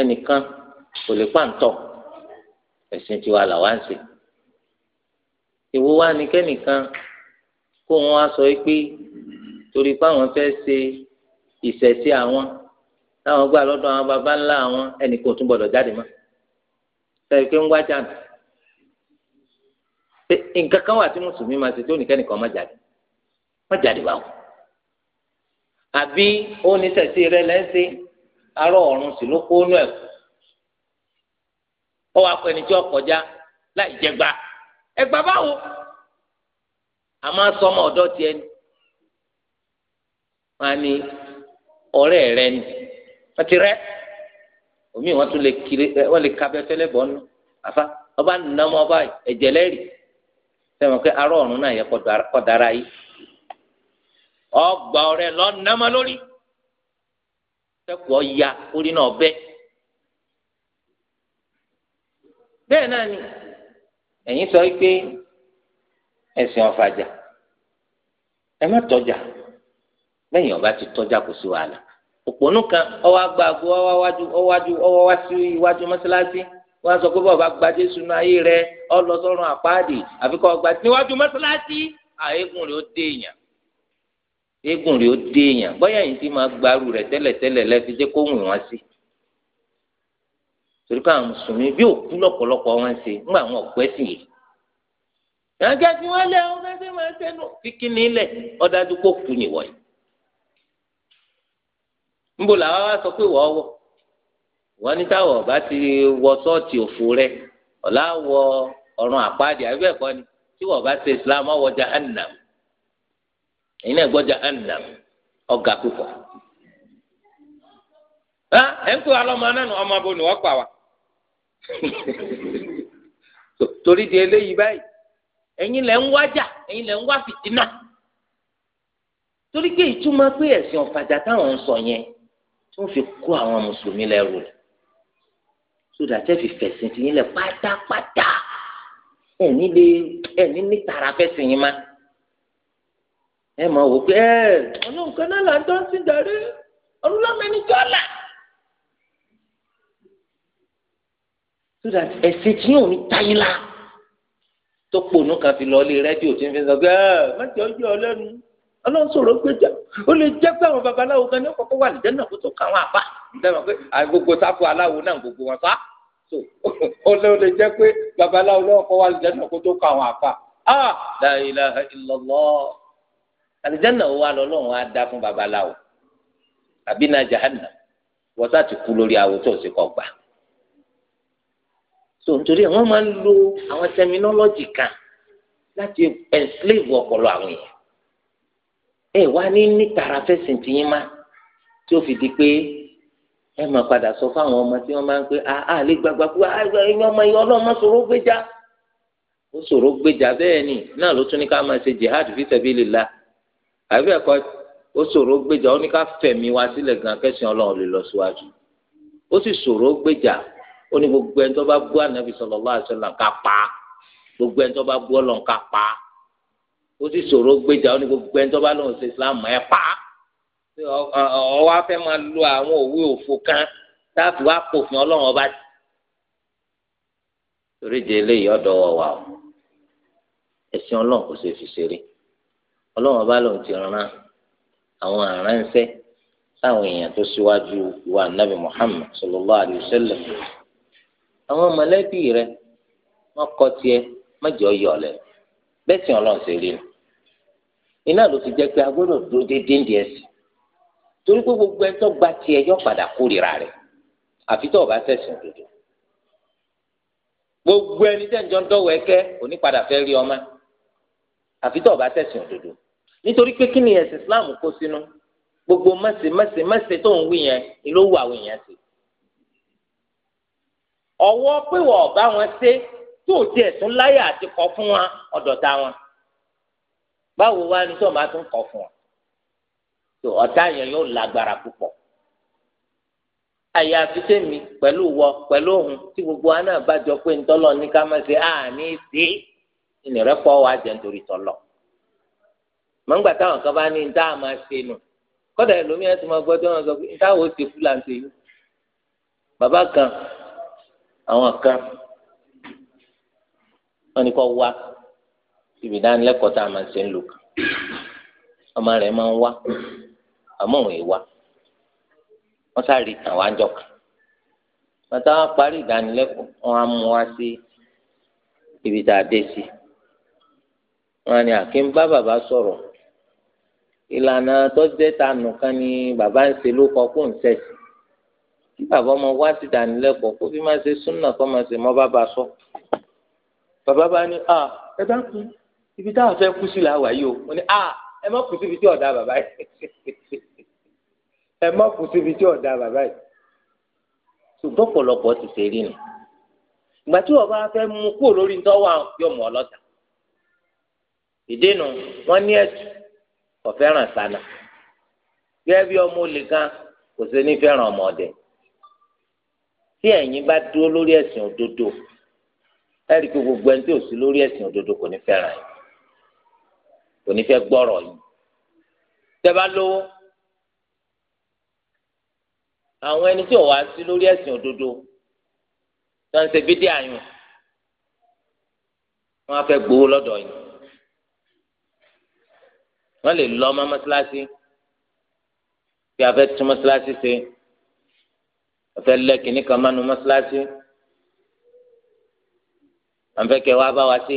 ẹnìkan kò lè pàǹtọ̀ ẹ̀sìn tiwa là wá ń ṣe ìwo wa ni kẹ́nìkan kó wọn wá sọ pé torí pé àwọn fẹ́ ṣe ìṣẹ̀ṣe àwọn táwọn gbà lọ́dọ̀ àwọn baba ńlá àwọn ẹnìkan ò tún gbọdọ̀ jáde mọ́ sẹ́yìn pé ń wá jáde nǹkan kan wà tí mùsùlùmí máa ṣe tó nìkẹ́nìkan má jáde má jáde báwo àbí ó ní ṣẹ̀ṣe rẹ lẹ́sẹ̀ arọ́ ọ̀run sì ló kó nú ẹ̀kọ́ ó wàá kọ ẹni tí ọ kọjá láì jẹgba ẹgba báwo a máa sọ ọmọ ọdọ tiẹ̀ ni wọn á ní ọ̀rẹ́ rẹ ni wọn ti rẹ omi wọn tún lè kiri wọn lè kabẹ fẹlẹ bọ nù àfa ọba nà ọmọ ọba ẹjẹ lẹrì sẹmọ pé arọ ọrùn náà yẹ kọ yìí ọgbà lọ ya orí náà bẹ́ẹ̀ náà ni ẹ̀yin sọ pé ẹ̀sìn ọ̀fàjà ẹ má tọ́jà lẹ́yìn ọba ti tọ́jà kò sí wàhálà òpònú kan ọwọ́ agbáago ọwọ́ wájú ọwọ́ wájú ọwọ́ wá sí iwájú mọ́sálásí wọ́n sọ pé bọ́ọ̀bá gba jésù náà ayé rẹ ọlọ sọ́run àpáàdì àfikọ́ ọgbà níwájú mọ́sálásí àégún rẹ ó dé èèyàn eégún rẹ ó dé èèyàn bóyá yìí ti máa gbaru rẹ tẹ́lẹ̀tẹ́lẹ̀ lẹ́fi jẹ́ kó wùn wọ́n sí torí pé àwọn mùsùlùmí bí òkú lọ́pọ̀lọpọ̀ wọn ṣe ńgbà wọn ọ̀pẹ́ sì yìí ìrànjẹ́ tí wọ́n lé ọ̀hún fẹ́ẹ́ máa tẹnu kíkí nílẹ̀ ọ̀dájú kó níbo làwa wá sọ pé wọ́n wọ̀ wọ́n ní ti wọ sọ́ọ̀tì rẹ ọ̀la wọ ọ̀run ni tí wọ́n bá ṣe Islam ọwọ́ púpọ̀. ẹ ń pè wá lọ́mọ náà ọmọ torí di eléyìí báyìí ẹ̀yin lẹ ń wájà ẹ̀yin lẹ ń wá fìtínà torí pé ìtumọ̀ pé ẹ̀sìn ọ̀fàjà táwọn ń sọ yẹn tí wọ́n fi kó àwọn mùsùlùmí lẹ́rù rẹ̀ sódà tẹ́ fi fẹ̀sìn tì yín lẹ̀ pátápátá ẹ̀ní lè ẹ̀ní ní tààrà fẹ̀sìn yín má ẹ̀ máa wò pé ẹ̀ ọlọ́run là ń tọ́ sí darí ọlọ́run là. so that ẹ̀sìn tí yóò ní táyé la tó kponú kan fi lọ́ọ́ lé rẹ́díò tí ń fi sọ pé ẹ ah, má jẹ́ ọjọ́ ọlẹ́nu ọlọ́run sọ̀rọ̀ pé jẹ́ ó lè jẹ́ pé àwọn babaláwo kan ní ọ̀kọ̀ọ̀kọ̀ wà lìjẹ́ náà kó tó ka àwọn àbá lẹ́wọ̀n pé gbogbo sáfù aláwo náà gbogbo wọn sá so ó lè jẹ́ pé babaláwo náà kọ́ wà lìjẹ́ náà kó tó ka àwọn àbá ah la ilaha illallah àlìjẹ́ náà wà lọ́lọ́run á dá fún babaláwo àbí náà jahannam wọ́n sá ti kú lórí àwòtó òsì kọ́ gbà so nítorí wọn máa ń lo àwọn tẹminọlọjì kan láti enslave ọpọlọ àwọn èèyàn ẹ wá ní nítara fẹsẹ̀ tìyín má tí ó fi di pé ẹ máa padà sọ fáwọn ọmọ tí wọn máa ń pè á á lè gbàgbà pé á ah, ẹyin ọmọ yìí ọlọ́mọ sọ̀rọ̀ gbéjà ó sọ̀rọ̀ gbéjà bẹ́ẹ̀ ni náà ló tún ní ká máa ṣe jihad fi sabilillah àbí ẹ̀kọ́ ó sọ̀rọ̀ gbéjà ó ní ká fẹ̀mí wa sílẹ̀ gan kẹ́sìn ọlọ́run lè lọ síwájú ó sì sọ̀rọ̀ gbéjà ó ní gbogbo ẹni tó bá bú ànábì sallallahu alaihi wasallam ká pa gbogbo ẹni tó bá bú Ọlọ́run ká pa ó sì sọ̀rọ̀ gbéjà ó ní gbogbo ẹni tó bá lóun ṣe islam ẹ pa ọwọ́ afẹ́ máa lo àwọn òwe òfo kan táàfù wá pòfin Ọlọ́run ọba torí di eléyìí ọ̀dọ̀ wa o ẹ̀sìn Ọlọ́run kò ṣeé fi ṣeré Ọlọ́run ọba lòun ti rán àwọn àránṣẹ́ táwọn èèyàn tó síwájú wa nabi Muhammad sallallahu alaihi wasallam àwọn mọ̀lẹ́bí rẹ wọ́n kọ́ tiẹ̀ mẹ́jọ yọ̀ lẹ̀ bẹ́ẹ̀ sì ọlọ́run ṣe rí nu iná ló ti jẹ́ pé a gbọ́dọ̀ dúró déédéé ń díẹ̀ sí torí pé gbogbo ẹni tó gba tiẹ̀ yọ padà kórìíra rẹ̀ àfi tó o bá ṣẹ̀sìn dodo gbogbo ẹni tẹ́ ń jọ ń dọ́wọ́ ẹkẹ́ òní padà fẹ́ rí ọmọ àfi tó o bá ṣẹ̀sìn dodo nítorí pé kí ni ẹ̀sìn Islam kó sínú gbogbo mẹ́sẹ̀ mẹ́sẹ̀ mẹ́sẹ̀ tó ń wí yẹn ni ló wù àwọn èèyàn sí i ọwọ́ pé wọ́n ọ̀bá wọn ṣe tó tiẹ̀ tún láyà àti kọ́ fún wa ọ̀dọ̀ta wọn báwo wá ní sọ́ọ̀ máa tún kọ́ fún wa tó ọ̀tá yẹn yóò lágbára púpọ̀ àyàfi tèmi pẹ̀lú wọ pẹ̀lú òun tí gbogbo wa náà bá jọ pé ntọ́lọ́ ní ká má ṣe àní sí ìnìrẹ́pọ̀ wa jẹ́ nítorí tọ́lọ̀ mọ̀ngbà táwọn kan bá ní ntá máa ṣe nù kọ́dà ẹlòmíràn ti máa gbọ́dọ̀ wọn sọ pé ntá wo ti fúlàǹtì yìí bàbá kan àwọn kan wọn ni kò wá ibi ìdánilẹ́kọ̀ọ́ tá a máa ń ṣe ń lò kàn ọmọ rẹ̀ máa ń wá àmọ́ òun èèwà wọ́n sáré tàn wá jọ kàn bàtà wọn parí ìdánilẹ́kọ̀ọ́ wọn á mú wá sí ibi tá a dé sí wọn ni àkín bá bàbá sọ̀rọ̀ ìlànà tó jẹ́ ta nù kan ni bàbá ń ṣe ló kọ kó ń ṣẹ̀sì kí bàbá ọmọ wá sí ìdánilẹ́kọ̀ọ́ kó fi máa ṣe súnà kó máa ṣe mọ́ bàbá sọ. bàbá bá ní à ẹ bá kú ibi táwọn fẹ́ kú sí làwà yìí o mo ní à ẹ má kú síbi tí ọ̀dà bàbá yìí ẹ má kú síbi tí ọ̀dà bàbá yìí. ṣùgbọ́n pọ̀lọpọ̀ ti ṣe rí nù. ìgbà tí ọba fẹ́ mú kúrò lórí ntọ́wà yóò mú ọlọ́ta. ìdènà wọn ní ẹ̀sùn ọ̀fẹ́ràn sànà gẹ́gẹ́ bí ọmọ olè kan kò sí ní ọmọ ọ̀dẹ̀ tí ẹ̀yin bá dúró lórí ẹ̀sìn òdodo ẹ rí i pé gbogbo ẹni tí ò sí lórí ẹ̀sìn òdodo kò ní fẹ́ràn yín kò ní fẹ́ gbọ́rọ̀ yín tẹ́ bá lówó àwọn ẹni tí ò wá sí lórí ẹ̀sìn òdodo tó ń ṣe fídíò àyùn wọn á fẹ́ gbowó lọ́dọ̀ yín wọ́n lè lọ ọmọ mọ́sálásí bí a fẹ́ tún mọ́sálásí ṣe ọfẹ lẹkìnní kan mánu mọ́sálásí àǹfẹkẹ wa bá wa sí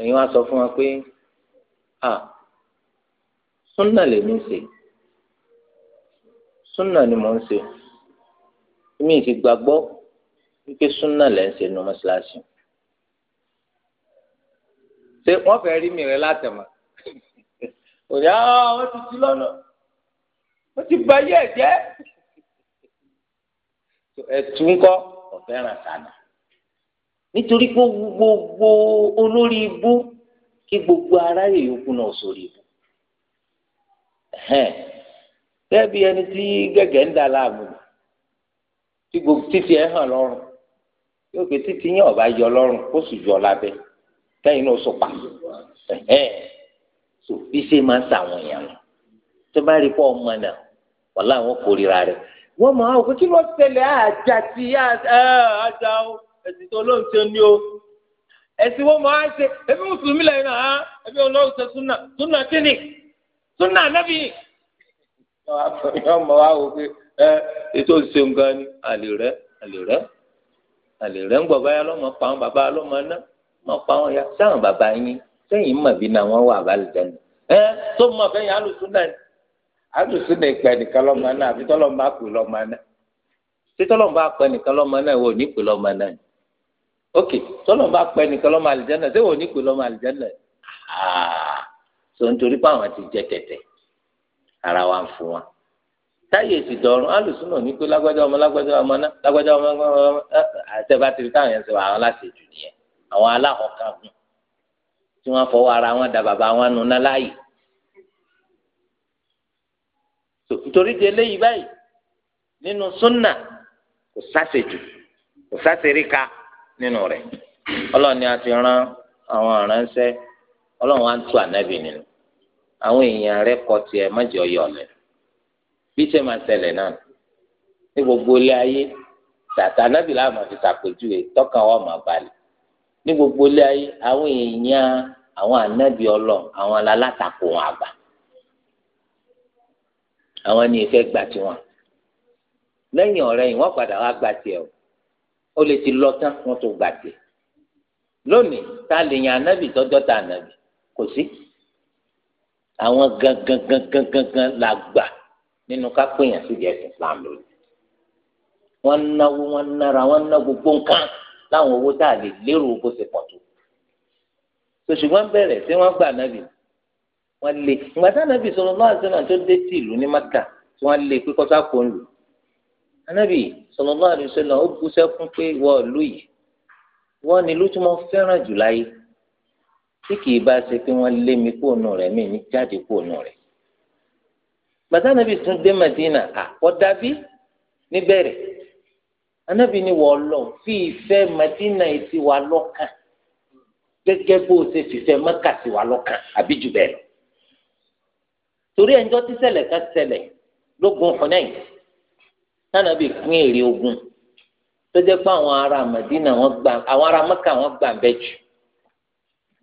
ẹ̀yin wa sọ fún wa pé a súnà lèmi ń ṣe súnà ni mò ń ṣe mi ti gbàgbọ́ wípé súnà lẹ ń ṣe nu mọ́sálásí ṣé wọ́n fẹ́ẹ́ rí mi rẹ látẹmọ òyà wọ́n ti ti lọ́nà ó ti ba ayé ẹ jẹ́ ẹtù ńkọ ọ̀fẹ́ràn sànà nítorí pé gbogbo olórí ibú kí gbogbo aráyè yòókù náà sórí ibú gẹ́gẹ́ bí ẹni tí gẹ́gẹ́ ń da láàmú tí gbogbo títí ẹ̀ hàn lọ́rùn yóò pé títí yẹn ọba yọ lọ́rùn kó sì yọ lábẹ́ kẹ́yìn náà sọ pa bí ṣe máa ń sàwọn èèyàn lọ tó bá rí pọ̀ mọ̀nà wàhálà wọn kórìíra rẹ̀ wọ́n mọ̀ àwọn kí ló ṣẹlẹ̀ àjà tí àjà o ẹ̀sìn tó lóun ṣe ni o ẹ̀sìn wọn mọ̀ á ṣe ẹbí mùsùlùmí lẹ́yìn náà ẹbí ọlọ́run ṣe súnà súnà kíni súnà nẹ́bí. wọ́n mọ̀ wá wò pé ẹ ètò ìṣe nǹkan ni àlè rẹ àlè rẹ àlè rẹ ń gbọ̀ báyà lọ́mọ pa àwọn bàbá lọ́mọ náà mọ̀ pa àwọn ya sáwọn bàbá yín sẹ́yìn mọ̀ bí náà wọ́n wà àbálẹ̀ jẹ́nu ẹ tó mọ̀ fẹ́yìn alùsùn náà àdùsí ní ìpè nìkan lọ́mọ náà àfi tọ́lọ́mọ bá pè lọ́mọ náà tí tọ́lọ́mọ bá pè nìkan lọ́mọ náà wò ní pè lọ́mọ náà ok tọ́lọ́mọ bá pè nìkan lọ́mọ àlìjáná ṣé wò ní pè lọ́mọ àlìjáná so nítorí pé àwọn ti jẹ tẹ̀tẹ̀ ara wa ń fún wa táyé sì dọ̀rùn àdùsí náà ní pé lágbájá ọmọ lágbájá ọmọ náà lágbájá ọmọ àtẹ̀bá tiri táwọn yẹn sọ àwọn aláṣẹ jù nìyẹn àwọn aláhọ̀ọ́kà náà nítorí di eléyìí báyìí nínú súnà kò sásejù kò sáseríka nínú rẹ̀ ọlọ́run ni a ti rán àwọn aránṣẹ́ ọlọ́run wa ń tu ànábì nínú àwọn èèyàn rẹ̀ kọ tiẹ̀ mọ́jì ọyọ ọ̀lẹ̀ bí ṣe máa ṣẹlẹ̀ náà ní gbogbo ilé ayé tàtà ànábì láwọn máa fi ṣàpèjúwe tọ́kàn wọn máa balẹ̀ ní gbogbo ilé ayé àwọn èèyàn àwọn ànábì ọlọ́run àwọn alátakò wọn àgbà àwọn ni ìfẹ́ gbà tiwọn lẹ́yìn ọ̀rẹ́ yìí wọ́n padà wá gbà tiẹ̀ o ó lè ti lọ tán wọ́n tó gbà tiẹ̀ lónìí tá a lè yan ànábì tọ́jọ́ ta ànábì kò sí àwọn gangan gangan gangan la gbà nínú ká pèèyàn sí ìjẹsìn Islam lónìí wọ́n náwó wọ́n nára wọ́n ná gbogbo nǹkan láwọn owó tá a lè lérò bó ṣe pọ̀ tó ṣùgbọ́n bẹ̀rẹ̀ sí wọ́n gbà ànábì wọ́n lé ìgbà tí anabi sọ̀rọ̀ lọ́wọ́ àti sẹ́nà tó dé sí ìlú ní maka tí wọ́n lé pé kọ́sá kò ń lù anabi sọ̀rọ̀ lọ́wọ́ àti sẹ́nà ó bu sẹ́kún pé wọ́n lù yìí wọ́n ní ìlú tí mo fẹ́ràn jù láyé tí kì í bá ṣe pé wọ́n lé mi kó nù rẹ̀ mí ní jáde kó nù rẹ̀ gbàtà anabi tún dé Madina àkọ́dábí níbẹ̀rẹ̀ anabi ni wọ́n lọ fi ìfẹ́ Madina yìí sí wa lọ́kàn gẹ́gẹ́ bó o ṣe fìfẹ́ Mẹ́kà sí wa lọ́kàn àbí jù bẹ́ẹ̀ lọ. torí ẹnjọ́ tí ṣẹlẹ̀ ká ṣẹlẹ̀ lógun Hunain nánà bí pín èrè ogun tó jẹ́ pé àwọn ará Madina wọ́n gbà àwọn ará Mẹ́kà wọ́n gbà jù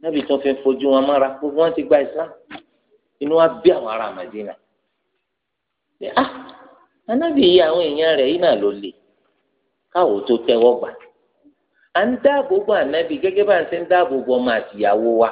nábì tó fi fojú wọn mọ́ra gbogbo wọn ti gba Islam inú wa bí àwọn ará Madina anábì ah, yìí àwọn èèyàn yìí náà ló káwọ tó gbà à ń dáàbò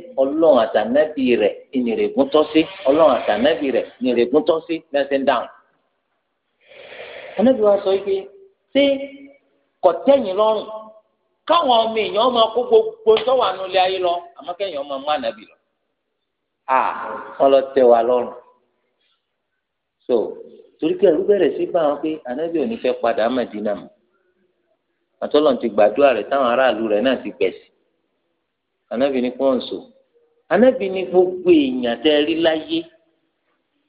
ọlọ́run àtànábì rẹ̀ ìnìrègùn tọ́ sí ọlọ́run àtànábì rẹ̀ ìnìrègùn tọ́ sí lẹ́sẹ̀ ń dáhùn. ànábì wa sọ pé ṣé kọ̀tẹ́yìn lọ́rùn káwọn ọmọ èèyàn máa kó gbogbo sọ́wọ́ àánú ayé lọ àmọ́ kẹ́yìn ọmọ má nàbì lọ. wa so torí bẹ̀rẹ̀ sí pé ànábì ò ní fẹ́ padà mọ́ ti gbàdúrà rẹ̀ táwọn rẹ̀ náà ti gbẹ̀sì ànábì ní pọ́ǹsù anábì ní gbogbo èèyàn tẹ́ rí láyé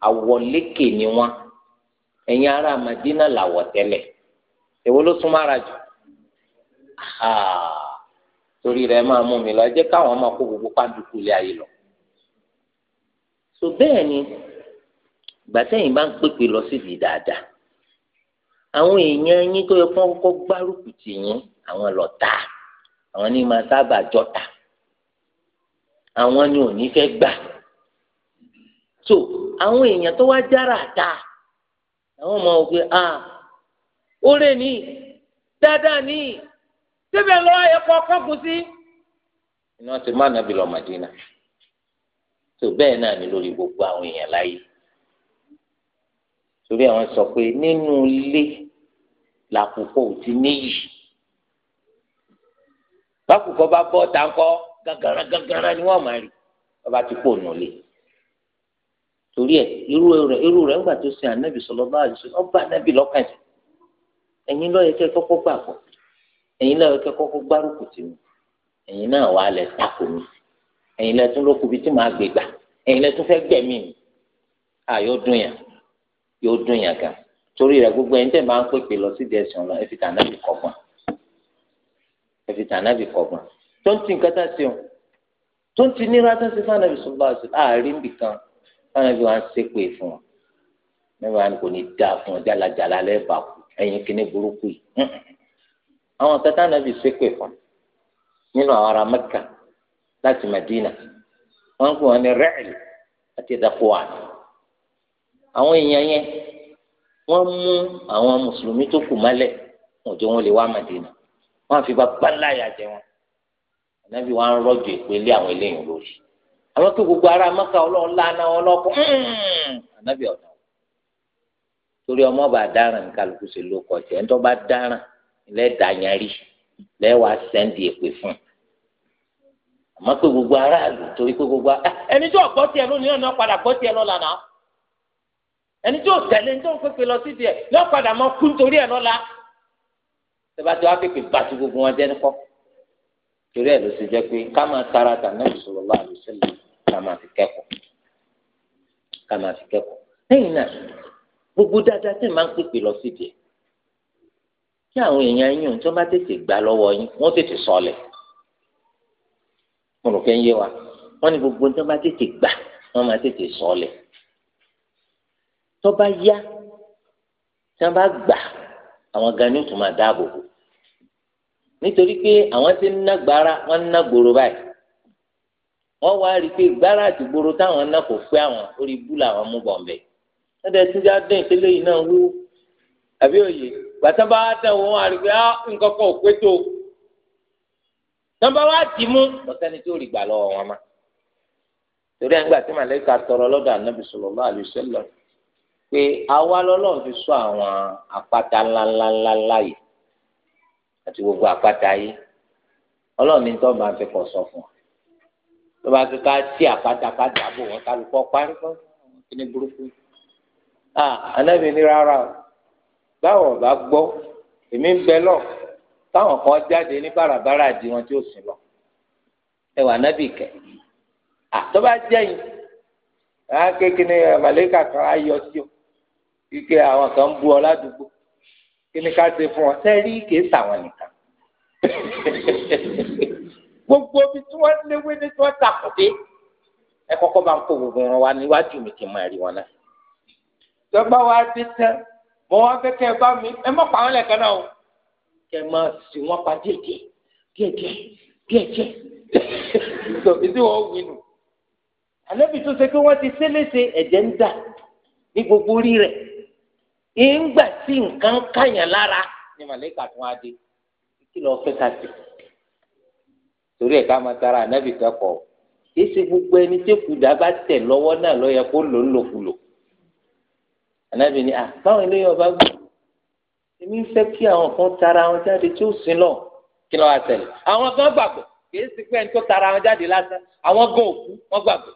àwọ̀lékè ni wọ́n ẹ̀yin ará Madina làwọ̀ tẹ́lẹ̀ èwo ló súnmọ́ ara jù torí rẹ̀ máa mú mi lọ ẹ jẹ́ káwọn máa kó gbogbo pàdùkù lé ayé lọ. so bẹ́ẹ̀ ni gbàtẹ́yìn bá ń pèpè lọ síbi dáadáa àwọn èèyàn yín tó yẹ kó gbárùkù tì yín àwọn lọ́tà àwọn ní máa sábà jọ́ta àwọn ni ò fẹ́ gbà so àwọn èèyàn tó wá jára ta àwọn ọmọ ògbé a oore ní dáadáa ní síbẹ̀ lọ́wọ́ ẹ̀kọ́ kọ́kùn sí. iná ti má nàbí lọ màdínà tó bẹ́ẹ̀ náà ni lórí gbogbo àwọn èèyàn láyé torí àwọn sọ pé nínú ilé làkùkọ ò ti níyì bákùkọ bá bọ́ táǹkọ́ gàgàrà gàgàrà ni wọ́n máa rí ọba ti kó nù lé torí ẹ irú rẹ irú rẹ ńgbà tó sin ànábì sọlọ bá àjùsọ ọba ànábì lọ́kàn jẹ ẹ̀yin ló yẹ kẹ́ kọ́kọ́ gbàgbọ́ ẹ̀yin ló yẹ kẹ́ kọ́kọ́ gbárùkù tì mí ẹ̀yin náà wà lẹ tako mi ẹ̀yin lẹ tún lókùbí tí màá gbé gbà ẹ̀yin lẹ tún fẹ́ gbẹ̀mí mi à yóò dùn yàn yóò dùn yàn gan torí rẹ gbogbo ẹ̀yin tẹ́ máa ń pèpè lọ sí dẹsán lọ ẹ fi tànábì kọ́gbọ́n ẹ fi tànábì kọ́gbọ́n tó ń ti nǹkan tá a ṣe o tó ń ti nira tá a ṣe fáwọn ẹbí àárín bì kan fáwọn ẹbí wa ń ṣépè fún ọ mẹwàá ni kò ní dáa fún ọ jálajàla lẹ́ẹ̀bà kú ẹ̀yin kíní burúkú yìí àwọn tata nàbì ṣépè fún nínú àwọn ará Mẹ́kà láti Madina wọn ń pè wọn ní rẹ́ẹ̀lì àti ìdàkùwàn àwọn èèyàn yẹn wọn mú àwọn mùsùlùmí tó kù mọ́lẹ̀ wọn jọ wọn lè wá Madina wọn fi bá gbáńláyà jẹ wọn nàbí wọn rọjò ìpele àwọn eléyìí lórí àwọn tó gbogbo ara mọ́kà ọlọ́run lánàá ọlọ́kùn ànábì ọ̀nà torí ọmọ bá dáràn kálukú sí ló kọ tiẹ̀ ńtọ́ bá dáràn lẹ́ẹ̀dányárí lẹ́ẹ̀wá sẹ́ńdì èpè fún àmọ́ pé gbogbo aráàlú torí pé gbogbo eh, ẹni tí ọ̀gbọ́ tiẹ̀ lónìí ọ̀nà padà gbọ́ tiẹ̀ lọ́la náà ẹni tí ò tẹ̀lé ní tó ń pèpè lọ sí tiẹ̀ lọ́ọ́ padà mọ́ kú nítorí ẹ̀ lọ́la tẹ́bàtì wá pèpè bàtú gbogbo wọn jẹ́ nípọ́ torí ẹ̀ ló ṣe jẹ́ pé ká máa tara tà náà sallallahu alaihi wasallam ká máa fi kẹ́kọ̀ọ́ ká máa fi kẹ́kọ̀ọ́ lẹ́yìn náà gbogbo dáadáa tẹ̀ máa ń pèpè lọ síbi ẹ̀ kí àwọn èèyàn yín tó bá tètè gbà lọ́wọ́ yín wọ́n tètè sọlẹ̀ mo rò pé ń yé wa wọ́n ní gbogbo tó bá tètè gbà wọ́n máa tètè sọlẹ̀ tó bá yá tó bá gbà àwọn ganan yóò tún máa dáàbò bò nítorí pé àwọn ti ń ná gbára wọn ń ná gbòòrò báyìí wọn wá rí i pé gbára àti gbòòrò táwọn náà kò fẹ́ àwọn orí bú làwọn mú bọ̀m̀bẹ̀ ẹ̀dá tí já dé ìtẹ́lẹ̀ yìí náà wú àbí òye gbàtà bá dẹ̀ wọ́n wá rí i pé nǹkan kan ò pé tó tọ́ba wá dì mú tó torí tí tọrọ lọ́dọ̀ ànábì pé awa lọ́lọ́run fi sọ àwọn àpáta ńláńláńlá yìí àti gbogbo àpáta yìí ọlọ́run ní tó máa fi pọ̀ sọ fún wa tó bá ti ká tí àpáta ká dàbò wọn kálukọ́ parí kọ́ kíní burúkú ah anábì ní rárá o báwọn ọba gbọ́ èmi ń bẹ lọ táwọn kan jáde ní bàràbàrà di wọn tí ó sìn lọ ẹ wà anábì kẹ ah tó bá jẹ́ yìí á kékeré màlẹ́kà kan á yọ sí o kíkẹ́ àwọn kan ń bú ọ ládùúgbò kí ni ká ṣe fún ọ sẹ́rí kìí sàwọn nìkan gbogbo ibi tí wọ́n léwé ní tí wọ́n takò dé ẹ kọ́kọ́ bá ń kó gbogbo wọn wá níwájú mi kí n máa rí wọn náà tọ́gbà wa dé tán mọ wọn fẹ́ bá mi ẹ mọ̀ pa wọn lẹ́ẹ̀kan náà o kẹ́ ẹ máa sì wọ́n pa díẹ̀díẹ̀ díẹ̀díẹ̀ díẹ̀díẹ̀ tó ìdí wọn wí nù àlẹ́bí tó ṣe pé wọ́n ti ṣe léṣe ẹ̀jẹ̀ ń dà ní gbogbo orí rẹ̀ ìgbà tí nǹkan kàyàn lára ni màlẹ́kà tún á dé kí lọ fẹ́ ká sí. torí ẹ̀ ká máa tara ànábì kẹ́kọ̀ọ́ kì í ṣe gbogbo ẹni tí kùdà bá tẹ̀ lọ́wọ́ náà ló yẹ kó lò ń lòkulò. ànábì ni à báwọn eléyìí ọba gbọ́ èmi ń fẹ́ kí àwọn kan tara wọn jáde tí ó sin lọ kí lọ́wọ́ àtẹ̀lẹ̀ àwọn kan gbàgbọ́ kì í ṣe pé ẹni tó tara wọn jáde lásán àwọn gan òkú wọn gbàgbọ́.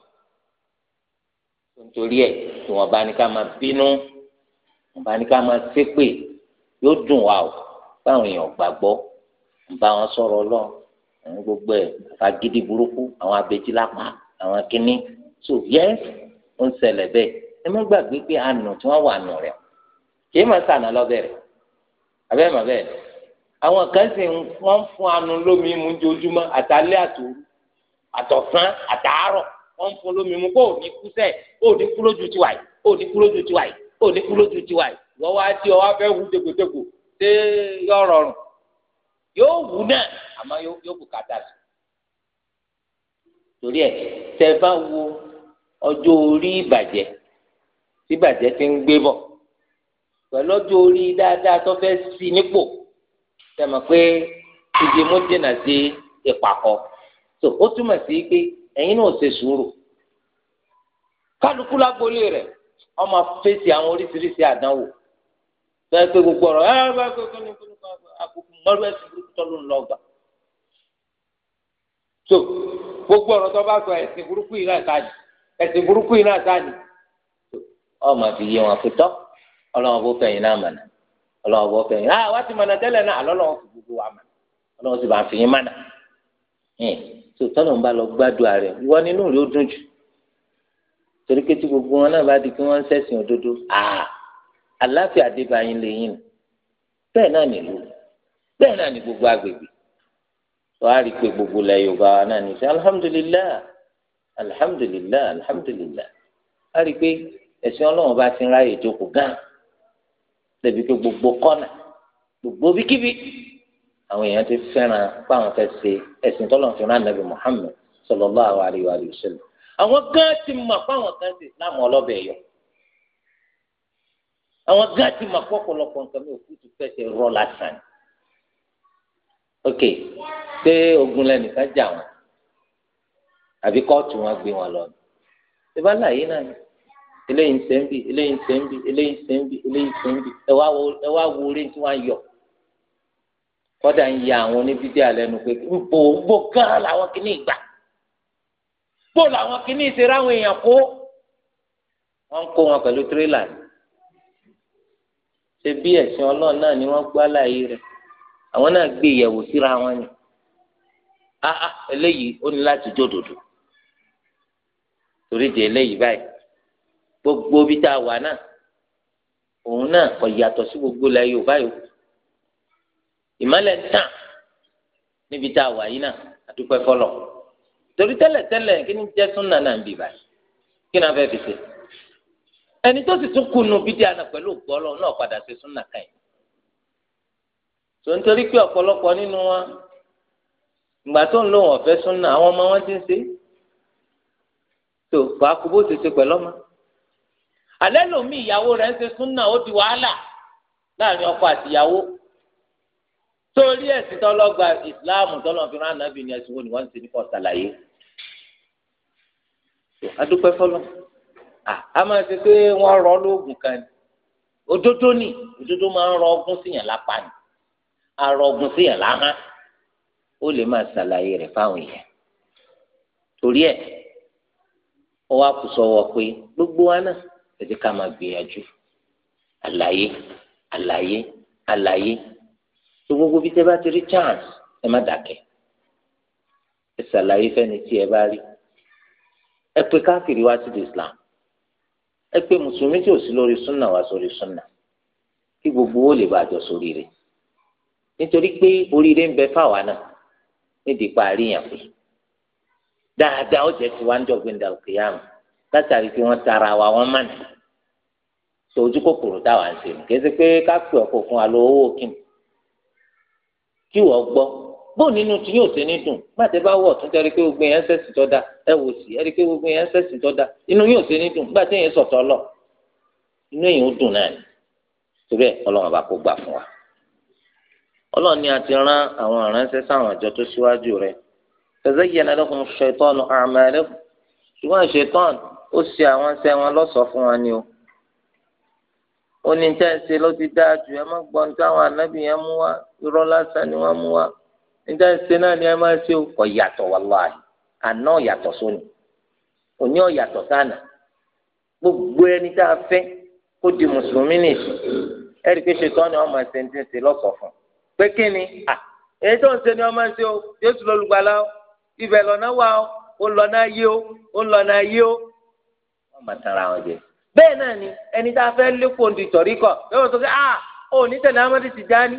nítorí ẹ̀ tí wọ́n bá ní ká máa bínú bá ní ká máa ṣépè yóò dùn wá o báwọn èèyàn gbàgbọ́ bá wọn sọ̀rọ̀ ọlọ́run àwọn gbogbo ẹ̀ fagídí burúkú àwọn abẹ́jí lápá àwọn kínní so yes ó ń ṣẹlẹ̀ bẹ́ẹ̀ ẹ má gbàgbé pé àna tí wọ́n wà nù rẹ̀ kì í máa sànà lọ́bẹ̀rẹ̀ abẹ́rẹ́ màá bẹ́ẹ̀ àwọn kan sì wọ́n fún anu lómi mu ojoojúmọ́ àtàlẹ́ àtòru àtọ̀sán àtàárọ̀ wọ́n fún lómi mu kó ò ní kú sẹ́ẹ̀ kó ò ní kú lójú tiwa yìí kó ò ní kú lójú tiwa yìí ò ní kú lójú tiwa yìí wọ́n wá tí ọ wá fẹ́ wú dégòdégò dé yọ rọrùn yóò wú náà àmọ́ yóò bùkátà sí torí ẹ tẹ bá wo ọjọ́ orí ìbàjẹ́ tí ìbàjẹ́ ti ń gbé bọ̀ pẹ̀lú ọjọ́ orí dáadáa tó fẹ́ sí nípò tẹ mọ̀ pé ìdí mú dènà sí ìpàkọ́ tó ó ọmọ fèsì àwọn oríṣiríṣi àdánwò sọ pé gbogbo ọ̀rọ̀ ẹ ah, bá gbogbo ní gbogbo àkókò mọlú ẹsùn burúkú tó ló ń lọ gbà so gbogbo ọ̀rọ̀ tó bá sọ ẹ̀sìn burúkú yìí náà sáà ní ẹ̀sìn burúkú yìí náà sáà ní ọmọ fi yé wọn fi tọ Ọlọ́run bó fẹ̀yìn náà mọnà Ọlọ́run bó fẹ̀yìn náà ah, wá ti mọnà tẹ́lẹ̀ náà àlọ lọ́wọ́ fi gbogbo wa mọnà Ọlọ́run sì bá fi yín mọnà hmm. so tọ́lọ̀ ń bá lọ gbádùn ààrẹ ìwọ nínú rẹ̀ ó dùn jù torí ké tí gbogbo wọn náà bá di kí wọn ń ṣẹ̀sìn òdodo àlàáfíà adébáyín lẹ́yìn bẹ́ẹ̀ náà nílò bẹ́ẹ̀ náà ní gbogbo agbègbè wọ́n á rí i pé gbogbo ilẹ̀ yorùbá wa náà ní sẹ́ alihamudulilayi alihamudulilayi alihamudulilayi á rí i pé ẹ̀sìn ọlọ́run bá ti ń ráyè jókòó gán lẹ́bi pé gbogbo kọ́nà gbogbo bíkíbi àwọn èèyàn ti fẹ́ràn pé àwọn fẹ́ ṣe ẹ̀sìn tọ́lọ́run fi rán nàbì muhammed sallallahu alaihi wa sallam àwọn gán ti mọ̀ fáwọn kan sí islam ọlọ́bẹ̀ yọ àwọn gán ti mọ̀ pọ̀pọ̀lọpọ̀ nǹkan mi ò kú ti fẹsẹ̀ rọ lásán ok pé ogun lẹnìkan jà wọn àbí kóòtù wọn gbé wọn lọ ni ìbá láàyè náà ni eléyìí ń sẹ́ ń bì eléyìí ń sẹ́ ń bì eléyìí ń sẹ́ ń bì eléyìí ń sẹ́ ń bì ẹ wá wo orí tí wọ́n á yọ kọ́dà ń ya àwọn oníbídé alẹ́ nu pé ń bo gán làwọn kìíní ìgbà bóòlù àwọn kìíní ìṣeré àwọn èèyàn kó wọn kó wọn pẹ̀lú tírélà ṣe bí ẹ̀sìn ọlọ́run náà ni wọ́n gbọ́ àlàyé rẹ̀ àwọn náà gbé ìyẹ̀wò síra wọn ni áá eléyìí ó ní láti jódodo torí di eléyìí báyìí gbogbo bí tá a wà náà òun náà kò yàtọ̀ sí gbogbo ilẹ̀ Yorùbá yòókù ìmọ̀lẹ̀ ń tàn níbi tá a wà yìí náà àdúpẹ́ fọlọ́ torí tẹ́lẹ̀tẹ́lẹ̀ kí ni jẹ́ súnà náà ń bì báyìí kí ni a fẹ́ fi ṣe ẹni tó sì tún kunu bídí àná pẹ̀lú gbọ́lọ́ náà padà ṣe súnà káyìn tó ń torí pé ọ̀pọ̀lọpọ̀ nínú wa ìgbà tó ń lò wọ́n fẹ́ súnà àwọn ọmọ wọn ti ń ṣe tó bá kú bó ti ṣe pẹ̀lú ọmọ alẹ́ lomi ìyàwó rẹ̀ ń ṣe súnà ó di wàhálà láàrin ọkọ àtìyàwó torí ẹ̀sìn tọ́lọ́gba ìsìláàmù tọ́lọ́ fi rán ànábì ni ẹ̀sìn wo ni wọ́n ń ṣe ní kọ́ ṣàlàyé adúpẹ́ fọlọ́ a máa ṣe pé wọ́n rọ lóògùn kan ni òdodo ni òdodo máa ń rọ ọgún síyàn lápá ni arọ ọgún síyàn láhán ó lè máa ṣàlàyé rẹ̀ fáwọn èèyàn torí ẹ̀ ó wá kù sọ́wọ́ pé gbogbo wa náà ẹ jẹ́ ká máa gbìyànjú àlàyé àlàyé àlàyé tó gbogbo bí tẹ́ bá ti rí chance ẹ má dàkẹ́ ẹ ṣàlàyé fẹ́ni tí ẹ bá rí ẹ pé káfíìrì wá sí islam ẹ pé mùsùlùmí tí ò sí lórí súnà wá sórí súnà kí gbogbo ó lè bàjọ sórí rẹ̀ nítorí pé oríire ń bẹ fáwa náà nídìí parí yàn pé dáadáa ó jẹ tiwa ń dọ̀gbìn dàlùkìyàmù látàrí pé wọ́n tara wa wọ́n mànà tó ojú kòkòrò táwa ń ṣe kí ẹ ṣe pé ká pè fún wa lọ owó kí ni kí wọ́n gbọ́ bó nínú tí yóò ṣe ní dùn gbàtẹ́ bá wọ̀ tún tẹ́rí pé gbogbo yẹn ń sẹ̀sìn tọ́da ẹ wò sí ẹ pé gbogbo yẹn ń sẹ̀sìn tọ́da inú yóò ṣe ní dùn gbàtẹ́ yẹn sọ̀tọ̀ lọ inú èyàn ó dùn náà ni torí ẹ ọlọ́run àbá kó gbà fún wa ọlọ́run ni a ti rán àwọn aránṣẹ́ sáwọn àjọ tó síwájú rẹ̀ tazayyana lahum ash-shaytanu a'malahum ṣùgbọ́n ṣetán ó ṣe àwọn ṣe wọn lọ́sọ̀ fún wa ni o ó ní tẹ́ ń ṣe ló ti dáa jù ẹ má gbọ́n táwọn ànábì yẹn mú wa irọ́ lásán ni wọ́n mú wa níta ṣe náà ni ẹ máa ṣe kọ yàtọ̀ wàláhì àná ọ̀yàtọ̀ sóni òní ọ̀yàtọ̀ sànà gbogbo ẹni tá a fẹ́ kó di mùsùlùmí nìyí ẹ̀rí pé ṣètò ọ̀nà ọmọ ẹ̀sẹ̀ ń tẹ̀sẹ̀ lọ́sọ̀ fún pé kí ni à èyí tó ń ṣe ni ọmọ ẹ̀sẹ̀ o Jésù lọ́lùgbàlà o ibẹ̀ lọ́nà wà o ó lọ́nà yé o ó lọ́nà yé o wọ́n máa tara wọn jẹ. bẹ́ẹ̀ náà ni ẹni tá a fẹ́ lékòó ndì tọ̀rí kọ̀ sọ pé à ò ní tẹ̀lé amadu Tijani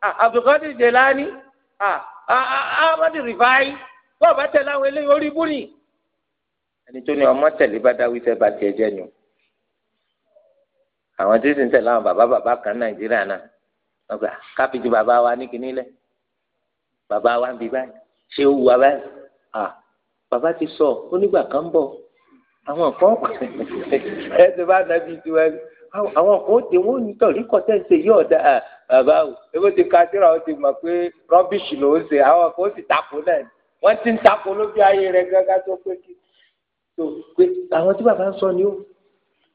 à Abdulkadir Jelani amadi rivai bọ́ọ̀ bá tẹ̀lé àwọn eléyìí orí búrì. ẹni tó ní ọmọ tẹ̀lé bá dáwí fẹ́ bá tiẹ̀ jẹ́ ni o àwọn tí sì ń tẹ̀lé àwọn bàbá bàbá kan nàìjíríà náà wọ́n gbà káfíńtì bàbá wa ní kinní lẹ̀ bàbá wa ń bí báyìí ṣé ó wù wá báyìí ah, bàbá ti sọ ó nígbà kan bọ̀ àwọn kan ẹ̀ ẹ́ ti bá nàbí tiwọn àwọn kan ó tẹ wọn ò ní tọrí kọtẹǹsì yìí ọdà bàbá o ebi ti ka síra ó ti mọ̀ pé rọbìṣì ló ń ṣe àwọn kan ó sì takò náà wọn ti ń takò lóbi ayé rẹ gángan tó pé kí tó pé àwọn tí bàbá ń sọ ni ó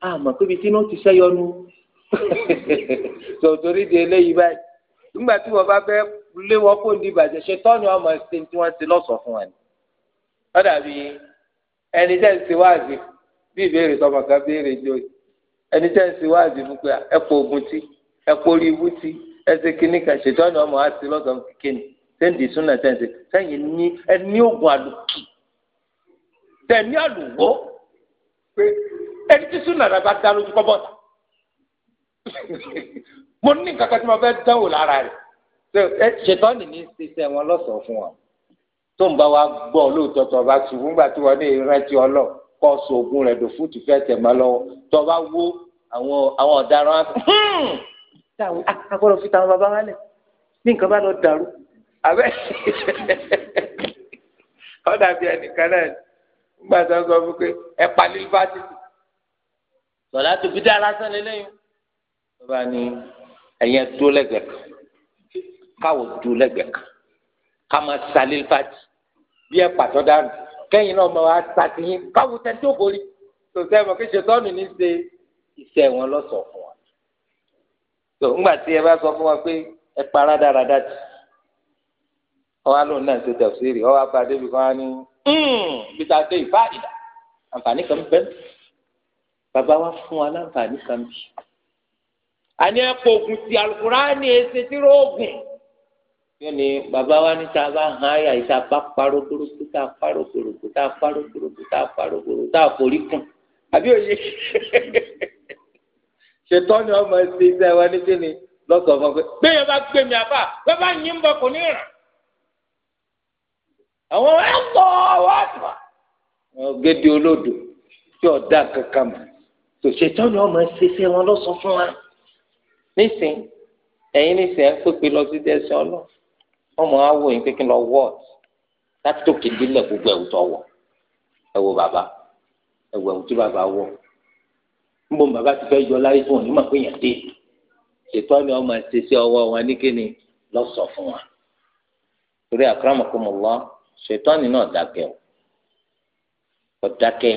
àmọ́ pé ibi tí inú ti sẹyọnu tòtòrí di eléyìí báyìí nígbà tí wọn bá fẹ́ lé wọn kó ní ìbàjẹ́ ṣe tọ́ni ọmọ ṣe tí wọ́n ti lọ́sọ̀ fún wa ni ó dàbí ẹni tẹ́ ń ṣe wáàzì bí ìbéèrè tọmọ kan béèrè jòyè ẹni tẹ́ ẹ sì wá àdì fún pé ẹ kó ogun tí ẹ kó orí ibú tí ẹ ṣe kíní kan ṣètò ọ̀nà ọmọ wa sí lọ́sàn-án kékeré sẹ́ǹdì súnà sẹ́ǹdì sẹ́yìn ní ẹ ní oògùn àlùkì tẹ̀ ní àlùwọ́ pé ẹni tí súnà rẹ̀ bá dá lójú kọ́ bọ́ta mo ní nǹkan kan tí mo fẹ́ dánwò lára rẹ̀ ṣètọ́nì ní ṣiṣẹ́ wọn lọ́sọ̀ọ́ fún wọn tó ń bá wa gbọ́ lóòótọ́ tó ọba ṣùgbọ́n gbà tí wọ́n ní ìrántí ọlọ́ọ̀ kọ́ sóògùn rẹ̀ dò fún tìfẹ́ tẹ̀mọ́ lọ́wọ́ tó bá wó àwọn àwọn ọ̀daràn àti hmm! táwọn agbọ́dọ̀ fi táwọn bàbá wa lẹ̀ ní nǹkan bá lọ dàrú abẹ́ ọ̀dà bíi ẹnìkan náà nígbà tó ń sọ fún pé ẹ palí fásitì sọ̀lá tó fi dá lásán lélẹ́yìn tó bá ní ẹ̀yẹ tó lẹ́gbẹ̀ẹ́ kan káwọ̀ tó lẹ́gbẹ̀ẹ́ kan ká máa salí fásitì bí ẹ pàtó dànù kẹ́yìn náà máa wá sàtìyìn káwù tẹ tí ó borí tòtẹ́ ẹ̀ mọ̀ kí ṣètọ́nù ní ṣe iṣẹ́ wọn lọ́sọ̀ fún wa. tó ńgbà tí ẹ bá sọ fún wa pé ẹ para dáradá jù ọwọ́ alóhùn náà ṣe tẹ̀síìrì ọwọ́ abadé bí wọ́n á ní hmm, bí ta dé ìfá ìdá àǹfààní kan bẹ́ẹ̀ bàbá wa fún wa láǹfààní kan bì. àní ẹ̀ pọ̀ ògùn ti àlùkùránì èsì tí róògùn yóò ní bàbá wa ní sábà hàn áyà ìta bá parókórókó tá a parókórókó tá a parókórókó tá a parókórókó tá a forí kùn àbí òye ṣètò ni ọmọ ẹsẹ ìta ẹwà ní kíni lọsọ fún pé bẹ́ẹ̀ bá gbé mi àbá bẹ́ẹ̀ bá yín bọ kò ní ràn àwọn ẹ lọ wá tà gèdè olódò tí ọdá kankan mọ tòṣètò ni ọmọ ẹsẹ ìta wọn lọsọ fún wa nísìnyí ẹ̀yin nísìnyí ẹ pépè lọ sí dẹsẹ Ọlọ́run wọn mọ àwọ yìí kékeré lọ wọt láti tó kéde lẹ gbogbo ẹwù tó wọ ẹwù bàbá ẹwù ẹwù tí bàbá wọ nbọ bàbá ti fẹ́ yọ láyé tó wọn ní màá pé yàn dé ètò àmì ọmọ àṣẹṣe ọwọ́ wọn ní kíni lọsọ fún wa torí akramakumullah ṣètọ́ni náà dákẹ́ o ọ̀dákẹ́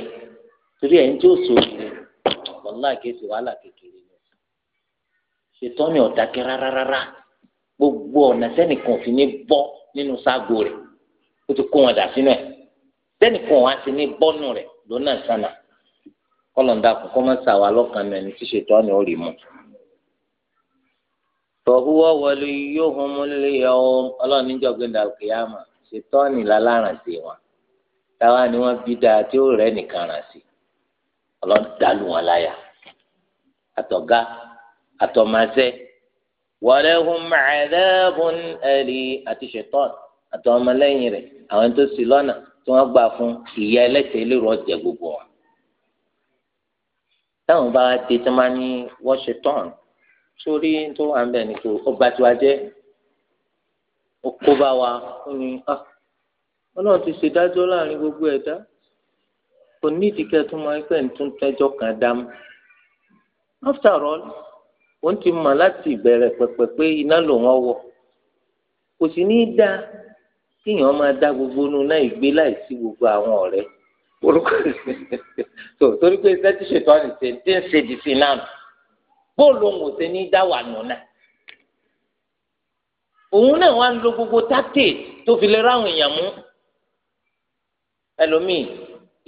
torí ẹni tí ó sọ yìí ọ̀pọ̀lọpọ̀ àkẹ́sì wàhálà kékeré ni ṣètọ́ni ọ̀dákẹ́ rárá rárá gbogbo ọ̀nà sẹ́nìkan fi ní bọ́ nínú ságo rẹ̀ ó ti kó wọn dà sínú ẹ̀ sẹ́nìkan wá sí ní bọ́nù rẹ̀ lọ́nà sànà kọ́lọ̀ǹda kò kọ́ máa sàwà lọ́kàn ẹni tí ṣètò ọ̀nà ò rí mu. tọ̀húwọ́ wọlé yóò hun mú lé ọ̀hún ọlọ́ọ̀ni jọ̀gbìn dà kìyàmà ṣètò ọ̀nì láláràn sí wọn táwa ni wọ́n bí dáa tí ó rẹ̀ nìkan rà sí ọlọ́dàlù wọn láyà àtọ̀gá àtọ̀màṣẹ́ wàlẹ́hùn màdàbùn ẹ̀rí àti ṣètọ́n àtàwọn ọmọlẹ́yìn rẹ̀ àwọn tó sì lọ́nà tí wọ́n gbà fún ìyá ẹlẹ́sẹ̀ lérò ọ̀jẹ̀ gbogbo wọn. táwọn bá dé tí wọ́n ní wọ́n ṣe tán sórí tó wà ń bẹ̀ ni tó ọba tí wàá jẹ́ ó kó bá wa ó ní ah, ọlọ́run ti ṣèdájọ́ láàrin gbogbo ẹ̀dá kò ní ìdíkẹ́ tó máa ń pẹ́ ní tó ń tẹ́jọ́ kan dá mọ́. after all ó ti mọ̀ láti ìbẹ̀rẹ̀ pẹ̀pẹ̀ pé iná ló wọ́n wọ̀ kò sì ní í dá kíyàn máa dá gbogbo inú náà ìgbé láìsí gbogbo àwọn ọ̀rẹ́ orúkọ tó torí pé iṣẹ́ tí ṣètò àná ṣe ti ń ṣe dìsí náà nù bóòlù òun ò ṣe ní í dá wà nù òun náà wá ń lo gbogbo tákìtì tó fi lè ráwọn èèyàn mú ẹlòmíì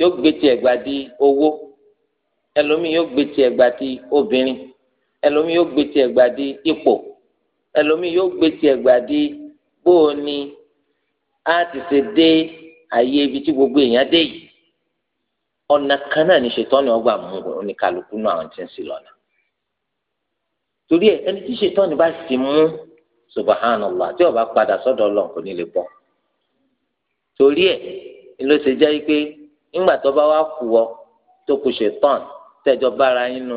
yóò gbé tiẹ̀ gbà di owó ẹlòmíì yóò gbé tiẹ̀ gbà di obìnrin ẹlòmíì yóò gbé tiẹ̀ gbà di ipò ẹlòmíì yóò gbé tiẹ̀ gbà di a ti ṣe dé àyè ibi tí gbogbo èèyàn dé yìí ọ̀nà kan náà ní ṣètọ́ni ọgbà mú oníkàlùkù náà àwọn ń sí lọ́nà torí ẹ ẹni tí ni bá sì mú subhanallah tí padà sọ́dọ̀ bọ́ torí ẹ ló ṣe ọ tó kù bára yín nu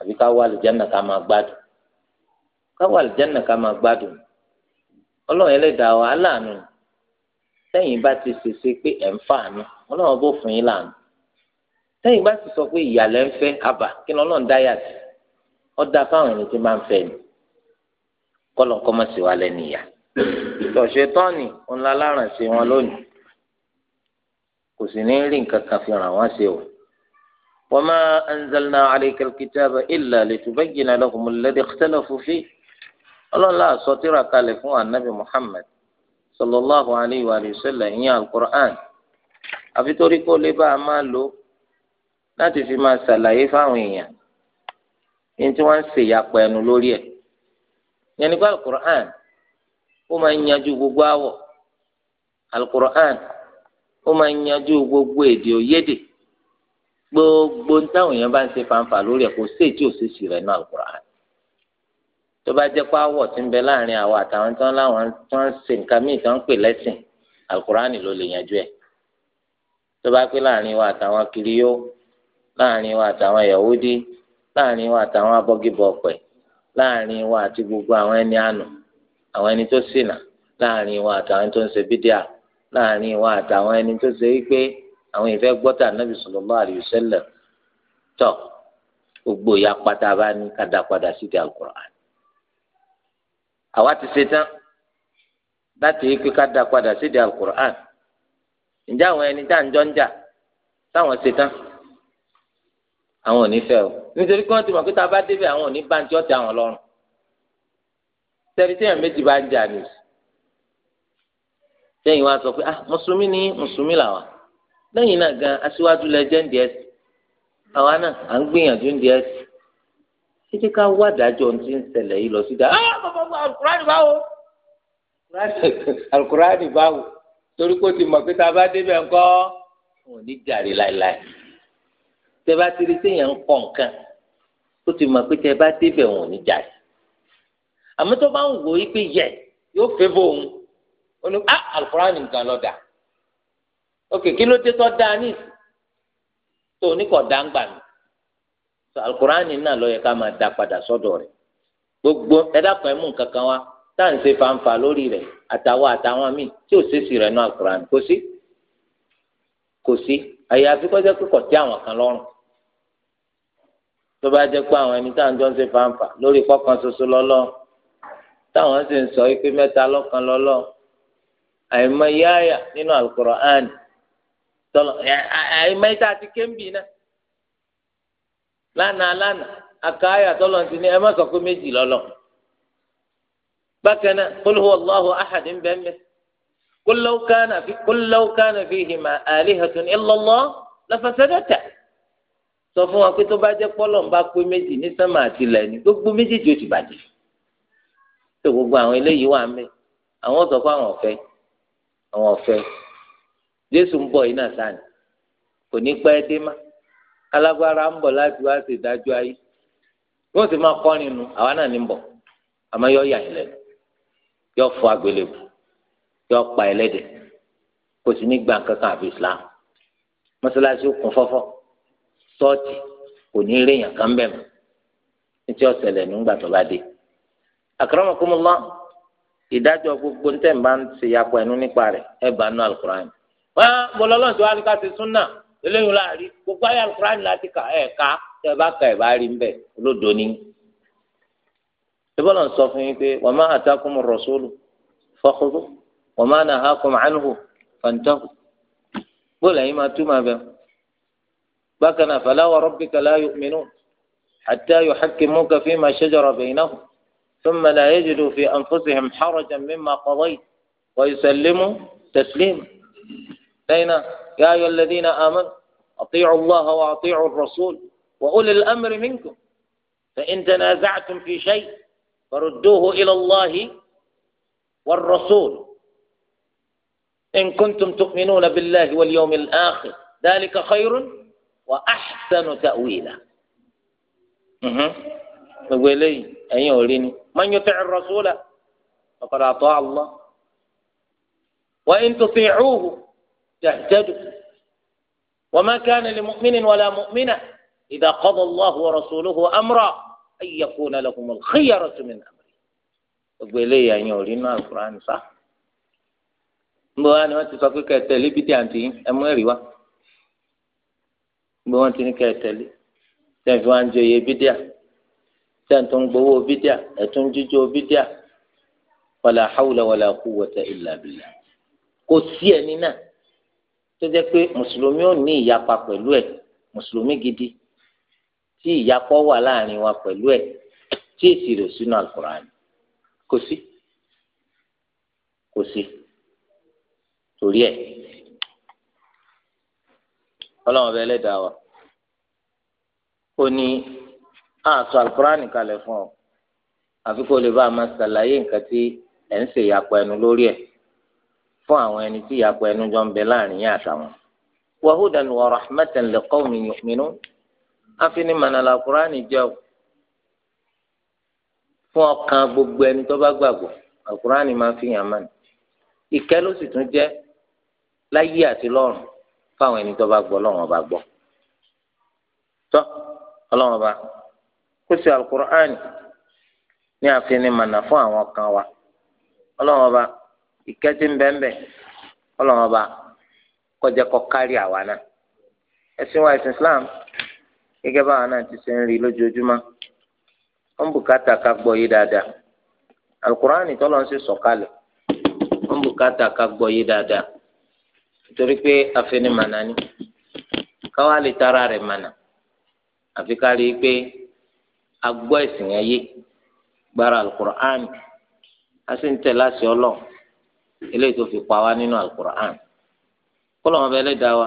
àbí ká wà àlùjáná ká máa gbádùn ká wà àlùjáná ká máa gbádùn ọlọ́run ẹlẹ́dàá wa aláàánú sẹ́yìn bá ti ṣèṣe pé ẹ̀ ń fàánú ọlọ́run bó fún yín láàánú sẹ́yìn bá ti sọ pé ìyàlẹ́ ń fẹ́ àbà kí ni ọlọ́run dá yàtì ọ̀dà fáwọn ẹni tí máa ń fẹ́ ni kọ́lọ̀ kọ́ mọ̀ sí wa lẹ́nu ìyá ìtọ̀ṣẹ́ tọ́ọ̀nì ńlá láràn sí wọn lónìí kò sì ní rí nǹkan kan fi ràn wọ́n ṣe o. وما أنزلنا عليك الكتاب إلا لتبين لهم الذي اختلفوا فيه الله لا سطر كالفوا النبي محمد صلى الله عليه وآله وسلم هي القرآن àfi torí kó lè bá a máa lò láti fi máa ṣàlàyé fáwọn èèyàn ní tí wọn ń ṣe ìyapa ẹnu lórí ẹ yẹn nípa alukur'an ó máa ń yanjú gbogbo àwọ alukur'an ó máa ń yanjú gbogbo èdè òyédè gbogbo táwọn èèyàn bá ń ṣe fanfa lórí ẹ̀ kò sí èyí tí ò rẹ̀ náà Al-Qur'an tó bá jẹ́ pé àwọ̀ ti ń bẹ láàrin àwọn àtàwọn tán láwọn tí wọ́n ń ṣe nǹkan míì ń pè lẹ́sìn al ló lè yanjú ẹ̀ tó bá pé láàrin wa àtàwọn kiriyó láàrin wa àtàwọn Yahudi láàrin wa àtàwọn ọ̀pẹ̀, láàrin wa àti gbogbo àwọn ẹni àná àwọn ẹni tó láàrin àwọn ìfẹ́ gbọ́tà nàbì sallallahu alaihi wasallam tọ̀ gbogbo ìyá pátá bá ní kàdá padà sí ti alukur'an àwa ti ṣetán láti yí pé kàdá padà sí ti alukur'an ǹjẹ́ àwọn ẹni tá à ń jọ ń jà táwọn ṣetán àwọn ò ní fẹ́ o nítorí kí wọ́n ti mọ̀ pé tá a bá débẹ̀ àwọn ò ní bá ń jọ́ ti àwọn lọ́rùn tẹ̀lé téèyàn méjì bá ń jà nìyí sẹ́yìn wá sọ pé ah mùsùlùmí ni mùsùlùmí làwọn lẹ́yìn náà gan aṣíwájú lẹ jẹ́ ń di ẹ̀sìn àwa náà à ń gbìyànjú ń di ẹ̀sìn títí ká wá dájọ́ ohun tí ń ṣẹlẹ̀ yìí lọ sí dáa ah bàbá báwo torí kó ti mọ̀ pé tá a bá débẹ̀ ńkọ́ wọn ò ní jàre láéláé tẹ bá ti rí téèyàn ń kọ́ nǹkan ó ti mọ̀ pé tẹ bá débẹ̀ wọn ò ní jàre àmọ́ tó bá ń wò ó pé yẹ yóò fẹ́ bóun ó ní ah nǹkan lọ́dà òkè kí ló dé tó dáa ní ìsìn tó oníkọ̀ dáńgbà mi tó alukurani náà lọ yẹ ká máa da padà sọ́dọ̀ rẹ̀ gbogbo ẹ̀dàkùn ẹ̀mú kankan wa tá à ń ṣe fanfa lórí rẹ̀ àtàwọn àtàwọn míì tí ò ṣèṣì rẹ̀ nú alukurani kò sí kò sí àyàfi kọjá kíkọ̀ tí àwọn kan lọ́rùn tó bá jẹ́ pé àwọn ẹni tá à ń jọ ń ṣe fanfa lórí kọ́kan ṣoṣo lọ́lọ́ táwọn sì ń sọ pé mẹ́ta lọ́kan lọ́lọ́ àìmọye àyà nínú alukurani tọlọ ẹ ẹ mẹ́ta ti kéńbì náà lánàá lánàá aka tọlọ ti ní ẹ má sọ méjì lọlọ bákan náà ń bẹ́ẹ̀ mẹ́ fi Allah sọ fún wa pé tó bá jẹ́ pọ́lọ̀ ń bá pé méjì ní àti gbogbo méjèèjì ó ti bàjẹ́ tó gbogbo àwọn eléyìí wà ń àwọn sọ fún jésù ń bọ̀ yìí náà sáà ni kò ní pẹ́ dé má alágbára ń bọ̀ láti wá sí ìdájọ́ ayé wọ́n ti máa kọrin nu àwa náà ní bọ̀ àmọ́ yọ yà yọ fọ agbélébù yọ pa ẹlẹ́dẹ̀ kò sí ní gbà kankan islam mọ́sálásí kún fọ́fọ́ ṣọ́ọ̀ṣì kò ní réèyàn kan bẹ̀ mọ́ títí ọ̀sẹ̀lẹ̀ nígbà tó bá dé gbogbo ntẹ̀ bá ń ṣe nípa rẹ̀ ẹ̀ bá wọn bọlọlọ tí wàá ní ká ṣe súnà eléyìí láàrin gbogbo ayé alukurani láti kà ẹ ká tẹ bá ka ẹ bá rí nbẹ olódo ní. ìbọ̀lọ̀ ń sọ fún yín pé wa ma atakum ar-rasulu fakhudhu wa ma nahakum anhu fantahu. bóòlù ẹ̀yin máa túmọ̀ abẹ́ bákan náà fala wa rabbika la yu'minun hatta yuhakkimuka fima shajara baynahum thumma la yajidu fi بين يا أيها الذين آمنوا أطيعوا الله وأطيعوا الرسول وأولي الأمر منكم فإن تنازعتم في شيء فردوه إلى الله والرسول إن كنتم تؤمنون بالله واليوم الآخر ذلك خير وأحسن تأويلا ولي أن يوليني من يطع الرسول فقد أطاع الله وإن تطيعوه تهتدوا وما كان لمؤمن ولا مؤمنة إذا قضى الله ورسوله أمرا أن يكون لهم الخيرة من أمره وقبلي يعني أولينا القرآن صح بوان وانت تقول كتالي بيتي أنتي أمري وا بوان تني كتالي تنفوان جي بيتي تنتون بوو بيتي تنججو بيتي ولا حول ولا قوة إلا بالله قسيا ننه tó jẹ́ pé mùsùlùmí ò ní ìyapa pẹ̀lú ẹ̀ mùsùlùmí gidi tí ìyapọ̀ wà láàrin wa pẹ̀lú ẹ̀ tí èsì rẹ̀ sínú àlùkùránì kò sí kò sí torí ẹ̀ ọlọ́run ọba ẹlẹ́dàá wa ó ní àtọ àlùkùránì kalẹ̀ fún ọ àfi kó lè bá a máa ṣàlàyé nǹkan tí ẹ̀ ń ṣèyàpọ̀ ẹnu lórí ẹ̀ fún àwọn ẹni tí ìyàpọ̀ ẹnu jọ ń bẹ láàrin yín àtàwọn. wa hudan wa rahmatan li qawmin yu'minun àfin mànàlá kúránì jẹ́ o fún ọkàn gbogbo ẹni tó bá gbàgbọ́ àkúránì máa fi hàn mánì. ìkẹ́ ló sì tún jẹ́ láyé àti lọ́run fáwọn ẹni tó bá gbọ́ lọ́run ọba gbọ́. tọ́ ọlọ́run ọba kó sì àkúránì ní àfin mànà fún àwọn kan wa ọlọ́run ọba. ìkẹ́tì ńbẹ́ńbẹ́ ọlọ́mọba kọjá kọ kárí àwa náà ẹ̀sìn wa ẹ̀sìn Islam gẹ́gẹ́ báwa náà ti ṣe ń rí lójoojúmọ́ ó bùkátà ká gbọ́ yé dáadáa alukuraani tọ́lọ́ ń sì sọ̀kalẹ̀ ó bùkátà ká gbọ́ yé dáadáa nítorí pé ni lè tara rẹ̀ mànà àfi ká rí i pé a gbọ́ ẹ̀sìn gbára alukuraani eléyìí tó fi pa wá nínú alukur'an kọlọ̀ wọn bẹ lẹ́dàá wa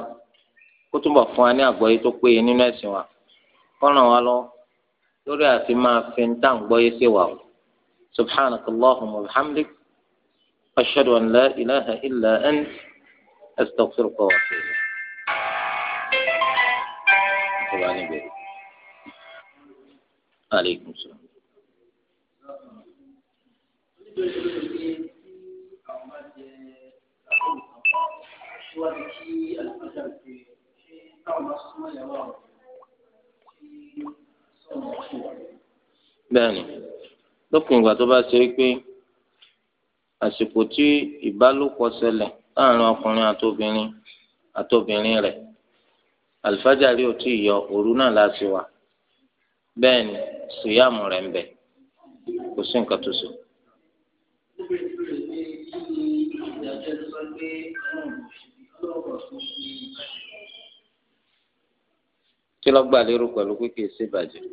kó túbọ̀ fún wa ní àgbọ́yé tó péye nínú ẹ̀sìn wa kọ́ràn wa lọ lórí àti máa fi ń dá àgbọ́yé sí wa subhanak allahumma wa bihamdik ashhadu an la ilaha illa ant astaghfiruka wa atubu ilayk. síwájú kí àlùfáàjà pé ṣé táwọn bá súnmọ́ ìyàwó àwọn tí sọ̀rọ̀ sí wa. bẹ́ẹ̀ni lópin ìgbà tó bá ṣe é pé àsìkò tí ìbálòpọ̀ ṣẹlẹ̀ láàrin ọkùnrin àtobìnrin àtobìnrin rẹ̀ àlùfáàjà rí ò tí ì yọ òru náà láti wà bẹ́ẹ̀ ni rẹ̀ ń bẹ kò sí nǹkan tó so. kí lọ gbà lérò pẹ̀lú pé kìí ṣe bàjẹ́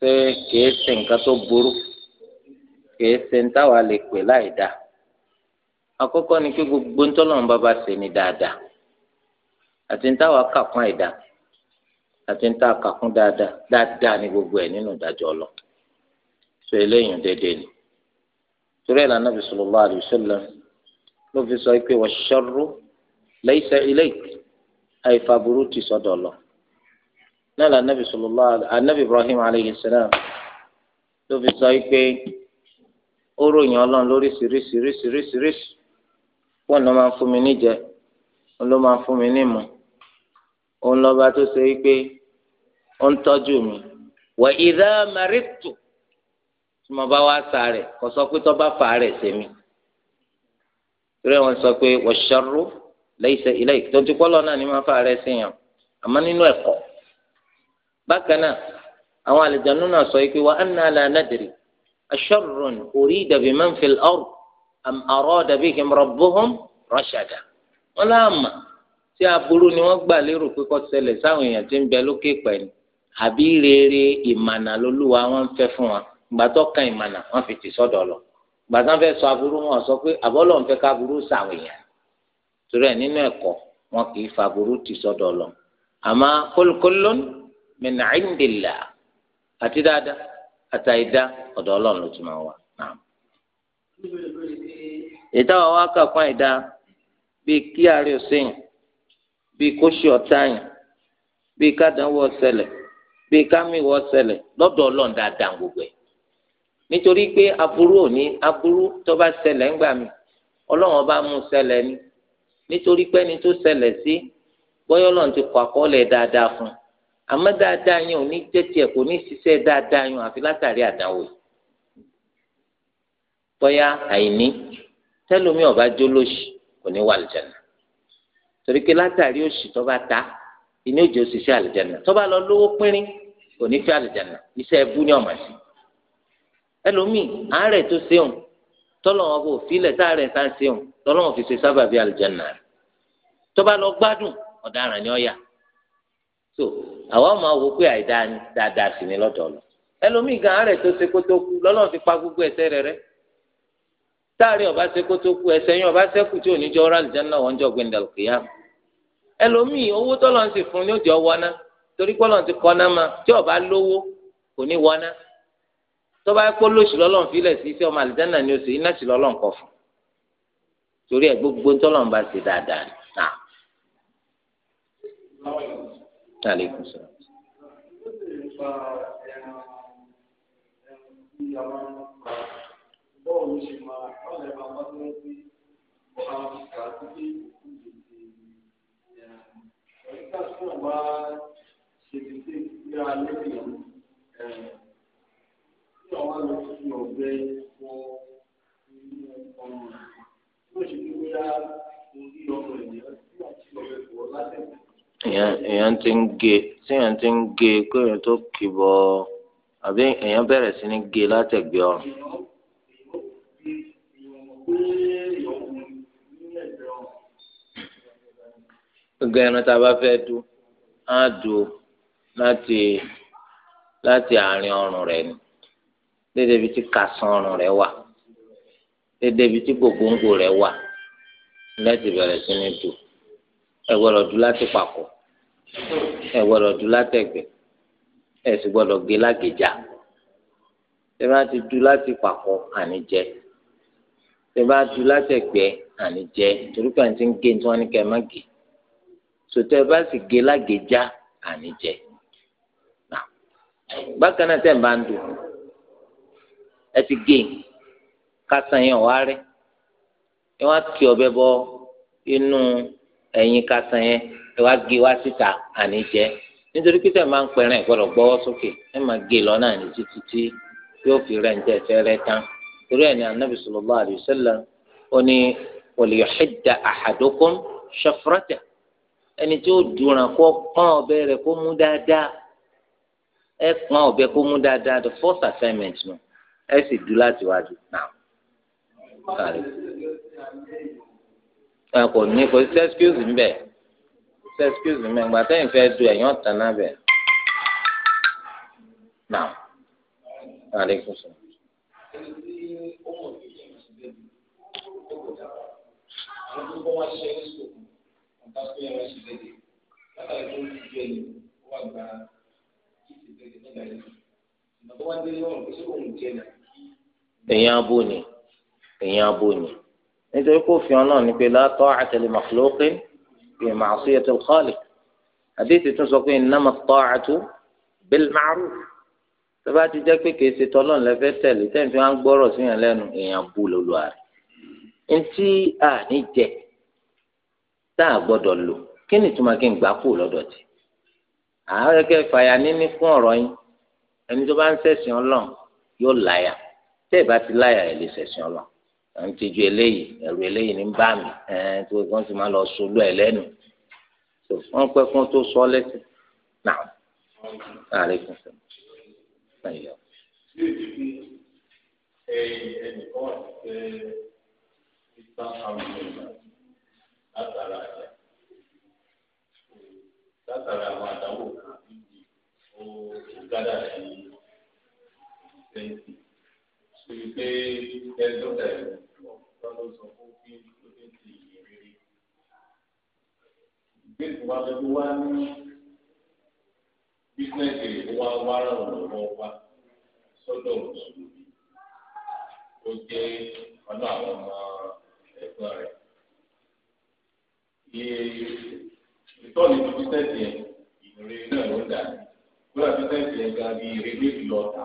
ṣé kìí ṣe nǹkan tó burú kìí ṣe ń táwa lè pè láì ni gbogbo ń tọ́lọ̀ bàbá ṣe ni dáadáa àti ń táwa kàkún àìdá àti ń tá dáadáa dáadáa ni gbogbo ẹ̀ nínú ìdájọ́ ọlọ́ sọ eléyìí déédéé ni ló fi sọ pé wàṣọrú laysa ilayk àìfà burú ti sọ́dọ̀ lọ náà la anabi sallallahu anabi ibrahim aleyhi salam ló fi sọ pé ó ròyìn Ọlọ́run lóríṣiríṣiríṣiríṣi wọn ló máa ń fún mi níjẹ wọn ló máa ń fún mi nímu òun lọba tó ṣe pé ó ń tọ́jú mi wa idha maritu tí mo bá wá sáré kò sọ pé tó bá fà á rẹ̀ sẹ́mi torí wọn sọ pé wọ́ṣọ́rú lẹ́yìn ilé ìtọ́jú pọ́lọ́ náà ni máa fà rẹ̀ sí yàn àmọ́ nínú ẹ̀kọ́ bákan náà àwọn àlejànú náà sọ pé wa anna la nadri asharrun urida biman fil ard am arada bihim rabbuhum rashada wọn láàmà tí aburú ni wọn gbà lérò pé kó sáwọn èèyàn tí ń bẹ lókè pẹ̀lú àbí rere ìmànà lolúwa wọn fẹ́ fún wa gbàtọ́ kan ìmànà wọn fi tì sọ́dọ̀ lọ gbàtàn fẹ́ sọ aburú wọn sọ pé àbọlọ ń fẹ́ ká aburú sàwọn èèyàn torí ẹ nínú ẹ̀kọ́ wọn kì í fa aburú ti sọ́dọ̀ lọ àmọ́ kólókólón min indillah àti dáadáa àtàìdá ọ̀dọ̀ ló ti máa wà náà. ìdáwà wa kà fún bíi kí àárẹ̀ òsèyàn bíi kóṣù ọ̀táyàn bíi bíi kámíwọ̀ ọ̀sẹ̀lẹ̀ lọ́dọ̀ Ọlọ́run dáadáa nítorí pé aburú òní aburú tó bá ṣẹlẹ̀ ńgbà mí ọlọ́run bá mú ṣẹlẹ̀ ni nítorí pé ẹni tó ṣẹlẹ̀ sí bọ́yọ̀ lọ́n ti kọ́ àkọọ́lẹ̀ dáadáa fún un àmọ́ dáadáa yẹn ò ní jẹ́ tiẹ̀ kò ní ṣiṣẹ́ dáadáa yẹn àfi látàrí àdáwò yìí bọ́yá àìní tẹ́lómi ọ̀bá jó lóṣì kò ní wà àlùjáná torí pé látàrí òṣì tó bá ta ìní òjò ṣiṣẹ́ àlùjáná tó bá lọ lówó pínrín kò ní fẹ́ àlùjáná iṣẹ́ ẹbú ni ọ̀mà sí i ẹlòmíì àárẹ̀ tó ṣeun tọ́lọ́wọ́n bò fílẹ̀ táàrẹ̀ tá a ṣeun tọ́lọ́wọ́n fi ṣe sábàbí àlùjánnà rẹ̀ tó bá lọ gbádùn ọ̀daràn ni ó yà so àwọn ọmọ wo pé àìdáa ni dáadáa sì ni lọ́dọ̀ ọ̀lọ́ ẹlòmíì gan àárẹ̀ tó ṣe kó tó kú lọ́lọ́run fi pa gbogbo ẹ̀ṣẹ̀ rẹ̀ rẹ́ táàrin ọba ṣe kó tó kú ẹ̀ṣẹ̀ yín ọba ṣẹ́kù tí oníjọ́ ọ̀rọ̀ jọ gbẹ̀ndàlùkìyà ẹlòmíì owó jọ tọ́ba ẹ kpọ́ lóṣù lọ́lọ́n filẹ̀ sí iṣẹ́ ọmọ àlìjáná ni o sì iná sì lọ́lọ́n kọ fún torí ẹ gbogbo ntọ́lọ́n bá ṣe dáadáa nà. Aleykum salaam. Thank you tí àwọn lọ sí ọ̀gbẹ́ wọ inú ọmọ yóò ṣe ní bóyá orí ọmọ ènìyàn tí wọ́n ti ọ̀gbẹ́ wọ látẹ̀kọ̀. èèyàn ti ń ge téèyàn ti ń ge kéèyàn tó kìbọ̀ àbí èèyàn bẹ̀rẹ̀ sí ní ge látẹ̀gbẹ́ ọ̀rùn. gbogbo ẹran tá a bá fẹ́ dú á dú láti láti àárín ọrùn rẹ̀ ni dédé ibi tí kàsán ọrùn rẹ wà dédé ibi tí gbogbogbò rẹ wà láti bẹ̀rẹ̀ sí ní dù ẹ gbọ́dọ̀ dù láti pàkọ́ ẹ gbọ́dọ̀ dù látẹ̀gbẹ́ ẹ sì gbọ́dọ̀ gé lágéjà tẹ bá ti dù láti pàkọ́ àní jẹ tẹ bá dù látẹ̀gbẹ́ àní jẹ torí pé àti ń gé tí wọ́n ní kẹ́ ẹ má gé sòtẹ́ bá sì gé lágéjà àní jẹ bákan náà tẹ̀ ń bá ń dùn ẹ ti gé kásán yẹn wá rẹ ẹ wá kí ọbẹ bọ inú ẹyin kásán yẹn ẹ wá gé wá síta àní jẹ nítorí pété máa ń pẹrẹ ẹ gbọ́dọ̀ sókè ẹ máa gé lọnà ní títí tí yóò fi rẹ ǹjẹ ẹsẹ rẹ tán torí ẹ anabi sallallahu alaihi ó ní wal yuhidda ahadukum ẹni tí ó dùnràn kó pọ́n ọbẹ rẹ kó mú dáadáa ẹ pọ́n ọbẹ kó mú dáadáa the first assignment nù ẹ sì dú láti wájú náà sáré ẹ kò ní kò sí excuse ń bẹ sí excuse ń bẹ ìgbà tẹ́yìn fẹ́ du ẹ̀yìn ọ̀tàn náà bẹ̀ náà sáré kò sọ. Thank èèyàn abó ni èèyàn abó ni nítorí kó fi hàn náà ni pé látọ́ àtẹlẹ màfúlókè bíi màásù yẹtẹ kọ́ọ̀lì àdéhìí tún sọ pé ìnáma tọ́ àtú bẹ́ẹ̀ màrú tó bá ti jẹ́ pé kìí ṣe tọ́lọ́n lẹ́fẹ́ tẹ̀lé tẹ́ǹtì wọn gbọ́rọ̀ sí yẹn lẹ́nu èèyàn bú lọ́lọ́ àrẹ ntí àní jẹ tá a gbọ́dọ̀ lò kí ni ìtumọ̀ kí n gbà kú lọ́dọ̀ tì àárẹ̀ kẹfà yà níní fún ọ̀rọ̀ yín ẹni tó bá ń ṣẹ̀sìn ọlọ́run yóò láyà tẹ́ ẹ bá ti láyà ẹ̀ lè ṣẹ̀sìn ọlọ à ń tijú eléyìí ẹ̀rù eléyìí ní bá mi ẹ̀ẹ́n tí wọ́n ti máa lọ sọlú ẹ̀ lẹ́nu wọ́n pẹ́ kó tó sọ lẹ́sìn náà láàrin kan ó gádà sí bíi pé ẹjọ́ ẹ̀ wọ́n ló sọ fún bí ó ti ti yẹ rere. Ìgbésùn wa ló wá ní bísíǹsì rẹ̀ wá wá ràn lọ́wọ́ wa sọ́dọ̀ òṣèlú ó jẹ́ ọ̀nà àwọn ọmọ ẹ̀gbọ́n rẹ̀. Iye ìtọ́ni ti bísíǹsì yẹn ìrìn náà ló dà. Kúrò bísíǹsì yẹn gan-an bíi lọ́ta.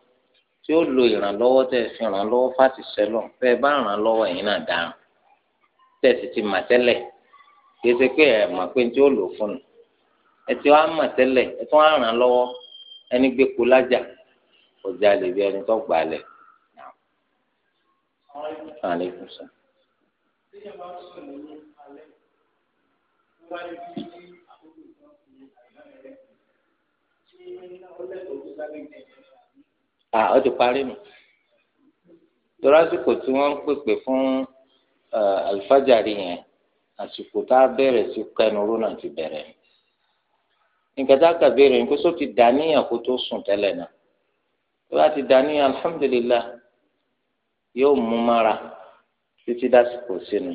tí ó lo ìrànlọ́wọ́ tẹ́ ẹ fi ìrànlọ́wọ́ fáti sẹ́lọ̀ ẹ bá ìrànlọ́wọ́ ẹ̀yin náà dáhùn tẹ́ ẹ ti mà tẹ́lẹ̀ kìí pé ẹ pé tí ó lò fún un ẹ ti wá mà tẹ́lẹ̀ ẹ tún wá ìrànlọ́wọ́ ẹni gbé lájà bí ẹni tó gbà à ó ti parí nù torí àsìkò tí wọ́n ń pèpè fún alifájàrí yẹn àsìkò tá a bẹ̀rẹ̀ sí kẹnu rúnà ti bẹ̀rẹ̀ nǹkan tá a kà béèrè nǹkan tó ti dà níyàn kó tó sùn tẹ́lẹ̀ náà tó bá ti dà níyàn alhamdulilah yóò mú mára títí dásìkò sínú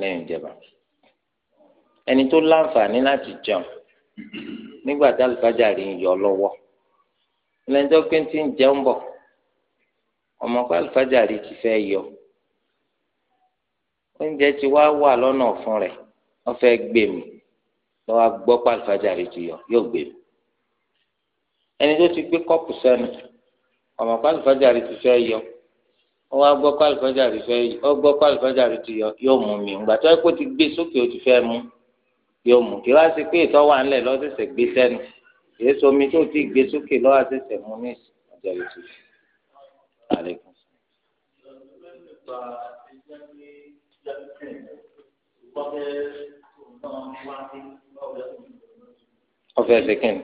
lẹ́yìn ìjẹba ẹni tó láǹfààní láti jẹun nígbà tá alifájàrí yọ lọ́wọ́ lẹ́jọ́ pé ti ń jẹun bọ̀ ọmọ kó àlùfájàrí ti fẹ́ yọ oúnjẹ ti wá wà lọ́nà ọ̀fun rẹ̀ wọ́n fẹ́ gbé mi lọ́wọ́ gbọ́ pé àlùfájàrí ti yọ yóò gbé mi ẹni tó ti gbé kọ́ọ̀pù sẹ́nu ọmọ kó àlùfájàrí ti fẹ́ yọ wọ́n wá gbọ́ pé àlùfájàrí fẹ́ yọ gbọ́ pé àlùfájàrí ti yọ yóò mú mi ìgbà tó yẹ kó ti gbé sókè ó ti fẹ́ mú yóò mú kí wá sí pé ìtọ́wà ńlẹ̀ lọ́sẹ̀sẹ̀ gbé sẹ́nu kìí somi tó ti gbé sókè lọ́wọ́ àtẹ̀tẹ̀ mú ní ọjọ́ ìtù. ọfẹ ṣèkìn.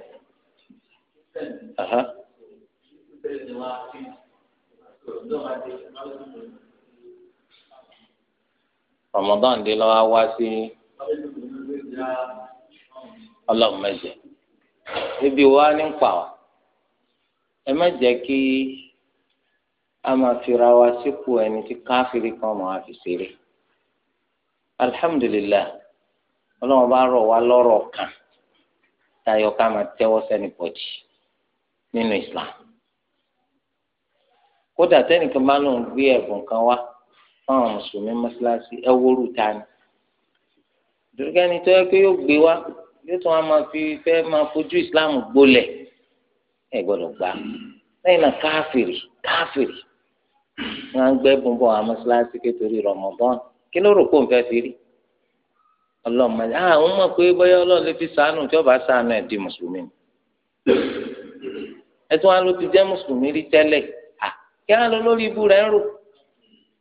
Ramadan dé lọ́wọ́ wá sí ọlọ́run ebi wa ni ń pa wá ẹ má jẹ́ kí a máa fira wa sípò ẹni tí káfíìrì kan máa fi ṣeré alihamudulilayi ọlọ́run bá rọ̀ wá lọ́rọ̀ kan tayọ ká máa tẹ́wọ́ sẹ́ni pọ̀jì nínú islam kódà tẹ́nìkan bá lóun gbé ẹ̀bùn kan wá fáwọn mùsùlùmí mọ́ṣáláṣí ẹ wóoru ta ni dùrúkẹ́ni tó yẹ pé yóò gbé wá ilé tí wọn máa fi fẹ́ máa fojú islam gbolẹ̀ ẹ gbọ́dọ̀ gbà lẹ́yìn náà káfìrì káfìrì wọn á gbẹ bùnbọ àwọn mọ́ṣáláṣí kékeré rọmọbọn kí ló rò pé òun fẹ́ fi rí ọlọmọdé ah òun mọ̀ pé bóyá Ọlọ́run lè fi sàánù tí ọba sàánù ẹ di mùsùlùmí ẹ tí wọn ló ti jẹ́ mùsùlùmí rí tẹ́lẹ̀ ah kí wọn lọ lórí ibu rẹ ń rò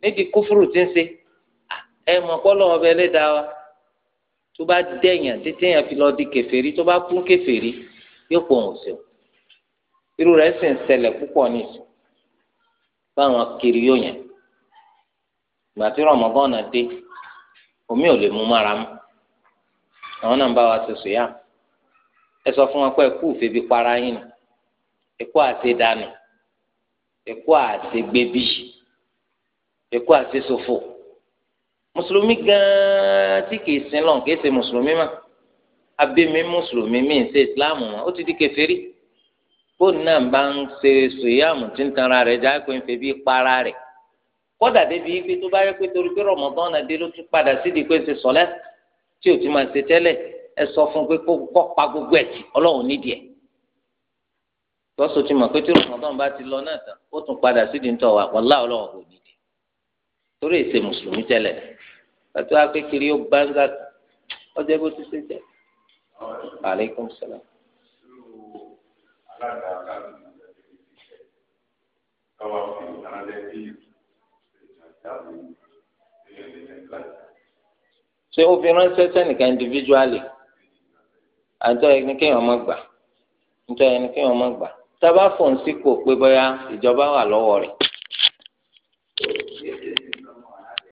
nídìí kúfúrú tí ń ṣe ẹ mọ̀ pọlọ ọbẹ ẹlẹ́dàá wa tó bá dẹ̀yàn títí yẹn fi lọ di kèfèrí tó bá kú kèfèrí yóò pọ̀ òun sí o irú rẹ̀ sì ń ṣẹlẹ̀ púpọ̀ ní ìsìn fáwọn kiri yóò yẹn ìgbà tí rọmọgọ́nà dé omi ò lè mú mára mú àwọn náà ń bá wa ṣoṣo yá ẹ sọ fún wọn pé ẹkú òfebi para yín nù ẹkú àti dànù ẹkú àti gbẹbí ẹkú àti ṣòfò mùsùlùmí gan-an tí kìí sin lọ́n kìí ṣe mùsùlùmí mà abẹ́mi mùsùlùmí mi ń ṣe ìsìláàmù mà ó ti di kèfèrí bóun náà bá ń ṣe sòyàmù tí ń tanra rẹ̀ já pé ń fẹ́ bí para rẹ̀ kódà débi ipe tó bá yẹ pé torí pé rọmọdán náà dé ló tún padà sídìí pé ṣe sọlẹ tí ò ti máa ṣe tẹ́lẹ̀ ẹ sọ fún pé kó pa gbogbo ẹ̀ tì ọlọ́run nídìí ẹ̀ tọ́sọ ti mọ̀ pé tí rọmọdán bá ti lọ náà tán ó tún padà sídìí ń tọ̀ wà wọ́n láwọn ọlọ́run kò nídìí torí èsè mùsùlùmí tẹ́lẹ̀ rẹ̀ pàtó akékeré ó gbáǹgà ọjọ́ bó ti ṣe jẹ́ aleykum salaam. ṣé o fi ránṣẹ́ sẹ́nìkan individually àtọ́ ẹni kéèyàn má gbà àtọ́ ẹni kéèyàn má gbà tá a bá fòun sípò pé bóyá ìjọba wà lọ́wọ́ rẹ̀